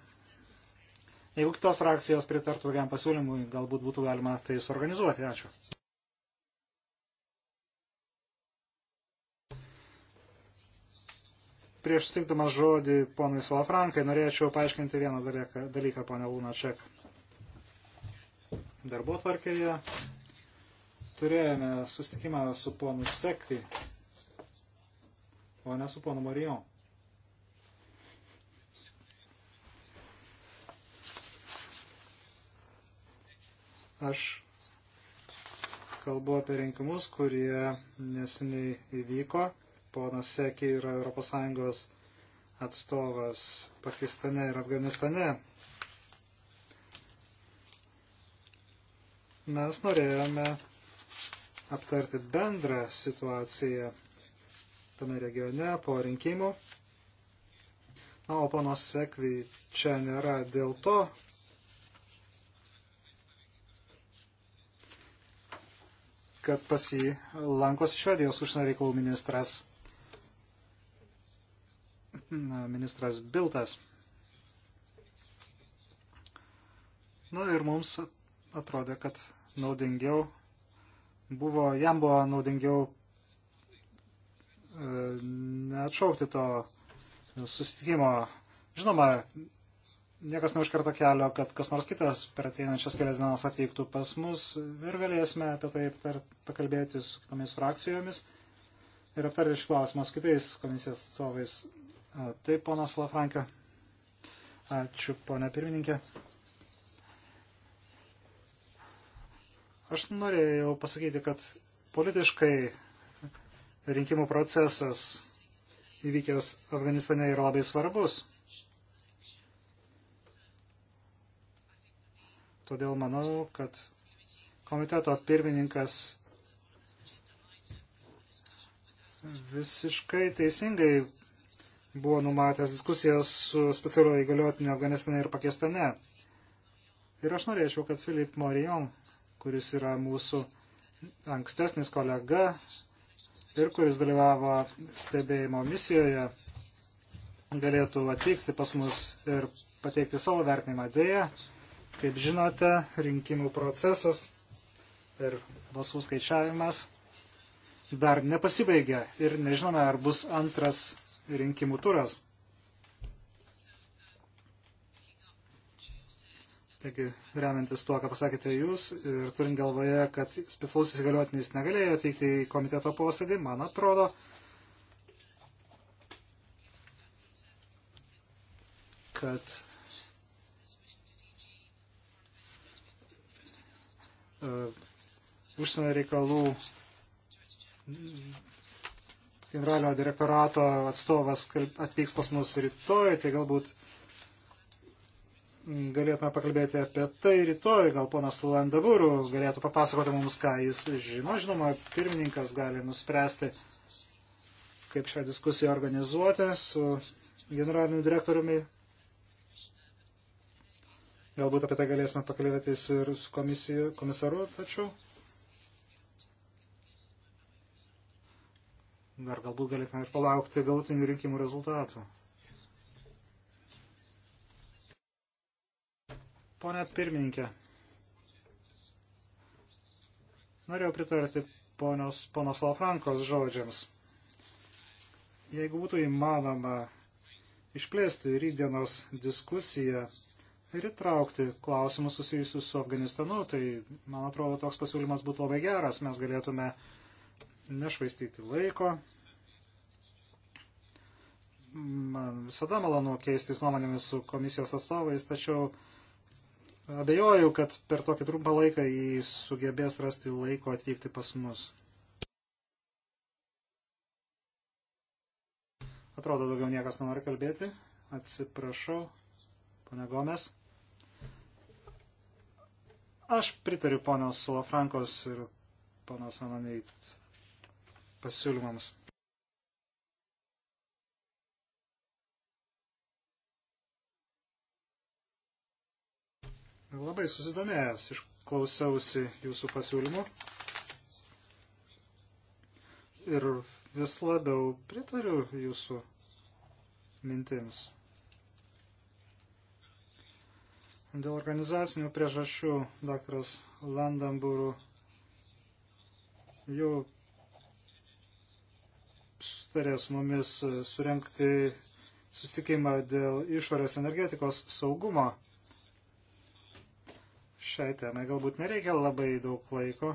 Jeigu kitos frakcijos pritartų tokiam pasiūlymui, galbūt būtų galima tai suorganizuoti. Ačiū. Prieš sutikdamas žodį ponui Salafrankai norėčiau paaiškinti vieną dalyką, dalyką ponia Lūna Ček. Darbo tvarkėje turėjome sustikimą su ponu Sekti, o ne su ponu Marijon. Aš kalbu apie rinkimus, kurie nesiniai įvyko ponas Seki yra ES atstovas Pakistane ir Afganistane. Mes norėjome aptarti bendrą situaciją tame regione po rinkimų. Na, o ponos Sekvi čia nėra dėl to, kad pas jį lankos Švedijos užsienio reikalų ministras ministras Biltas. Na ir mums atrodė, kad naudingiau buvo, jam buvo naudingiau e, neatšaukti to susitikimo. Žinoma, niekas neužkarta kelio, kad kas nors kitas per ateinančias kelias dienas atvyktų pas mus ir galėsime apie tai aptar, pakalbėti su kitomis frakcijomis ir aptarti šį klausimą su kitais komisijos atstovais. Taip, ponas Lafranka. Ačiū, ponė pirmininkė. Aš norėjau pasakyti, kad politiškai rinkimų procesas įvykęs Afganistane yra labai svarbus. Todėl manau, kad komiteto pirmininkas visiškai teisingai buvo numatęs diskusijas su specialio įgaliotiniu Afganistane ir Pakistane. Ir aš norėčiau, kad Filip Morion, kuris yra mūsų ankstesnis kolega ir kuris dalyvavo stebėjimo misijoje, galėtų atvykti pas mus ir pateikti savo vertinimą. Dėja, kaip žinote, rinkimų procesas ir balsų skaičiavimas dar nepasibaigė ir nežinome, ar bus antras rinkimų turas. Taigi, remiantis tuo, ką pasakėte jūs ir turint galvoje, kad specialusis įgaliotinis negalėjo atvykti į komiteto posėdį, man atrodo, kad uh, užsienio reikalų generalinio direktorato atstovas atvyks pas mus rytoj, tai galbūt galėtume pakalbėti apie tai rytoj, gal ponas Landabūrų galėtų papasakoti mums, ką jis žino. Žinoma, pirmininkas gali nuspręsti, kaip šią diskusiją organizuoti su generaliniu direktoriumi. Galbūt apie tai galėsime pakalbėti ir su komisiju, komisaru, tačiau Dar galbūt galėtume ir palaukti galutinių rinkimų rezultatų. Pone pirmininkė, norėjau pritarti ponios, ponos Lafrankos žodžiams. Jeigu būtų įmanoma išplėsti rydienos diskusiją ir įtraukti klausimus susijusius su Afganistanu, tai, man atrodo, toks pasiūlymas būtų labai geras. Mes galėtume uh, nešvaistyti laiko. Man visada malonu keistis nuomonėmis su komisijos atstovais, tačiau abejoju, kad per tokį trumpą laiką jį sugebės rasti laiko atvykti pas mus. Atrodo, daugiau niekas nenori kalbėti. Atsiprašau, pane Gomes. Aš pritariu ponios Solafrankos ir panos Ananeit pasiūlymams. Labai susidomėjęs, išklausiausi jūsų pasiūlymų ir vis labiau pritariu jūsų mintims. Dėl organizacinių priežasčių daktaras Landambūrų jau aptarė su mumis e, surenkti sustikimą dėl išorės energetikos saugumo. Šiai temai galbūt nereikia labai daug laiko.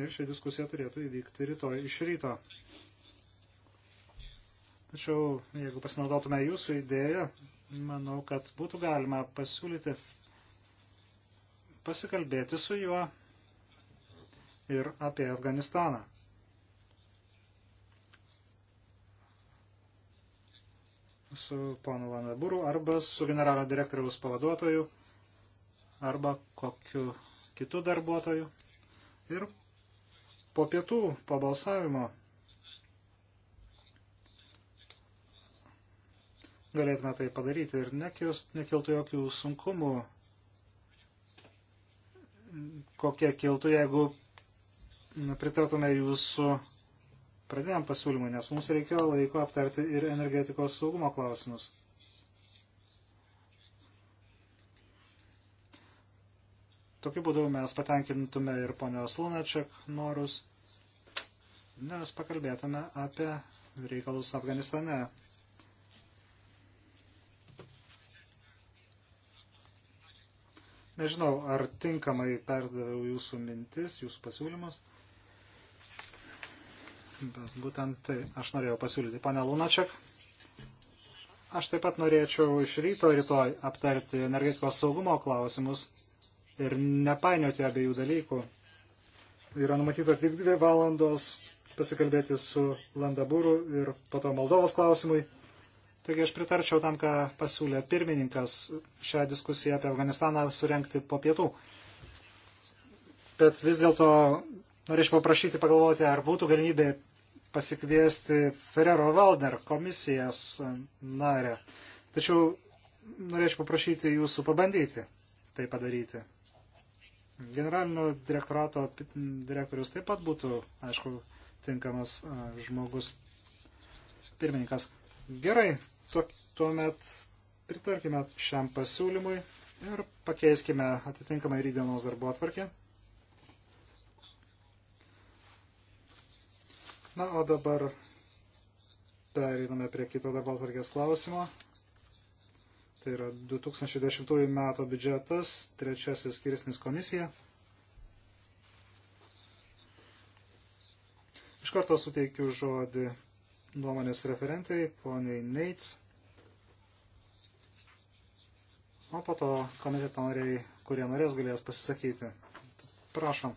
Ir ši diskusija turėtų įvykti rytoj iš ryto. Tačiau, jeigu pasinaudotume jūsų idėją, manau, kad būtų galima pasiūlyti pasikalbėti su juo ir apie Afganistaną. su ponu Vanaburu arba su generalinio direktoriaus pavaduotoju arba kokiu kitų darbuotojų. Ir po pietų, po balsavimo, galėtume tai padaryti ir nekiltų jokių sunkumų, kokie kiltų, jeigu pritartume jūsų pradiniam pasiūlymui, nes mums reikia laiko aptarti ir energetikos saugumo klausimus. Tokiu būdu mes patenkintume ir ponios Lunačiak norus, nes pakalbėtume apie reikalus Afganistane. Nežinau, ar tinkamai perdaviau jūsų mintis, jūsų pasiūlymus bet būtent tai aš norėjau pasiūlyti. Pane Lunačiak, aš taip pat norėčiau iš ryto rytoj aptarti energetikos saugumo klausimus ir nepainioti abiejų dalykų. Yra numatyta tik dvi valandos pasikalbėti su Landabūru ir po to Moldovos klausimui. Taigi aš pritarčiau tam, ką pasiūlė pirmininkas šią diskusiją apie Afganistaną surenkti po pietų. Bet vis dėlto norėčiau paprašyti pagalvoti, ar būtų galimybė pasikviesti Ferrero Valder komisijos narę. Tačiau norėčiau paprašyti jūsų pabandyti tai padaryti. Generalinio direktorato direktorius taip pat būtų, aišku, tinkamas žmogus pirmininkas. Gerai, tuomet pritarkime šiam pasiūlymui ir pakeiskime atitinkamai rydienos darbo atvarkę. Na, o dabar pereiname prie kito darbo atvarkės klausimo. Tai yra 2010 metų biudžetas, trečiasis skirsnis komisija. Iš karto suteikiu žodį nuomonės referentai, poniai Neits. O po to komiteto nariai, kurie norės, galės pasisakyti. Prašom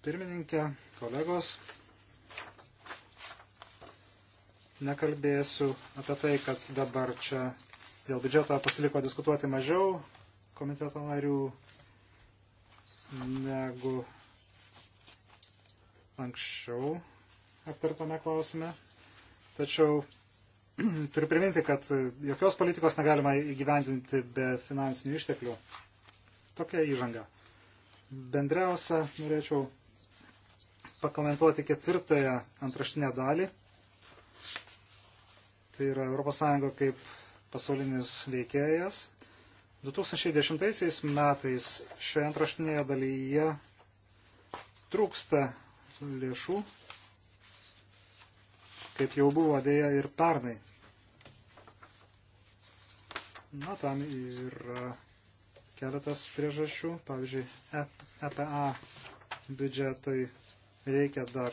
pirmininkė, kolegos. Nekalbėsiu apie tai, kad dabar čia dėl biudžeto pasiliko diskutuoti mažiau komiteto narių negu anksčiau aptartame klausime. Tačiau turiu priminti, kad jokios politikos negalima įgyvendinti be finansinių išteklių. Tokia įžanga. Bendriausia norėčiau pakomentuoti ketvirtąją antraštinę dalį. Tai yra ES kaip pasaulinis veikėjas. 2010 metais šioje antraštinėje dalyje trūksta lėšų, kaip jau buvo dėja ir pernai. Na, tam yra keletas priežasčių, pavyzdžiui, EPA biudžetai reikia dar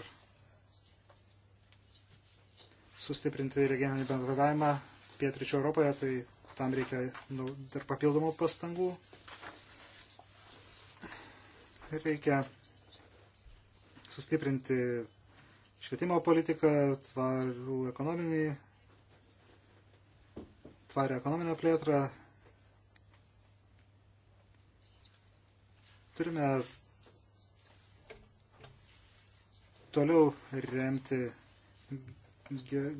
sustiprinti regioninį bendravimą pietričio Europoje, tai tam reikia nu, dar papildomų pastangų. Reikia sustiprinti švietimo politiką, tvarų ekonominį, tvarę ekonominę plėtrą. Turime toliau remti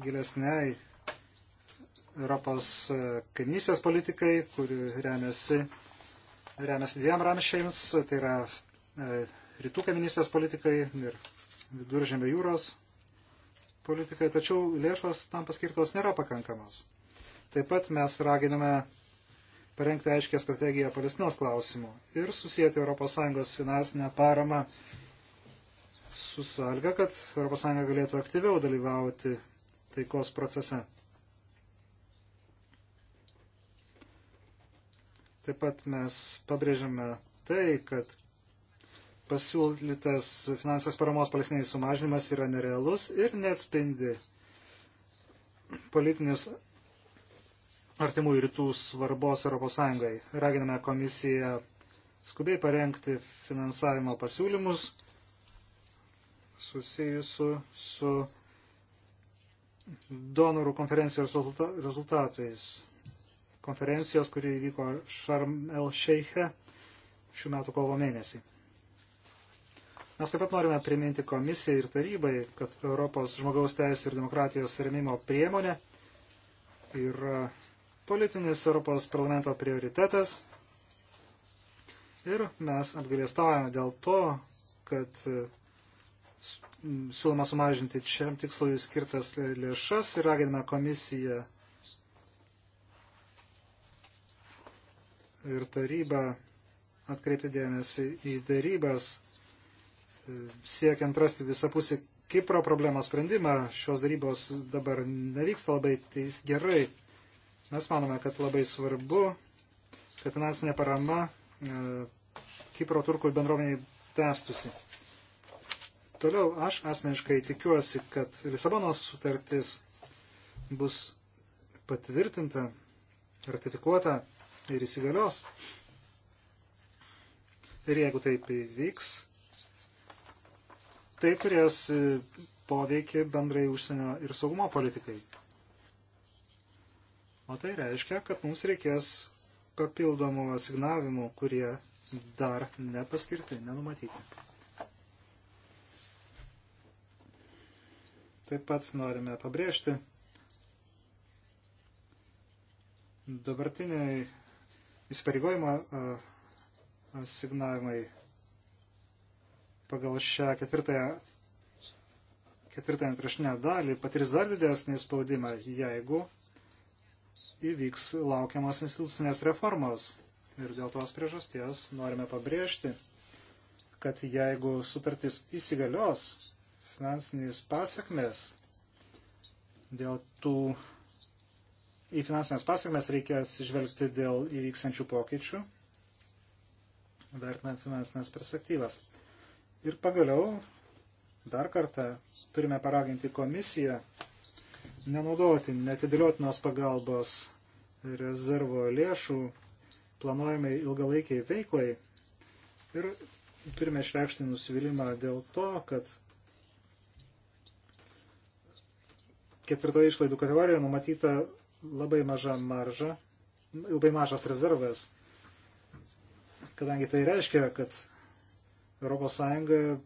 gilesniai Europos e, kaimynystės politikai, kuri remiasi, remiasi dviem ramšiais, tai yra e, rytų kaimynystės politikai ir viduržėmio jūros politikai, tačiau lėšos tam paskirtos nėra pakankamos. Taip pat mes raginame parengti aiškę strategiją Palestinos klausimų ir susijęti ES finansinę paramą su salga, kad ES galėtų aktyviau dalyvauti taikos procese. Taip pat mes pabrėžiame tai, kad pasiūlytas finansės paramos palestiniai sumažinimas yra nerealus ir neatspindi politinis artimųjų rytų svarbos ES. Raginame komisiją skubiai parengti finansavimo pasiūlymus susijusių su donorų konferencijos rezultatais. Konferencijos, kuri įvyko Sharm el Sheikhe šių metų kovo mėnesį. Mes taip pat norime priminti komisijai ir tarybai, kad Europos žmogaus teisų ir demokratijos remimo priemonė yra politinis Europos parlamento prioritetas. Ir mes apgalėstavome dėl to, kad siūloma sumažinti šiam tikslui skirtas lėšas ir raginame komisiją ir tarybą atkreipti dėmesį į darybas, e, siekiant rasti visapusį Kipro problemos sprendimą. Šios darybos dabar nevyksta labai gerai. Mes manome, kad labai svarbu, kad finansinė parama e, Kipro turkų bendruomeniai tęstusi. Toliau aš asmeniškai tikiuosi, kad Lisabonos sutartis bus patvirtinta, ratifikuota ir įsigalios. Ir jeigu taip įvyks, tai turės poveikį bendrai užsienio ir saugumo politikai. O tai reiškia, kad mums reikės papildomų asignavimų, kurie dar nepaskirti, nenumatyti. Taip pat norime pabrėžti dabartiniai įsipareigojimo asignavimai pagal šią ketvirtąją ketvirtąją antrašinę dalį patirs dar didesnį spaudimą, jeigu įvyks laukiamas institucinės reformos. Ir dėl tos priežasties norime pabrėžti, kad jeigu sutartis įsigalios, finansinės pasakmės, dėl tų į finansinės pasakmes reikia atsižvelgti dėl įvyksančių pokyčių, vertinant finansinės perspektyvas. Ir pagaliau, dar kartą, turime paraginti komisiją nenaudoti netidėliotinos pagalbos rezervo lėšų planuojamai ilgalaikiai veiklai ir turime išreikšti nusivylimą dėl to, kad ketvirtoje išlaidų kategorijoje numatyta labai maža marža, labai mažas rezervas, kadangi tai reiškia, kad ES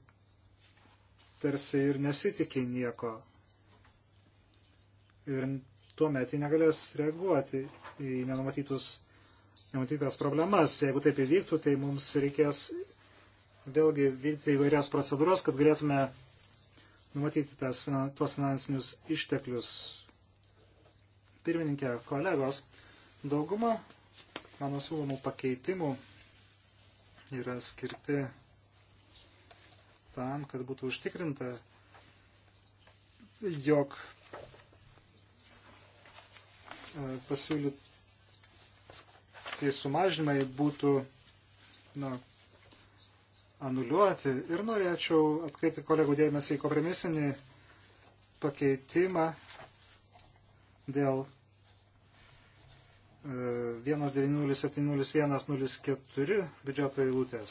tarsi ir nesitikė nieko. Ir tuo metu negalės reaguoti į nenumatytus, nenumatytas problemas. Jeigu taip įvyktų, tai mums reikės vėlgi vykti įvairias procedūras, kad galėtume numatyti tas, tuos finansinius išteklius. Pirmininkė, kolegos, dauguma mano siūlomų pakeitimų yra skirti tam, kad būtų užtikrinta, jog e, pasiūlytai sumažinimai būtų na, anuliuoti. Ir norėčiau atkreipti kolegų dėmesį į kompromisinį pakeitimą dėl 1907104 e, biudžeto eilutės,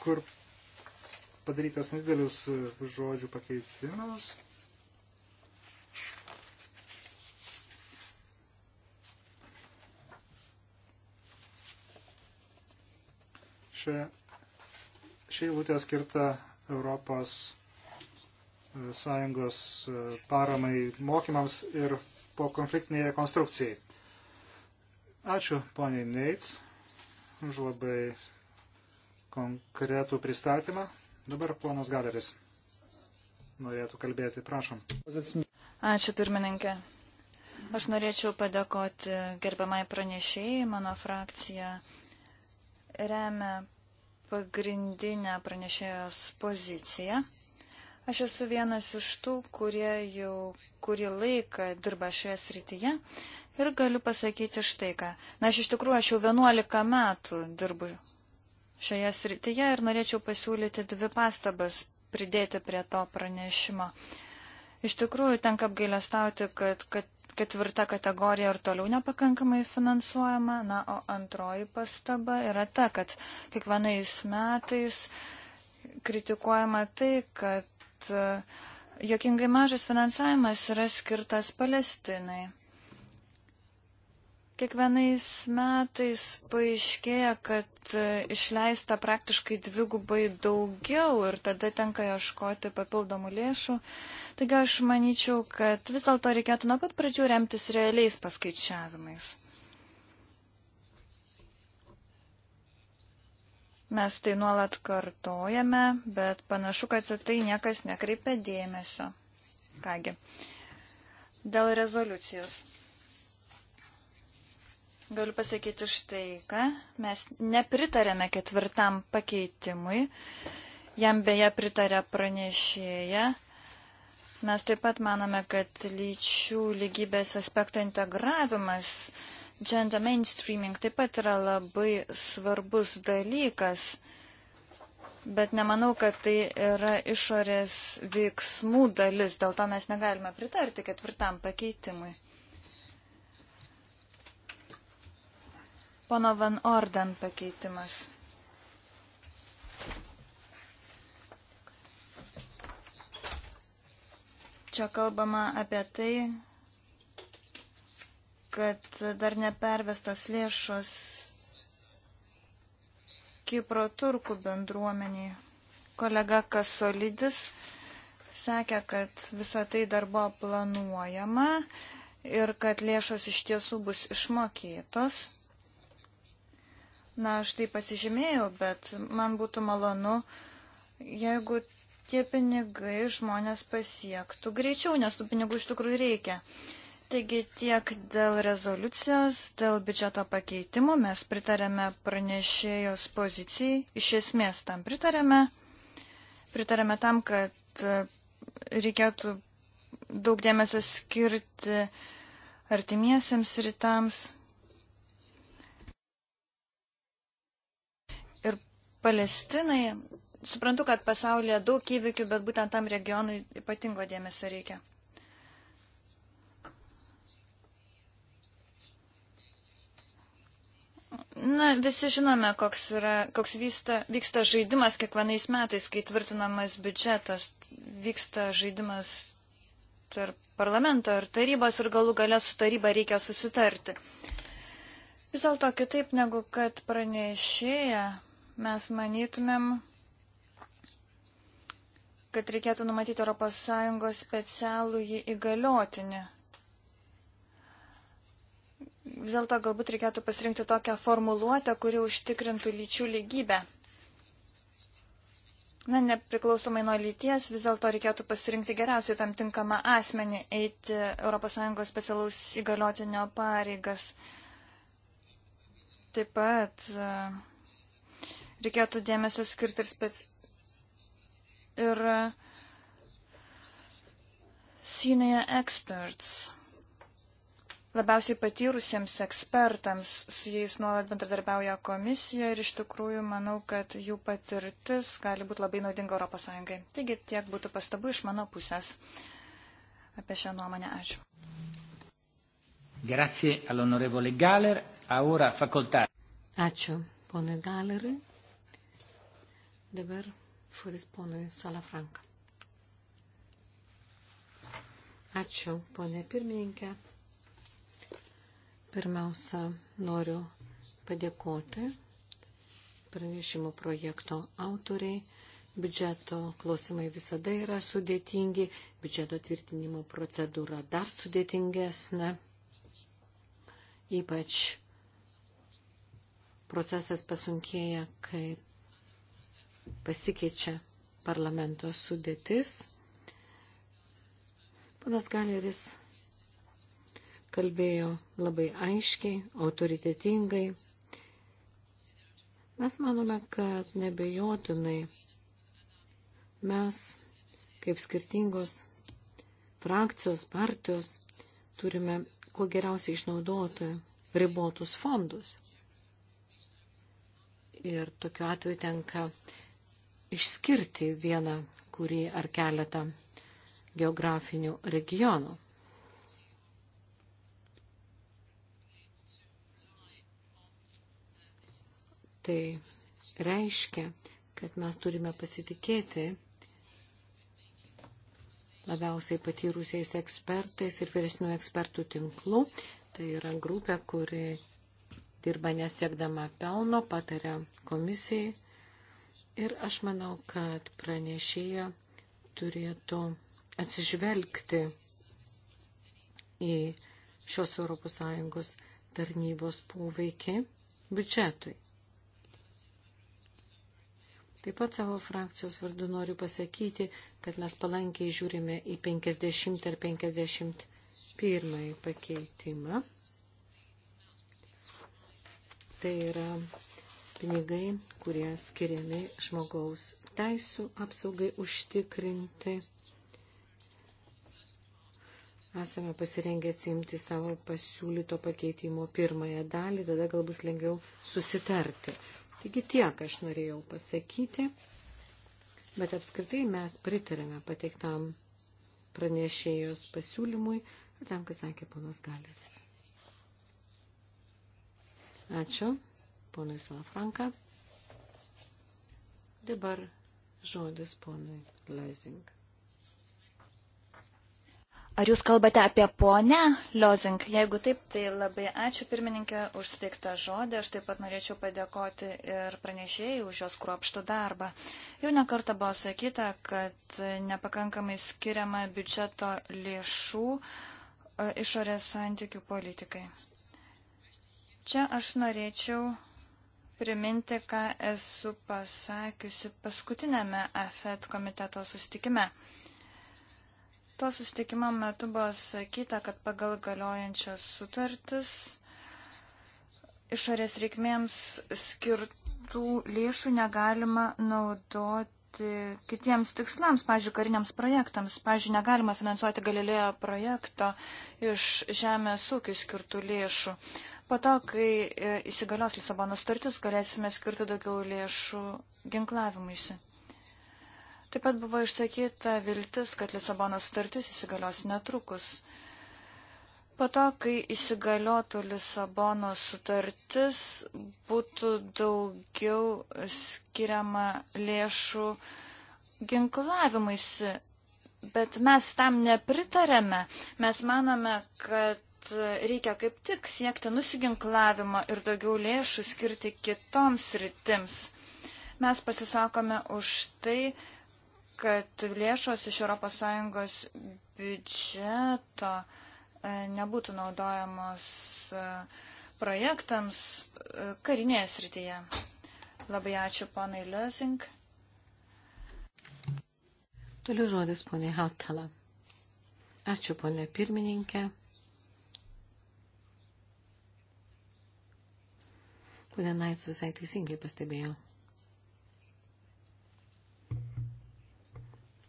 kur padarytas nedidelis žodžių pakeitimas. Šia, šia eilutė skirta Europos e, Sąjungos e, paramai mokymams ir po konfliktiniai rekonstrukcijai. Ačiū poniai Neits už labai konkretų pristatymą. Dabar ponas Galeris norėtų kalbėti. Prašom. Ačiū pirmininkė. Aš norėčiau padėkoti gerbiamai pranešėjai. Mano frakcija remia pagrindinę pranešėjos poziciją. Aš esu vienas iš tų, kurie jau kurį laiką dirba šioje srityje ir galiu pasakyti štai ką. Na, aš iš tikrųjų, aš jau 11 metų dirbu šioje srityje ir norėčiau pasiūlyti dvi pastabas pridėti prie to pranešimo. Iš tikrųjų, tenka apgailestauti, kad, kad ketvirta kategorija ir toliau nepakankamai finansuojama. Na, o antroji pastaba yra ta, kad kiekvienais metais kritikuojama tai, kad e, jokingai mažas finansavimas yra skirtas Palestinai. Kiekvienais metais paaiškėja, kad e, išleista praktiškai dvigubai daugiau ir tada tenka ieškoti papildomų lėšų. Taigi aš manyčiau, kad vis dėlto reikėtų nuo pat pradžių remtis realiais paskaičiavimais. Mes tai nuolat kartojame, bet panašu, kad tai niekas nekreipia dėmesio. Kągi, dėl rezoliucijos. Galiu pasakyti štai ką. Mes nepritarėme ketvirtam pakeitimui. Jam beje pritarė pranešėja. Mes taip pat manome, kad lyčių lygybės aspekto integravimas, gender mainstreaming taip pat yra labai svarbus dalykas bet nemanau, kad tai yra išorės veiksmų dalis, dėl to mes negalime pritarti ketvirtam pakeitimui. Pono Van Orden pakeitimas. Čia kalbama apie tai, kad dar nepervestos lėšos Kipro turkų bendruomeniai. Kolega Kasolidis sakė, kad visa tai dar buvo planuojama ir kad lėšos iš tiesų bus išmokėtos. Na, aš tai pasižymėjau, bet man būtų malonu, jeigu tie pinigai žmonės pasiektų greičiau, nes tų pinigų iš tikrųjų reikia. Taigi tiek dėl rezoliucijos, dėl biudžeto pakeitimų mes pritarėme pranešėjos pozicijai, iš esmės tam pritarėme. Pritarėme tam, kad reikėtų daug dėmesio skirti artimiesiems rytams. Palestinai. Suprantu, kad pasaulyje daug įvykių, bet būtent tam regionui ypatingo dėmesio reikia. Na, visi žinome, koks, yra, koks vysta, vyksta žaidimas kiekvienais metais, kai tvirtinamas biudžetas, vyksta žaidimas tarp parlamento ir tarybos ir galų gale su taryba reikia susitarti. Vis dėlto kitaip negu kad pranešėja, Mes manytumėm, kad reikėtų numatyti ES specialų jį įgaliotinį. Vis dėlto galbūt reikėtų pasirinkti tokią formuluotę, kuri užtikrintų lyčių lygybę. Na, nepriklausomai nuo lyties, vis dėlto reikėtų pasirinkti geriausiai tam tinkamą asmenį eiti ES specialaus įgaliotinio pareigas. Taip pat. Uh, reikėtų dėmesio skirti ir, spec... ir e, senior experts, labiausiai patyrusiems ekspertams, su jais nuolat bendradarbiauja komisija ir iš tikrųjų manau, kad jų patirtis gali būti labai naudinga ES. Taigi tiek būtų pastabų iš mano pusės apie šią nuomonę. Ačiū. Grazie all'onorevole Galer. Aura facoltà. Ačiū, ponui Galeriui. Dabar šodis ponui Salafranka. Ačiū, ponė pirmininkė. Pirmiausia, noriu padėkoti pranešimo projekto autoriai. Biudžeto klausimai visada yra sudėtingi, biudžeto tvirtinimo procedūra dar sudėtingesnė, ypač procesas pasunkėja, kaip pasikeičia parlamento sudėtis. Panas Galeris kalbėjo labai aiškiai, autoritetingai. Mes manome, kad nebejotinai mes, kaip skirtingos frakcijos, partijos, turime kuo geriausiai išnaudoti ribotus fondus. Ir tokiu atveju tenka išskirti vieną kurį ar keletą geografinių regionų. Tai reiškia, kad mes turime pasitikėti labiausiai patyrusiais ekspertais ir vyresnių ekspertų tinklų. Tai yra grupė, kuri dirba nesiekdama pelno, pataria komisijai Ir aš manau, kad pranešėja turėtų atsižvelgti į šios ES tarnybos poveikį biudžetui. Taip pat savo frakcijos vardu noriu pasakyti, kad mes palankiai žiūrime į 50 ar 51 pakeitimą. Tai yra pinigai, kurie skiriami žmogaus teisų apsaugai užtikrinti. Esame pasirengę atsimti savo pasiūlyto pakeitimo pirmąją dalį, tada gal bus lengviau susitarti. Taigi tiek aš norėjau pasakyti, bet apskritai mes pritarėme pateiktam pranešėjos pasiūlymui ir tam, kas sakė ponas Galeris. Ačiū ponui Salafranka. Dabar žodis ponui Lozing. Ar jūs kalbate apie ponę Lozing? Jeigu taip, tai labai ačiū pirmininkė už steiktą žodį. Aš taip pat norėčiau padėkoti ir pranešėjai už jos kruopštų darbą. Jau nekarta buvo sakyta, kad nepakankamai skiriama biudžeto lėšų e, išorės santykių politikai. Čia aš norėčiau priminti, ką esu pasakiusi paskutinėme AFET komiteto sustikime. To sustikimo metu buvo sakyta, kad pagal galiojančias sutartis išorės reikmėms skirtų lėšų negalima naudoti kitiems tikslams, pažiūrėjau, kariniams projektams. Pažiūrėjau, negalima finansuoti Galilėjo projekto iš žemės ūkių skirtų lėšų. Po to, kai e, įsigalios Lisabono sutartis, galėsime skirti daugiau lėšų ginklavimuisi. Taip pat buvo išsakyta viltis, kad Lisabono sutartis įsigalios netrukus. Po to, kai įsigaliotų Lisabono sutartis, būtų daugiau skiriama lėšų ginklavimuisi, bet mes tam nepritarėme. Mes manome, kad reikia kaip tik siekti nusiginklavimo ir daugiau lėšų skirti kitoms rytims. Mes pasisakome už tai, kad lėšos iš ES biudžeto e, nebūtų naudojamos e, projektams e, karinėje srityje. Labai ačiū ponai Lezing. Toliau žodis ponė Hautala. Ačiū ponė pirmininkė. Pane Naits visai teisingai pastebėjo,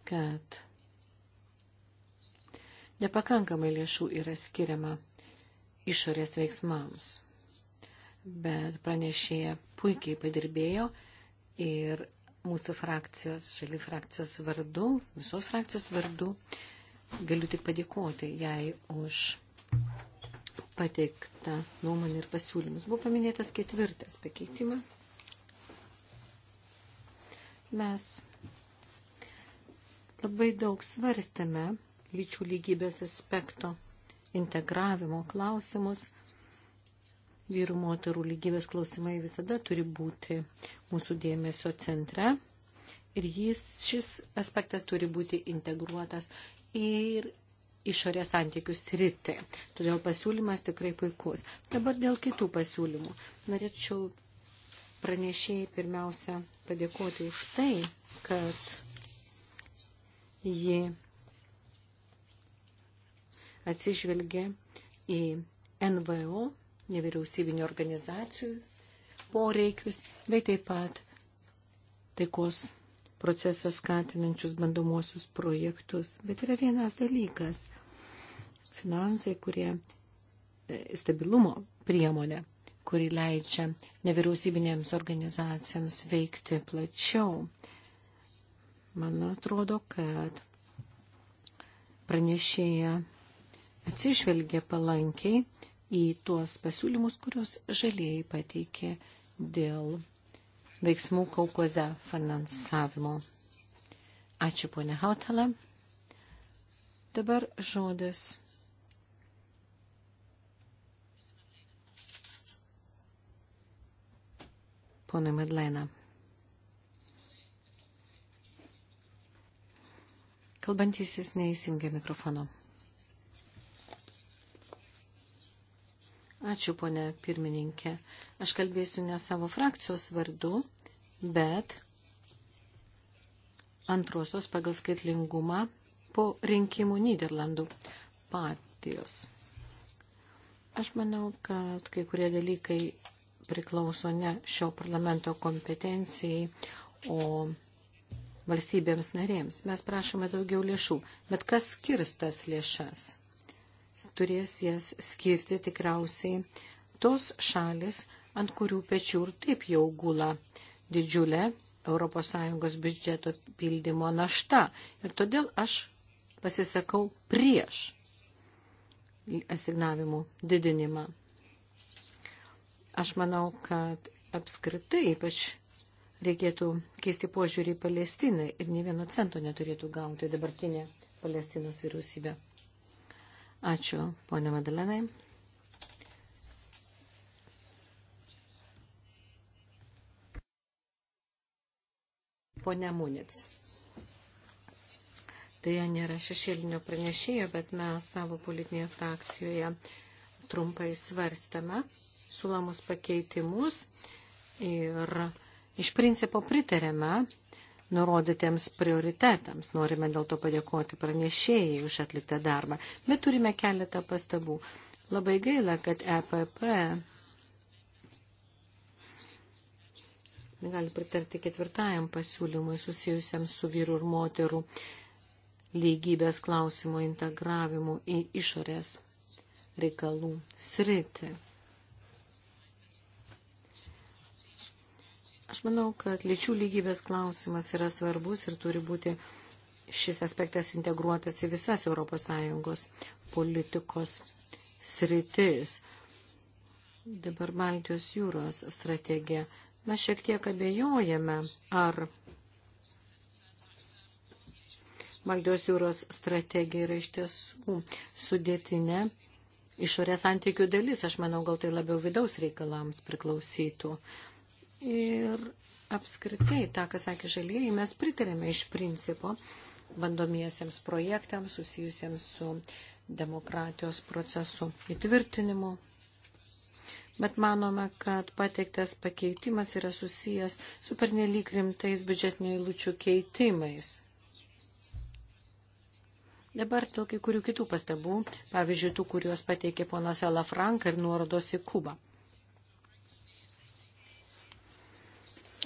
kad nepakankamai lėšų yra skiriama išorės veiksmams, bet pranešėja puikiai padirbėjo ir mūsų frakcijos, žali frakcijos vardu, visos frakcijos vardu, galiu tik padėkoti jai už pateiktą nuomonę ir pasiūlymus. Buvo paminėtas ketvirtas pakeitimas. Mes labai daug svarstėme lyčių lygybės aspekto integravimo klausimus. Vyrų moterų lygybės klausimai visada turi būti mūsų dėmesio centre ir jis, šis aspektas turi būti integruotas ir išorės santykių sritį. Todėl pasiūlymas tikrai puikus. Dabar dėl kitų pasiūlymų. Norėčiau pranešėjai pirmiausia padėkoti už tai, kad ji atsižvelgia į NVO, nevyriausybinio organizacijų poreikius, bei taip pat taikos procesą skatinančius bandomuosius projektus. Bet yra vienas dalykas, finansai, kurie e, stabilumo priemonė, kuri leidžia nevyriausybinėms organizacijams veikti plačiau. Man atrodo, kad pranešėja atsižvelgė palankiai į tuos pasiūlymus, kuriuos žalieji pateikė dėl veiksmų Kaukoze finansavimo. Ačiū, ponė Hautala. Dabar žodis Pone Madlena. Kalbantysis neįsijungia mikrofono. Ačiū, ponė pirmininkė. Aš kalbėsiu ne savo frakcijos vardu, bet antrosios pagal skaitlingumą po rinkimų Niderlandų partijos. Aš manau, kad kai kurie dalykai priklauso ne šio parlamento kompetencijai, o valstybėms narėms. Mes prašome daugiau lėšų. Bet kas skirs tas lėšas? Turės jas skirti tikriausiai tos šalis, ant kurių pečių ir taip jau gula didžiulė ES biudžeto pildymo našta. Ir todėl aš pasisakau prieš asignavimų didinimą. Aš manau, kad apskritai ypač reikėtų keisti požiūrį į Palestiną ir ne vieno cento neturėtų gauti dabartinė Palestinos vyriausybė. Ačiū, ponė Madalenai. Pone Munic. Tai nėra šešėlinio pranešėjo, bet mes savo politinėje frakcijoje trumpai svarstame siūlomus pakeitimus ir iš principo pritarėme nurodytiems prioritetams. Norime dėl to padėkoti pranešėjai už atliktą darbą, bet turime keletą pastabų. Labai gaila, kad EPP gali pritarti ketvirtajam pasiūlymui susijusiam su vyrų ir moterų lygybės klausimo integravimu į išorės reikalų sritį. Aš manau, kad lyčių lygybės klausimas yra svarbus ir turi būti šis aspektas integruotas į visas ES politikos sritis. Dabar Baltijos jūros strategija. Mes šiek tiek abejojame, ar Baltijos jūros strategija yra iš tiesų sudėtinė išorės santykių dalis. Aš manau, gal tai labiau vidaus reikalams priklausytų. Ir apskritai, tą, ką sakė žalieji, mes pritarėme iš principo bandomiesiems projektams susijusiems su demokratijos procesu įtvirtinimu. Bet manome, kad pateiktas pakeitimas yra susijęs su pernelyg rimtais biudžetinių eilučių keitimais. Dabar dėl kai kurių kitų pastabų, pavyzdžiui, tų, kuriuos pateikė ponas Elafranka ir nuorodos į Kubą.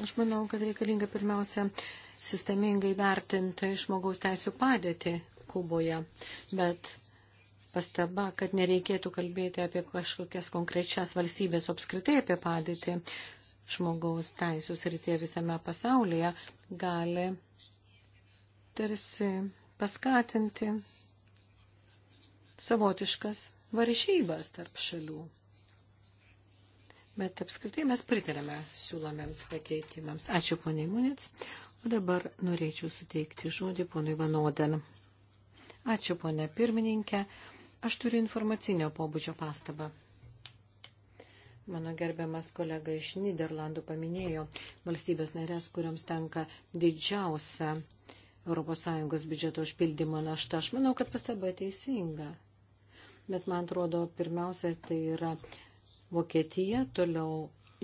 Aš manau, kad reikalinga pirmiausia sistemingai vertinti žmogaus teisų padėtį Kuboje, bet pastaba, kad nereikėtų kalbėti apie kažkokias konkrečias valstybės, apskritai apie padėtį žmogaus teisų srityje visame pasaulyje, gali tarsi paskatinti savotiškas varžybas tarp šalių. Bet apskritai mes pritarėme siūlomiems pakeitimams. Ačiū, ponė Munic. O dabar norėčiau suteikti žodį ponui Vanoden. Ačiū, ponė pirmininkė. Aš turiu informacinio pobūdžio pastabą. Mano gerbiamas kolega iš Niderlandų paminėjo valstybės narės, kuriams tenka didžiausia ES biudžeto užpildymo našta. Aš manau, kad pastaba teisinga. Bet man atrodo, pirmiausia, tai yra Vokietija, toliau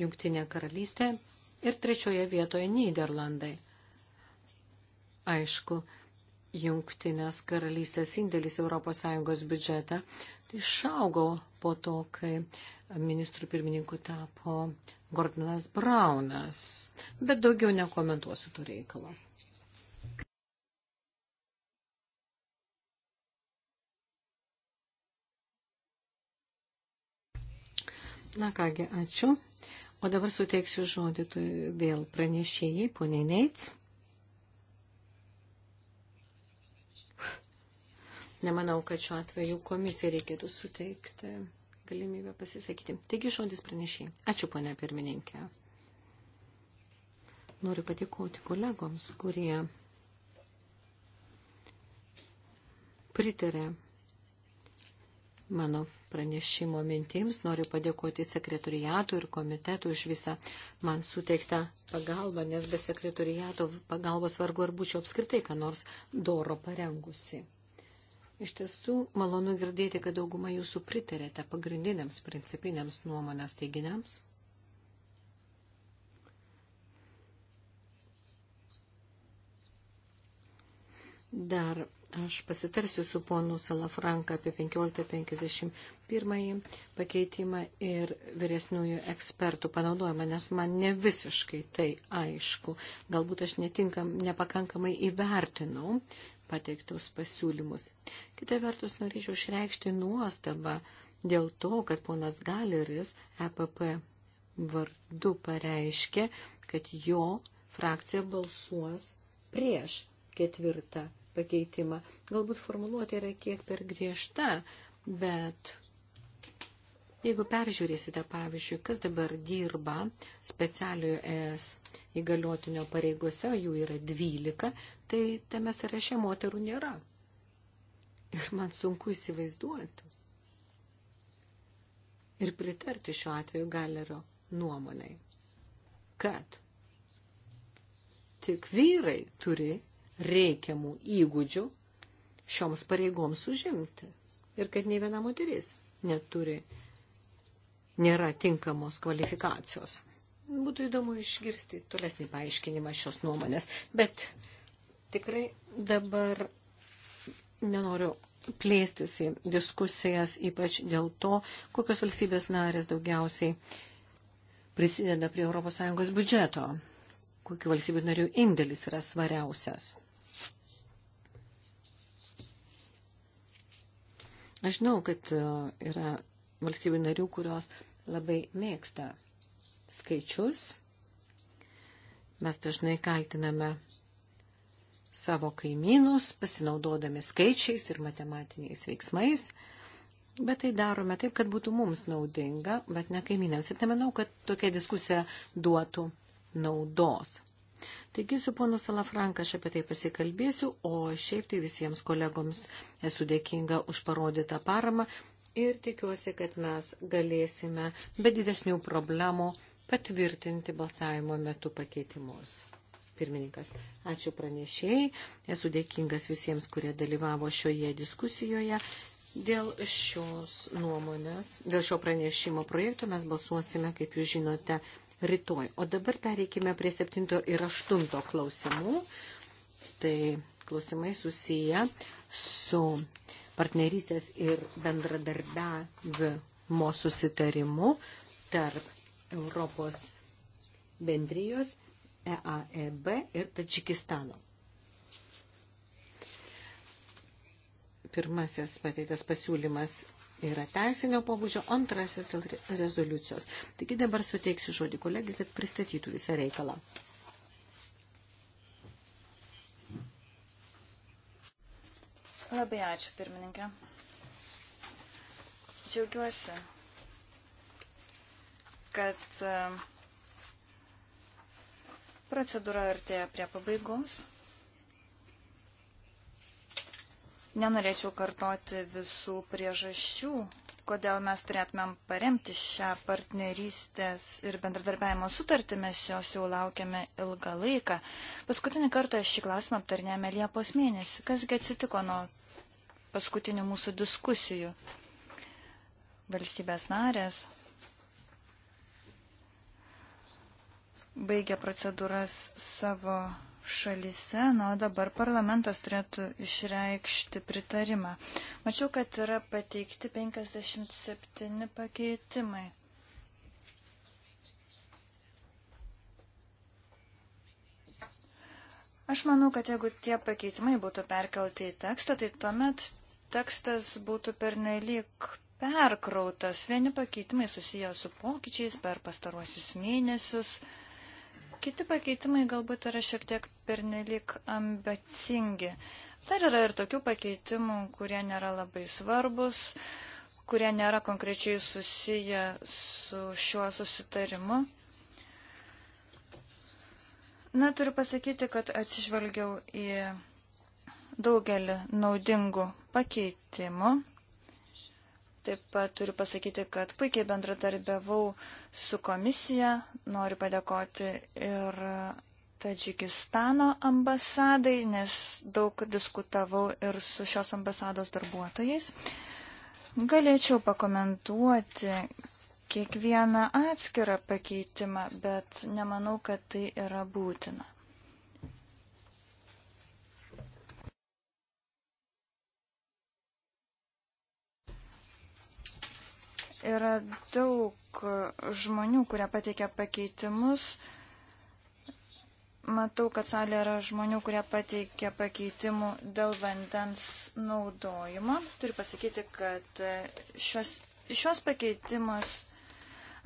Jungtinė karalystė ir trečioje vietoje Niderlandai. Aišku, Jungtinės karalystės indėlis ES biudžetą išaugo po to, kai ministrų pirmininku tapo Gordonas Braunas, bet daugiau nekomentuosiu tų reikalų. Na kągi, ačiū. O dabar suteiksiu žodį vėl pranešėjai, poniai Neits. Nemanau, kad šiuo atveju komisija reikėtų suteikti galimybę pasisakyti. Taigi žodis pranešėjai. Ačiū, ponia pirmininkė. Noriu patikoti kolegoms, kurie pritarė mano pranešimo mintims. Noriu padėkoti sekretoriatų ir komitetų už visą man suteiktą pagalbą, nes be sekretoriato pagalbos vargu ar būčiau apskritai, ką nors doro parengusi. Iš tiesų, malonu girdėti, kad dauguma jūsų pritarėte pagrindiniams principiniams nuomonės teiginiams. Dar Aš pasitarsiu su ponu Salafranka apie 15.51 pakeitimą ir vyresniųjų ekspertų panaudojimą, nes man ne visiškai tai aišku. Galbūt aš netinkam, nepakankamai įvertinau pateiktus pasiūlymus. Kita vertus, norėčiau išreikšti nuostabą dėl to, kad ponas Galeris EPP vardu pareiškė, kad jo frakcija balsuos prieš ketvirtą pakeitimą. Galbūt formuluoti yra kiek per griežta, bet jeigu peržiūrėsite, pavyzdžiui, kas dabar dirba specialiojo ES įgaliotinio pareigose, jų yra 12, tai tame sąraše moterų nėra. Ir man sunku įsivaizduoti. Ir pritarti šiuo atveju galerio nuomonai, kad tik vyrai turi reikiamų įgūdžių šioms pareigoms užimti. Ir kad nei viena moteris neturi, nėra tinkamos kvalifikacijos. Būtų įdomu išgirsti tolesnį paaiškinimą šios nuomonės, bet tikrai dabar nenoriu plėstis į diskusijas, ypač dėl to, kokios valstybės narės daugiausiai prisideda prie ES biudžeto, kokių valstybių narių indėlis yra svariausias. Aš žinau, kad e, yra valstybių narių, kurios labai mėgsta skaičius. Mes dažnai kaltiname savo kaimynus, pasinaudodami skaičiais ir matematiniais veiksmais, bet tai darome taip, kad būtų mums naudinga, bet ne kaimynėms. Ir nemanau, kad tokia diskusija duotų naudos. Taigi su ponu Salafranka aš apie tai pasikalbėsiu, o šiaip tai visiems kolegoms esu dėkinga už parodytą paramą ir tikiuosi, kad mes galėsime be didesnių problemų patvirtinti balsavimo metu pakeitimus. Pirmininkas, ačiū pranešėjai, esu dėkingas visiems, kurie dalyvavo šioje diskusijoje. Dėl šios nuomonės, dėl šio pranešimo projekto mes balsuosime, kaip jūs žinote, rytoj. O dabar pereikime prie 7 ir 8 klausimų. Tai klausimai susiję su partnerystės ir bendradarbiavimo susitarimu tarp Europos bendrijos EAEB ir Tadžikistano. Pirmasis pateiktas pasiūlymas yra teisinio pobūdžio, antrasis dėl rezoliucijos. Taigi dabar suteiksiu žodį kolegai, kad pristatytų visą reikalą. Labai ačiū, pirmininkė. Džiaugiuosi, kad e, procedūra artėja prie pabaigos. Nenorėčiau kartoti visų priežasčių, kodėl mes turėtumėm paremti šią partnerystės ir bendradarbiavimo sutartį, mes jos jau laukiame ilgą laiką. Paskutinį kartą šį klausimą aptarnėme Liepos mėnesį. Kasgi atsitiko nuo paskutinių mūsų diskusijų? Valstybės narės baigė procedūras savo šalise, na, nu, dabar parlamentas turėtų išreikšti pritarimą. Mačiau, kad yra pateikti 57 pakeitimai. Aš manau, kad jeigu tie pakeitimai būtų perkelti į tekstą, tai tuomet tekstas būtų pernelyg perkrautas. Vieni pakeitimai susiję su pokyčiais per pastaruosius mėnesius. Kiti pakeitimai galbūt yra šiek tiek pernelik ambicingi. Dar yra ir tokių pakeitimų, kurie nėra labai svarbus, kurie nėra konkrečiai susiję su šiuo susitarimu. Na, turiu pasakyti, kad atsižvelgiau į daugelį naudingų pakeitimų. Taip pat turiu pasakyti, kad puikiai bendradarbiavau su komisija. Noriu padėkoti ir Tadžikistano ambasadai, nes daug diskutavau ir su šios ambasados darbuotojais. Galėčiau pakomentuoti kiekvieną atskirą pakeitimą, bet nemanau, kad tai yra būtina. Yra daug žmonių, kurie pateikia pakeitimus. Matau, kad salė yra žmonių, kurie pateikia pakeitimų dėl vandens naudojimo. Turiu pasakyti, kad šios, šios pakeitimas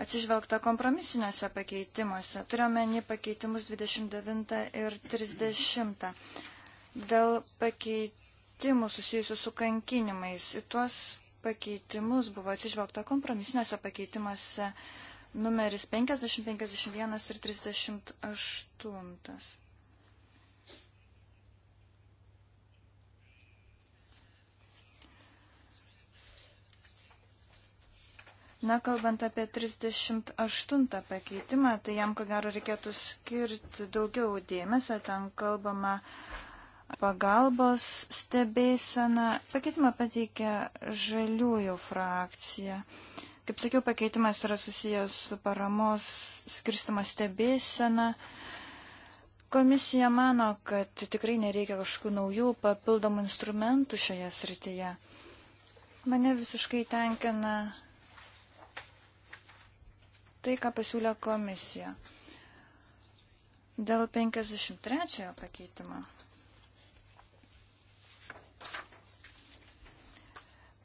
atsižvelgta kompromisiniuose pakeitimuose. Turiuomenį pakeitimus 29 ir 30. Dėl pakeitimų susijusių su kankinimais. Į tuos pakeitimus buvo atsižvelgta kompromisiniuose pakeitimuose numeris 50, 51 ir 38. Na, kalbant apie 38 pakeitimą, tai jam, ko gero, reikėtų skirti daugiau dėmesio. Ten kalbama uh, pagalbos stebėseną. Pakeitimą pateikė žaliųjų frakcija. Kaip sakiau, pakeitimas yra susijęs su paramos skirstimo stebėsena. Komisija mano, kad tikrai nereikia kažkokių naujų papildomų instrumentų šioje srityje. Mane visiškai tenkina tai, ką pasiūlė komisija. Dėl 53 pakeitimo.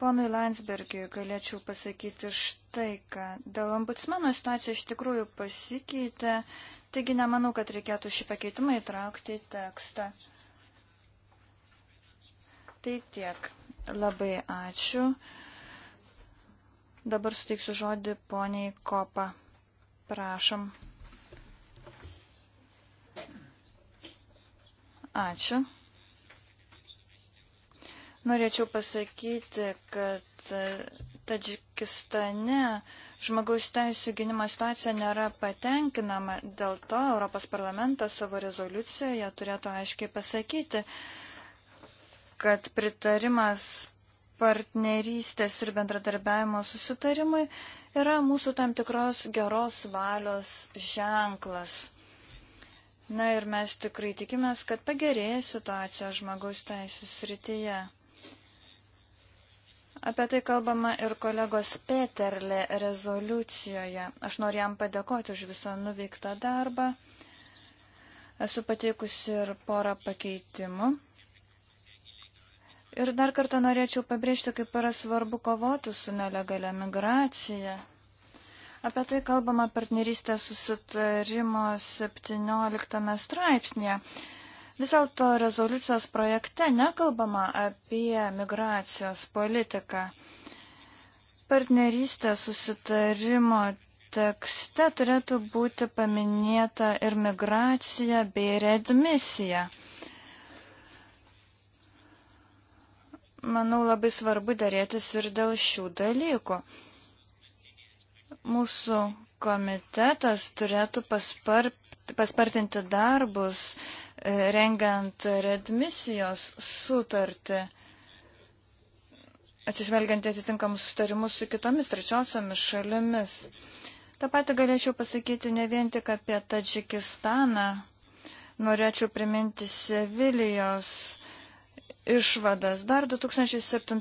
Ponui Landsbergiui galėčiau pasakyti štai ką. Dėl ombudsmeno situacija iš tikrųjų pasikeitė, taigi nemanau, kad reikėtų šį pakeitimą įtraukti į tekstą. Tai tiek. Labai ačiū. Dabar suteiksiu žodį poniai Kopa. Prašom. Ačiū. Norėčiau pasakyti, kad e, Tadžikistane žmogaus teisų gynimo situacija nėra patenkinama, dėl to Europos parlamentas savo rezoliucijoje turėtų aiškiai pasakyti, kad pritarimas partnerystės ir bendradarbiavimo susitarimui yra mūsų tam tikros geros valios ženklas. Na ir mes tikrai tikimės, kad pagerėja situacija žmogaus teisų srityje. Apie tai kalbama ir kolegos Peterle rezoliucijoje. Aš noriu jam padėkoti už visą nuveiktą darbą. Esu pateikusi ir porą pakeitimų. Ir dar kartą norėčiau pabrėžti, kaip yra svarbu kovoti su nelegalia migracija. Apie tai kalbama partnerystės susitarimo 17 straipsnėje. Vis dėlto rezoliucijos projekte nekalbama apie migracijos politiką. Partnerystės susitarimo tekste turėtų būti paminėta ir migracija bei redmisija. Manau, labai svarbu dėrėtis ir dėl šių dalykų. Mūsų komitetas turėtų paspar, paspartinti darbus, e, rengiant redmisijos sutartį, atsižvelgiant atitinkamus sustarimus su kitomis trečiosiomis šalimis. Ta pati galėčiau pasakyti ne vien tik apie Tadžikistaną. Norėčiau priminti Sevilijos išvadas. Dar 2007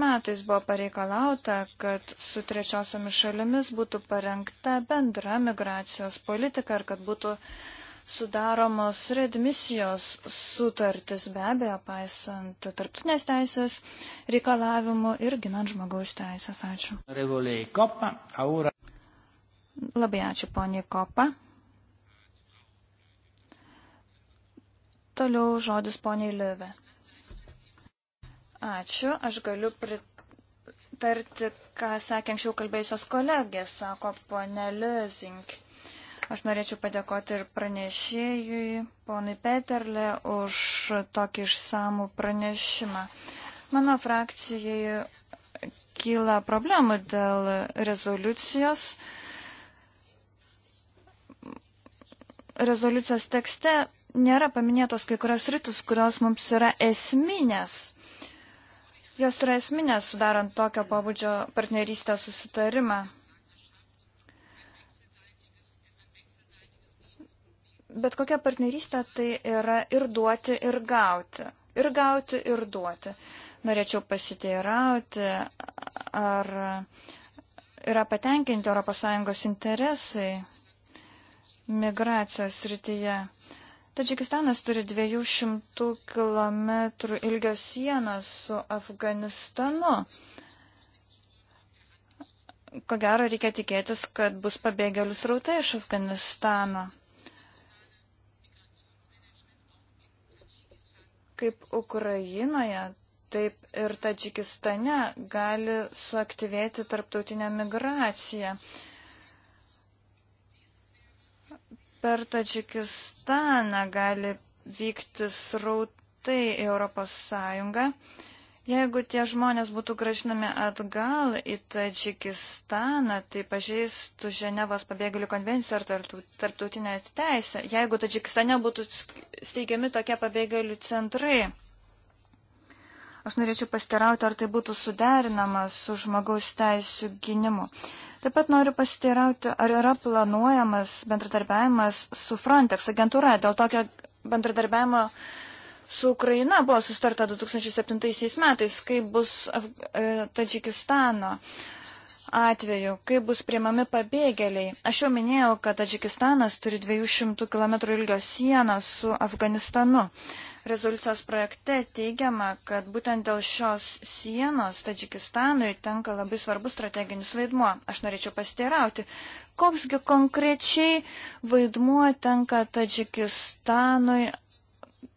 metais buvo pareikalauta, kad su trečiosiomis šalimis būtų parengta bendra migracijos politika ir kad būtų sudaromos redmisijos sutartis, be abejo, paisant tarptautinės teisės reikalavimų ir ginant žmogaus teisės. Ačiū. Labai ačiū, ponė Kopa. Toliau žodis poniai Liuve. Ačiū, aš galiu pritarti, ką sakė anksčiau kalbėjusios kolegės, sako ponė Lezink. Aš norėčiau padėkoti ir pranešėjui, ponui Peterle, už tokį išsamų pranešimą. Mano frakcijai kyla problemų dėl rezoliucijos. Rezoliucijos tekste nėra paminėtos kai kurios rytis, kurios mums yra esminės. Jos yra esminės sudarant tokio pabudžio partnerystę susitarimą. Bet kokia partnerystė tai yra ir duoti, ir gauti. Ir gauti, ir duoti. Norėčiau pasiteirauti, ar yra patenkinti ES interesai migracijos rytyje. Tadžikistanas turi 200 km ilgio sieną su Afganistanu. Ko gero reikia tikėtis, kad bus pabėgėlių srautai iš Afganistano. Kaip Ukrainoje, taip ir Tadžikistane gali suaktyvėti tarptautinė migracija. per Tadžikistaną gali vykti srautai į Europos Sąjungą. Jeigu tie žmonės būtų gražinami atgal į Tadžikistaną, tai pažeistų Ženevos pabėgėlių konvenciją ar tarptautinę teisę. Jeigu Tadžikistane būtų steigiami tokie pabėgėlių centrai. Aš norėčiau pasiteirauti, ar tai būtų suderinama su žmogaus teisų gynimu. Taip pat noriu pasiteirauti, ar yra planuojamas bendradarbiavimas su Frontex agentūra. Dėl tokio bendradarbiavimo su Ukraina buvo sustarta 2007 metais, kai bus e, Tadžikistano atveju, kai bus priimami pabėgėliai. Aš jau minėjau, kad Tadžikistanas turi 200 km ilgio sieną su Afganistanu. Rezoliucijos projekte teigiama, kad būtent dėl šios sienos Tadžikistanui tenka labai svarbus strateginis vaidmuo. Aš norėčiau pasiteirauti, koksgi konkrečiai vaidmuo tenka Tadžikistanui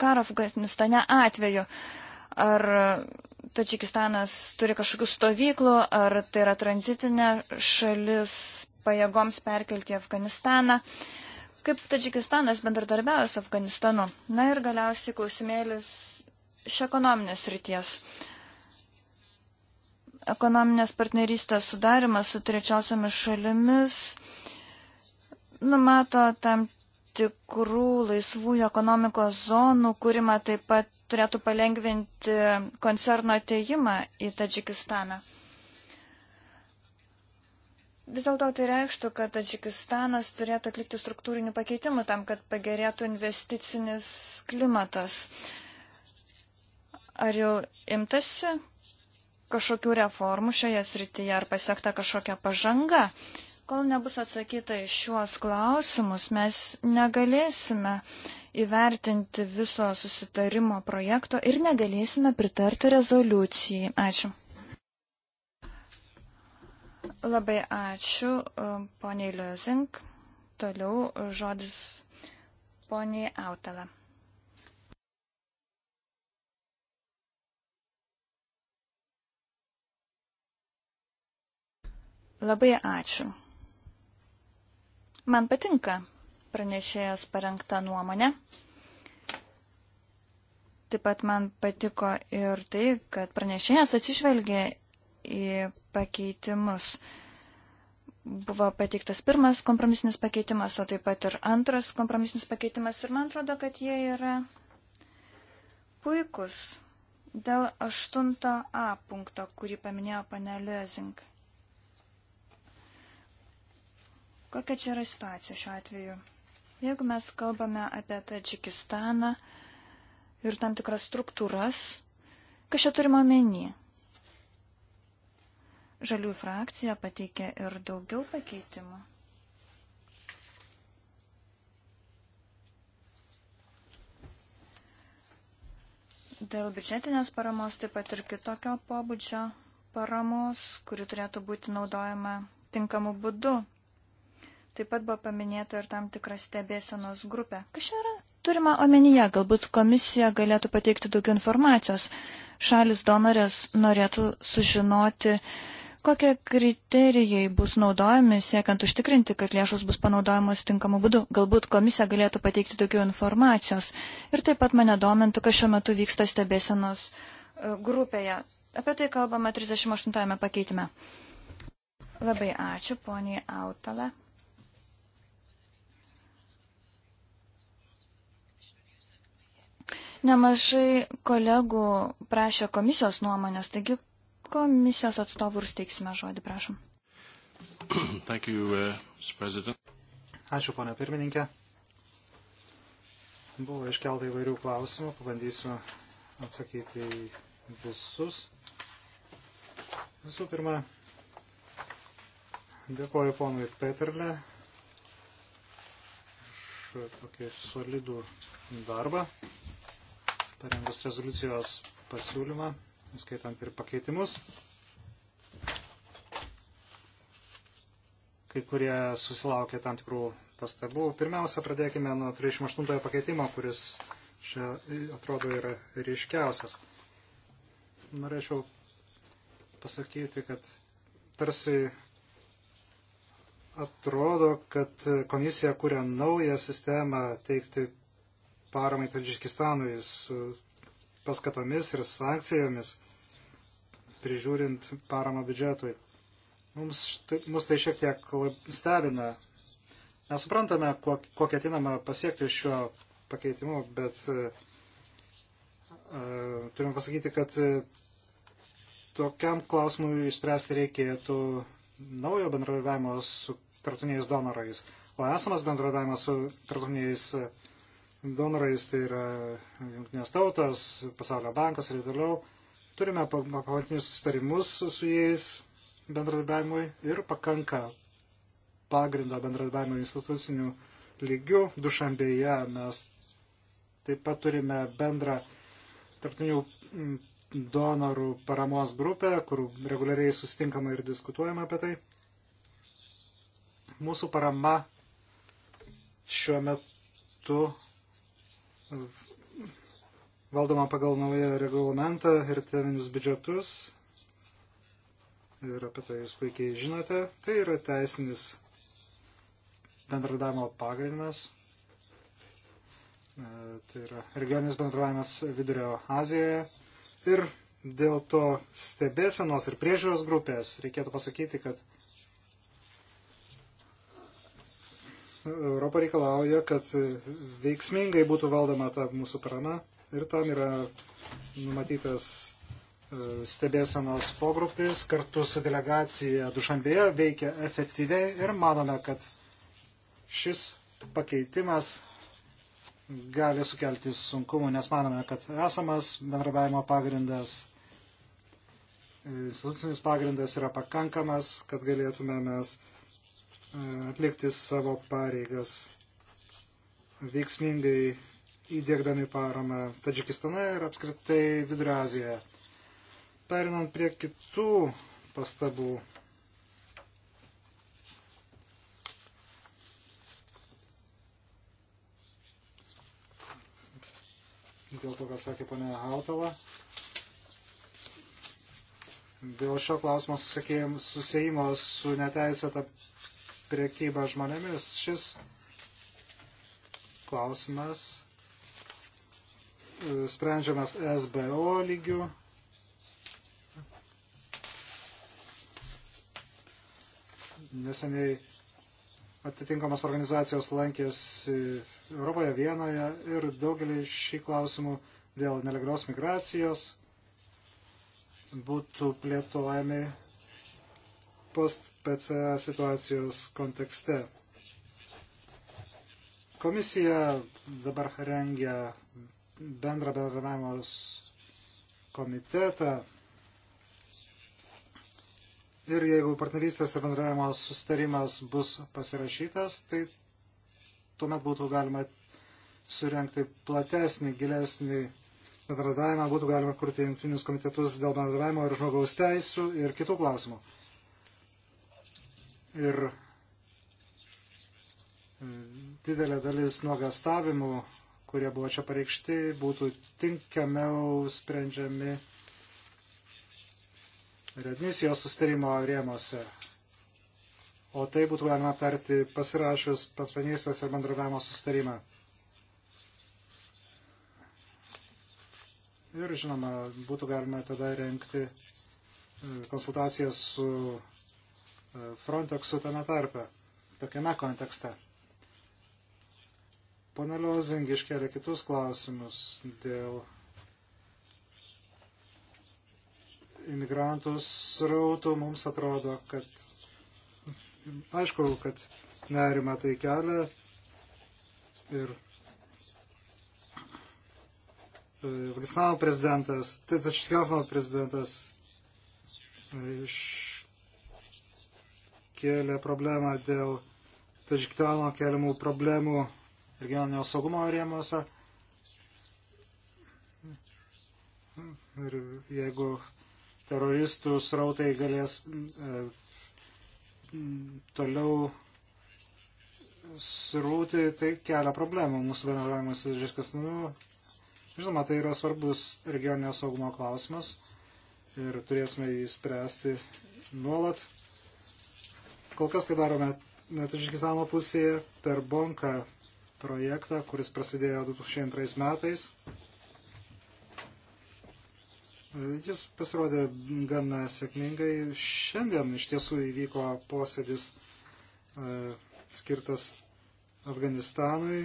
karo Afganistane atveju. Ar Tadžikistanas turi kažkokių stovyklų, ar tai yra tranzitinė šalis pajėgoms perkelti į Afganistaną. Uh, Kaip Tadžikistanas bendradarbiavo su Afganistanu? Na ir galiausiai klausimėlis iš ekonominės ryties. Ekonominės partnerystės sudarimas su trečiosiomis šalimis numato tam tikrų laisvųjų ekonomikos zonų, kūrimą taip pat turėtų palengvinti koncerno ateimą į Tadžikistaną. Vis dėlto tai reikštų, kad Tadžikistanas turėtų atlikti struktūrinių pakeitimų tam, kad pagerėtų investicinis klimatas. Ar jau imtasi kažkokių reformų šioje srityje, ar pasiekta kažkokia pažanga? Kol nebus atsakyta į šiuos klausimus, mes negalėsime įvertinti viso susitarimo projekto ir negalėsime pritarti rezoliucijai. Ačiū. Labai ačiū, um, poniai Liozink. Toliau žodis poniai Autala. Labai ačiū. Man patinka pranešėjos parengta nuomonė. Taip pat man patiko ir tai, kad pranešėjas atsižvelgė į pakeitimus. Buvo pateiktas pirmas kompromisinis pakeitimas, o taip pat ir antras kompromisinis pakeitimas. Ir man atrodo, kad jie yra puikus dėl 8a punkto, kurį paminėjo panelė Zink. Kokia čia yra situacija šiuo atveju? Jeigu mes kalbame apie Tadžikistaną ir tam tikras struktūras, kas čia turime omenyje? Žalių frakcija pateikė ir daugiau pakeitimų. Dėl biudžetinės paramos, taip pat ir kitokio pobūdžio paramos, kuri turėtų būti naudojama tinkamu būdu. Taip pat buvo paminėta ir tam tikra stebėsenos grupė. Kas čia yra? Turima omenyje, galbūt komisija galėtų pateikti daugiau informacijos. Šalis donorės norėtų sužinoti, uh, Kokie kriterijai bus naudojami, siekiant užtikrinti, kad lėšos bus panaudojamos tinkamu būdu? Galbūt komisija galėtų pateikti daugiau informacijos. Ir taip pat mane domintų, kas šiuo metu vyksta stebėsenos e, grupėje. Apie tai kalbama 38 pakeitime. Labai ačiū, poniai Autale. Nemažai kolegų prašė komisijos nuomonės, taigi Komisijos atstovų ir steiksime žodį, prašom. Thank you, uh, Ačiū, ponia pirmininkė. Buvo iškelta įvairių klausimų, pabandysiu atsakyti į visus. Visų pirma, dėkoju ponui Peterle už tokį solidų darbą, parengus rezoliucijos pasiūlymą skaitant ir pakeitimus. Kai kurie susilaukė tam tikrų pastabų. Pirmiausia, pradėkime nuo 38 pakeitimo, kuris čia atrodo yra ryškiausias. Norėčiau pasakyti, kad tarsi atrodo, kad komisija kuria naują sistemą teikti paramai Tadžikistanui su paskatomis ir sankcijomis prižiūrint paramą biudžetui. Mums, štai, mus tai šiek tiek stebina. Mes suprantame, ko ketinama pasiekti šiuo pakeitimu, bet uh, turime pasakyti, kad e, tokiam klausimui išspręsti reikėtų naujo bendradarbiavimo su tartuniais donorais. O esamas bendradarbiavimas su tartuniais donorais tai yra Junktinės tautos, Pasaulio bankas ir vėliau Turime pamatinius sustarimus su jais bendradarbiavimui ir pakanka pagrindo bendradarbiavimo institucinių lygių. Dušambėje mes taip pat turime bendrą tarptinių donorų paramos grupę, kur reguliariai sustinkama ir diskutuojama apie tai. Mūsų parama šiuo metu valdoma pagal naują reglamentą ir teminius biudžetus. Ir apie tai jūs puikiai žinote. Tai yra teisinis bendradavimo pagrindas. E, tai yra regioninis bendradavimas Vidurio Azijoje. Ir dėl to stebėsenos ir priežiūros grupės reikėtų pasakyti, kad Europa reikalauja, kad veiksmingai būtų valdoma ta mūsų parama ir tam yra numatytas e, stebėsenos pogrupis kartu su delegacija Dušambėje veikia efektyviai ir manome, kad šis pakeitimas gali sukelti sunkumų, nes manome, kad esamas bendrabiavimo pagrindas, e, institucinis pagrindas yra pakankamas, kad galėtume mes e, atlikti savo pareigas veiksmingai įdėkdami paramą Tadžikistane ir apskritai Vidurio Azijoje. Perinant prie kitų pastabų. Dėl to, ką sakė ponė Hautala. Dėl šio klausimo susėjimo su neteisėta priekyba žmonėmis šis klausimas sprendžiamas SBO lygių. Neseniai atitinkamos organizacijos lankėsi Europoje, Vienoje ir daugelį šį klausimų dėl nelegalios migracijos būtų plėtojami post-PCA e situacijos kontekste. Komisija dabar rengia bendrą bendravimo komitetą. Ir jeigu partnerystės ir bendravimo sustarimas bus pasirašytas, tai tuomet būtų galima surenkti platesnį, gilesnį bendradavimą, būtų galima kurti jungtinius komitetus dėl bendradavimo ir žmogaus teisų ir kitų klausimų. Ir didelė dalis nuogastavimų kurie buvo čia pareikšti, būtų tinkamiau sprendžiami redmisijos sustarimo rėmose. O tai būtų galima aptarti pasirašius patronystės ir bendravimo sustarimą. Ir žinoma, būtų galima tada renkti e, konsultacijas su e, Frontexu tame tarpe, tokiame kontekste. Pone Liozing iškelia kitus klausimus dėl imigrantų srautų. Mums atrodo, kad aišku, kad nerima tai kelia ir e, Afganistano prezidentas, tai Tačikelsano prezidentas e, iškėlė problemą dėl Tačikelno keliamų problemų regioninio saugumo rėmose. Ir jeigu teroristų srautai galės e, toliau srūti, tai kelia problemų mūsų bendravimas su Žeškasnu. Žinoma, tai yra svarbus regioninio saugumo klausimas ir turėsime jį spręsti nuolat. Kol kas tai darome net Žeškasno pusėje per Bonką projektą, kuris prasidėjo 2002 metais. Jis pasirodė gana sėkmingai. Šiandien iš tiesų įvyko posėdis e, skirtas Afganistanui,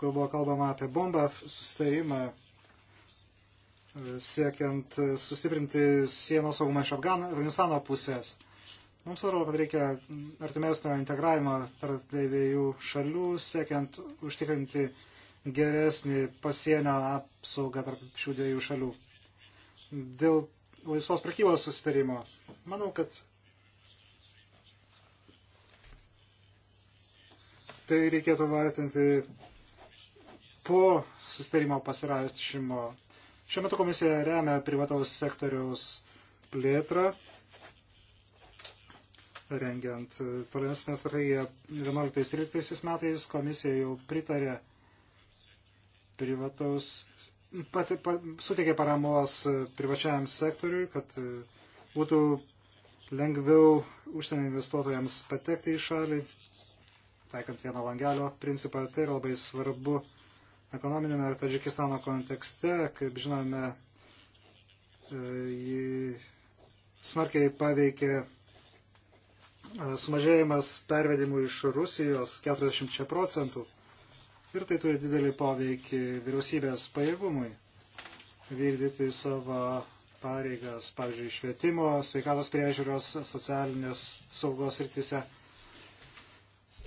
kur buvo kalbama apie bombą susitarimą, e, siekiant sustiprinti sienos saugumą iš Afganistano pusės. Mums atrodo, kad reikia artimesnio integravimo tarp dviejų šalių, siekiant užtikrinti geresnį pasienio apsaugą tarp šių dviejų šalių. Dėl laisvos prekybos susitarimo, manau, kad tai reikėtų vertinti po susitarimo pasirašymo. Šiuo metu komisija remia privataus sektoriaus plėtrą rengiant tolesnę strategiją. 11-13 metais komisija jau pritarė privataus, pat, pat, suteikė paramos e, privačiajam sektoriui, kad e, būtų lengviau užsienio investuotojams patekti į šalį, taikant vieno langelio principą. Tai yra labai svarbu ekonominėme Tadžikistano kontekste, kaip žinome, e, jį smarkiai paveikė E, sumažėjimas pervedimų iš Rusijos 40 procentų ir tai turi didelį poveikį vyriausybės pajėgumui vykdyti savo pareigas, pavyzdžiui, švietimo, sveikatos priežiūros, socialinės saugos rytise.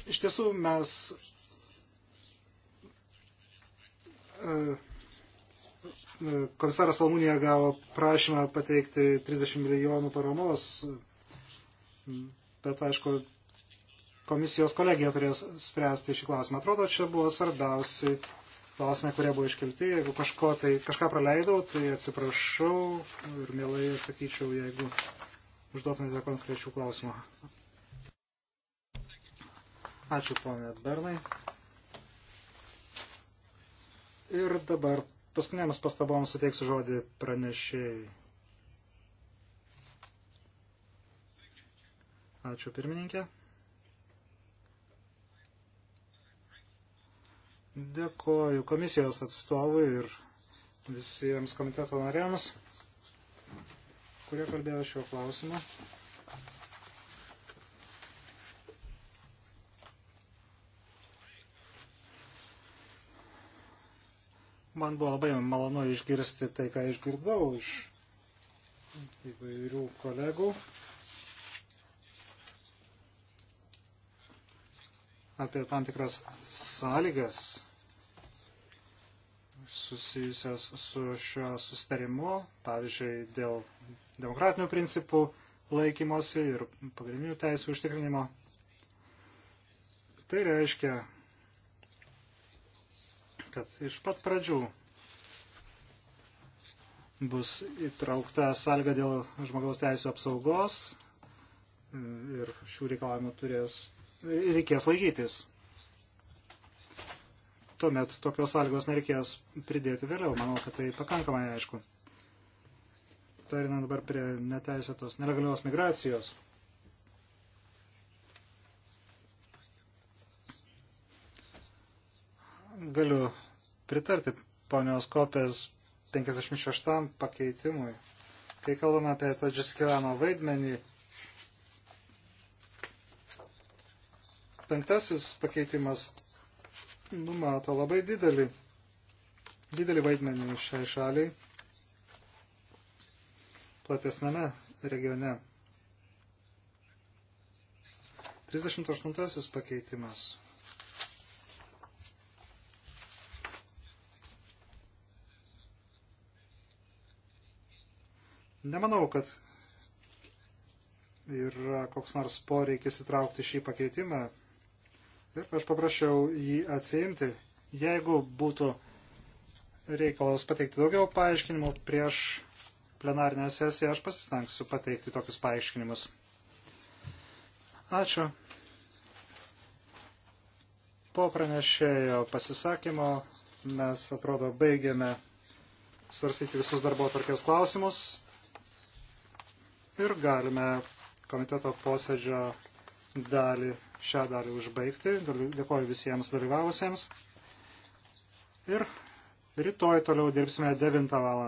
Iš tiesų mes e, e, komisaras Almūnija gavo prašymą pateikti 30 milijonų paramos bet aišku, komisijos kolegija turės spręsti šį klausimą. Atrodo, čia buvo svarbiausi klausimai, kurie buvo iškelti. Jeigu kažko, tai, kažką praleidau, tai atsiprašau ir mielai atsakyčiau, jeigu užduotumėte konkrečių klausimų. Ačiū, ponė Bernai. Ir dabar paskutiniams pastaboms suteiksiu žodį pranešėjai. Ačiū pirmininkė. Dėkoju komisijos atstovui ir visiems komiteto nariams, kurie kalbėjo šio klausimu. Man buvo labai malonu išgirsti tai, ką išgirdau iš įvairių kolegų. apie tam tikras sąlygas susijusios su šiuo sustarimu, pavyzdžiui, dėl demokratinių principų laikymosi ir pagrindinių teisų užtikrinimo. Tai reiškia, kad iš pat pradžių bus įtraukta sąlyga dėl žmogaus teisų apsaugos ir šių reikalavimų turės reikės laikytis. Tuomet tokios sąlygos nereikės pridėti vėliau. Manau, kad tai pakankamai aišku. Tarinant dabar prie neteisėtos nelegalios migracijos. Galiu pritarti ponios kopės 56 pakeitimui. Kai kalbame apie Tadžiskilano vaidmenį, Penktasis pakeitimas numato labai didelį, didelį vaidmenį šiai šaliai platesname regione. 38 pakeitimas. Nemanau, kad yra koks nors poreikis įtraukti šį pakeitimą, Ir aš paprašiau jį atsiimti. Jeigu būtų reikalas pateikti daugiau paaiškinimų prieš plenarinę sesiją, aš pasistengsiu pateikti tokius paaiškinimus. Ačiū. Po pranešėjo pasisakymo mes, atrodo, baigėme svarstyti visus darbo atvarkės klausimus ir galime komiteto posėdžio dalį šią dalį užbaigti. Dėkoju visiems dalyvavusiems. Ir rytoj toliau dirbsime 9 val.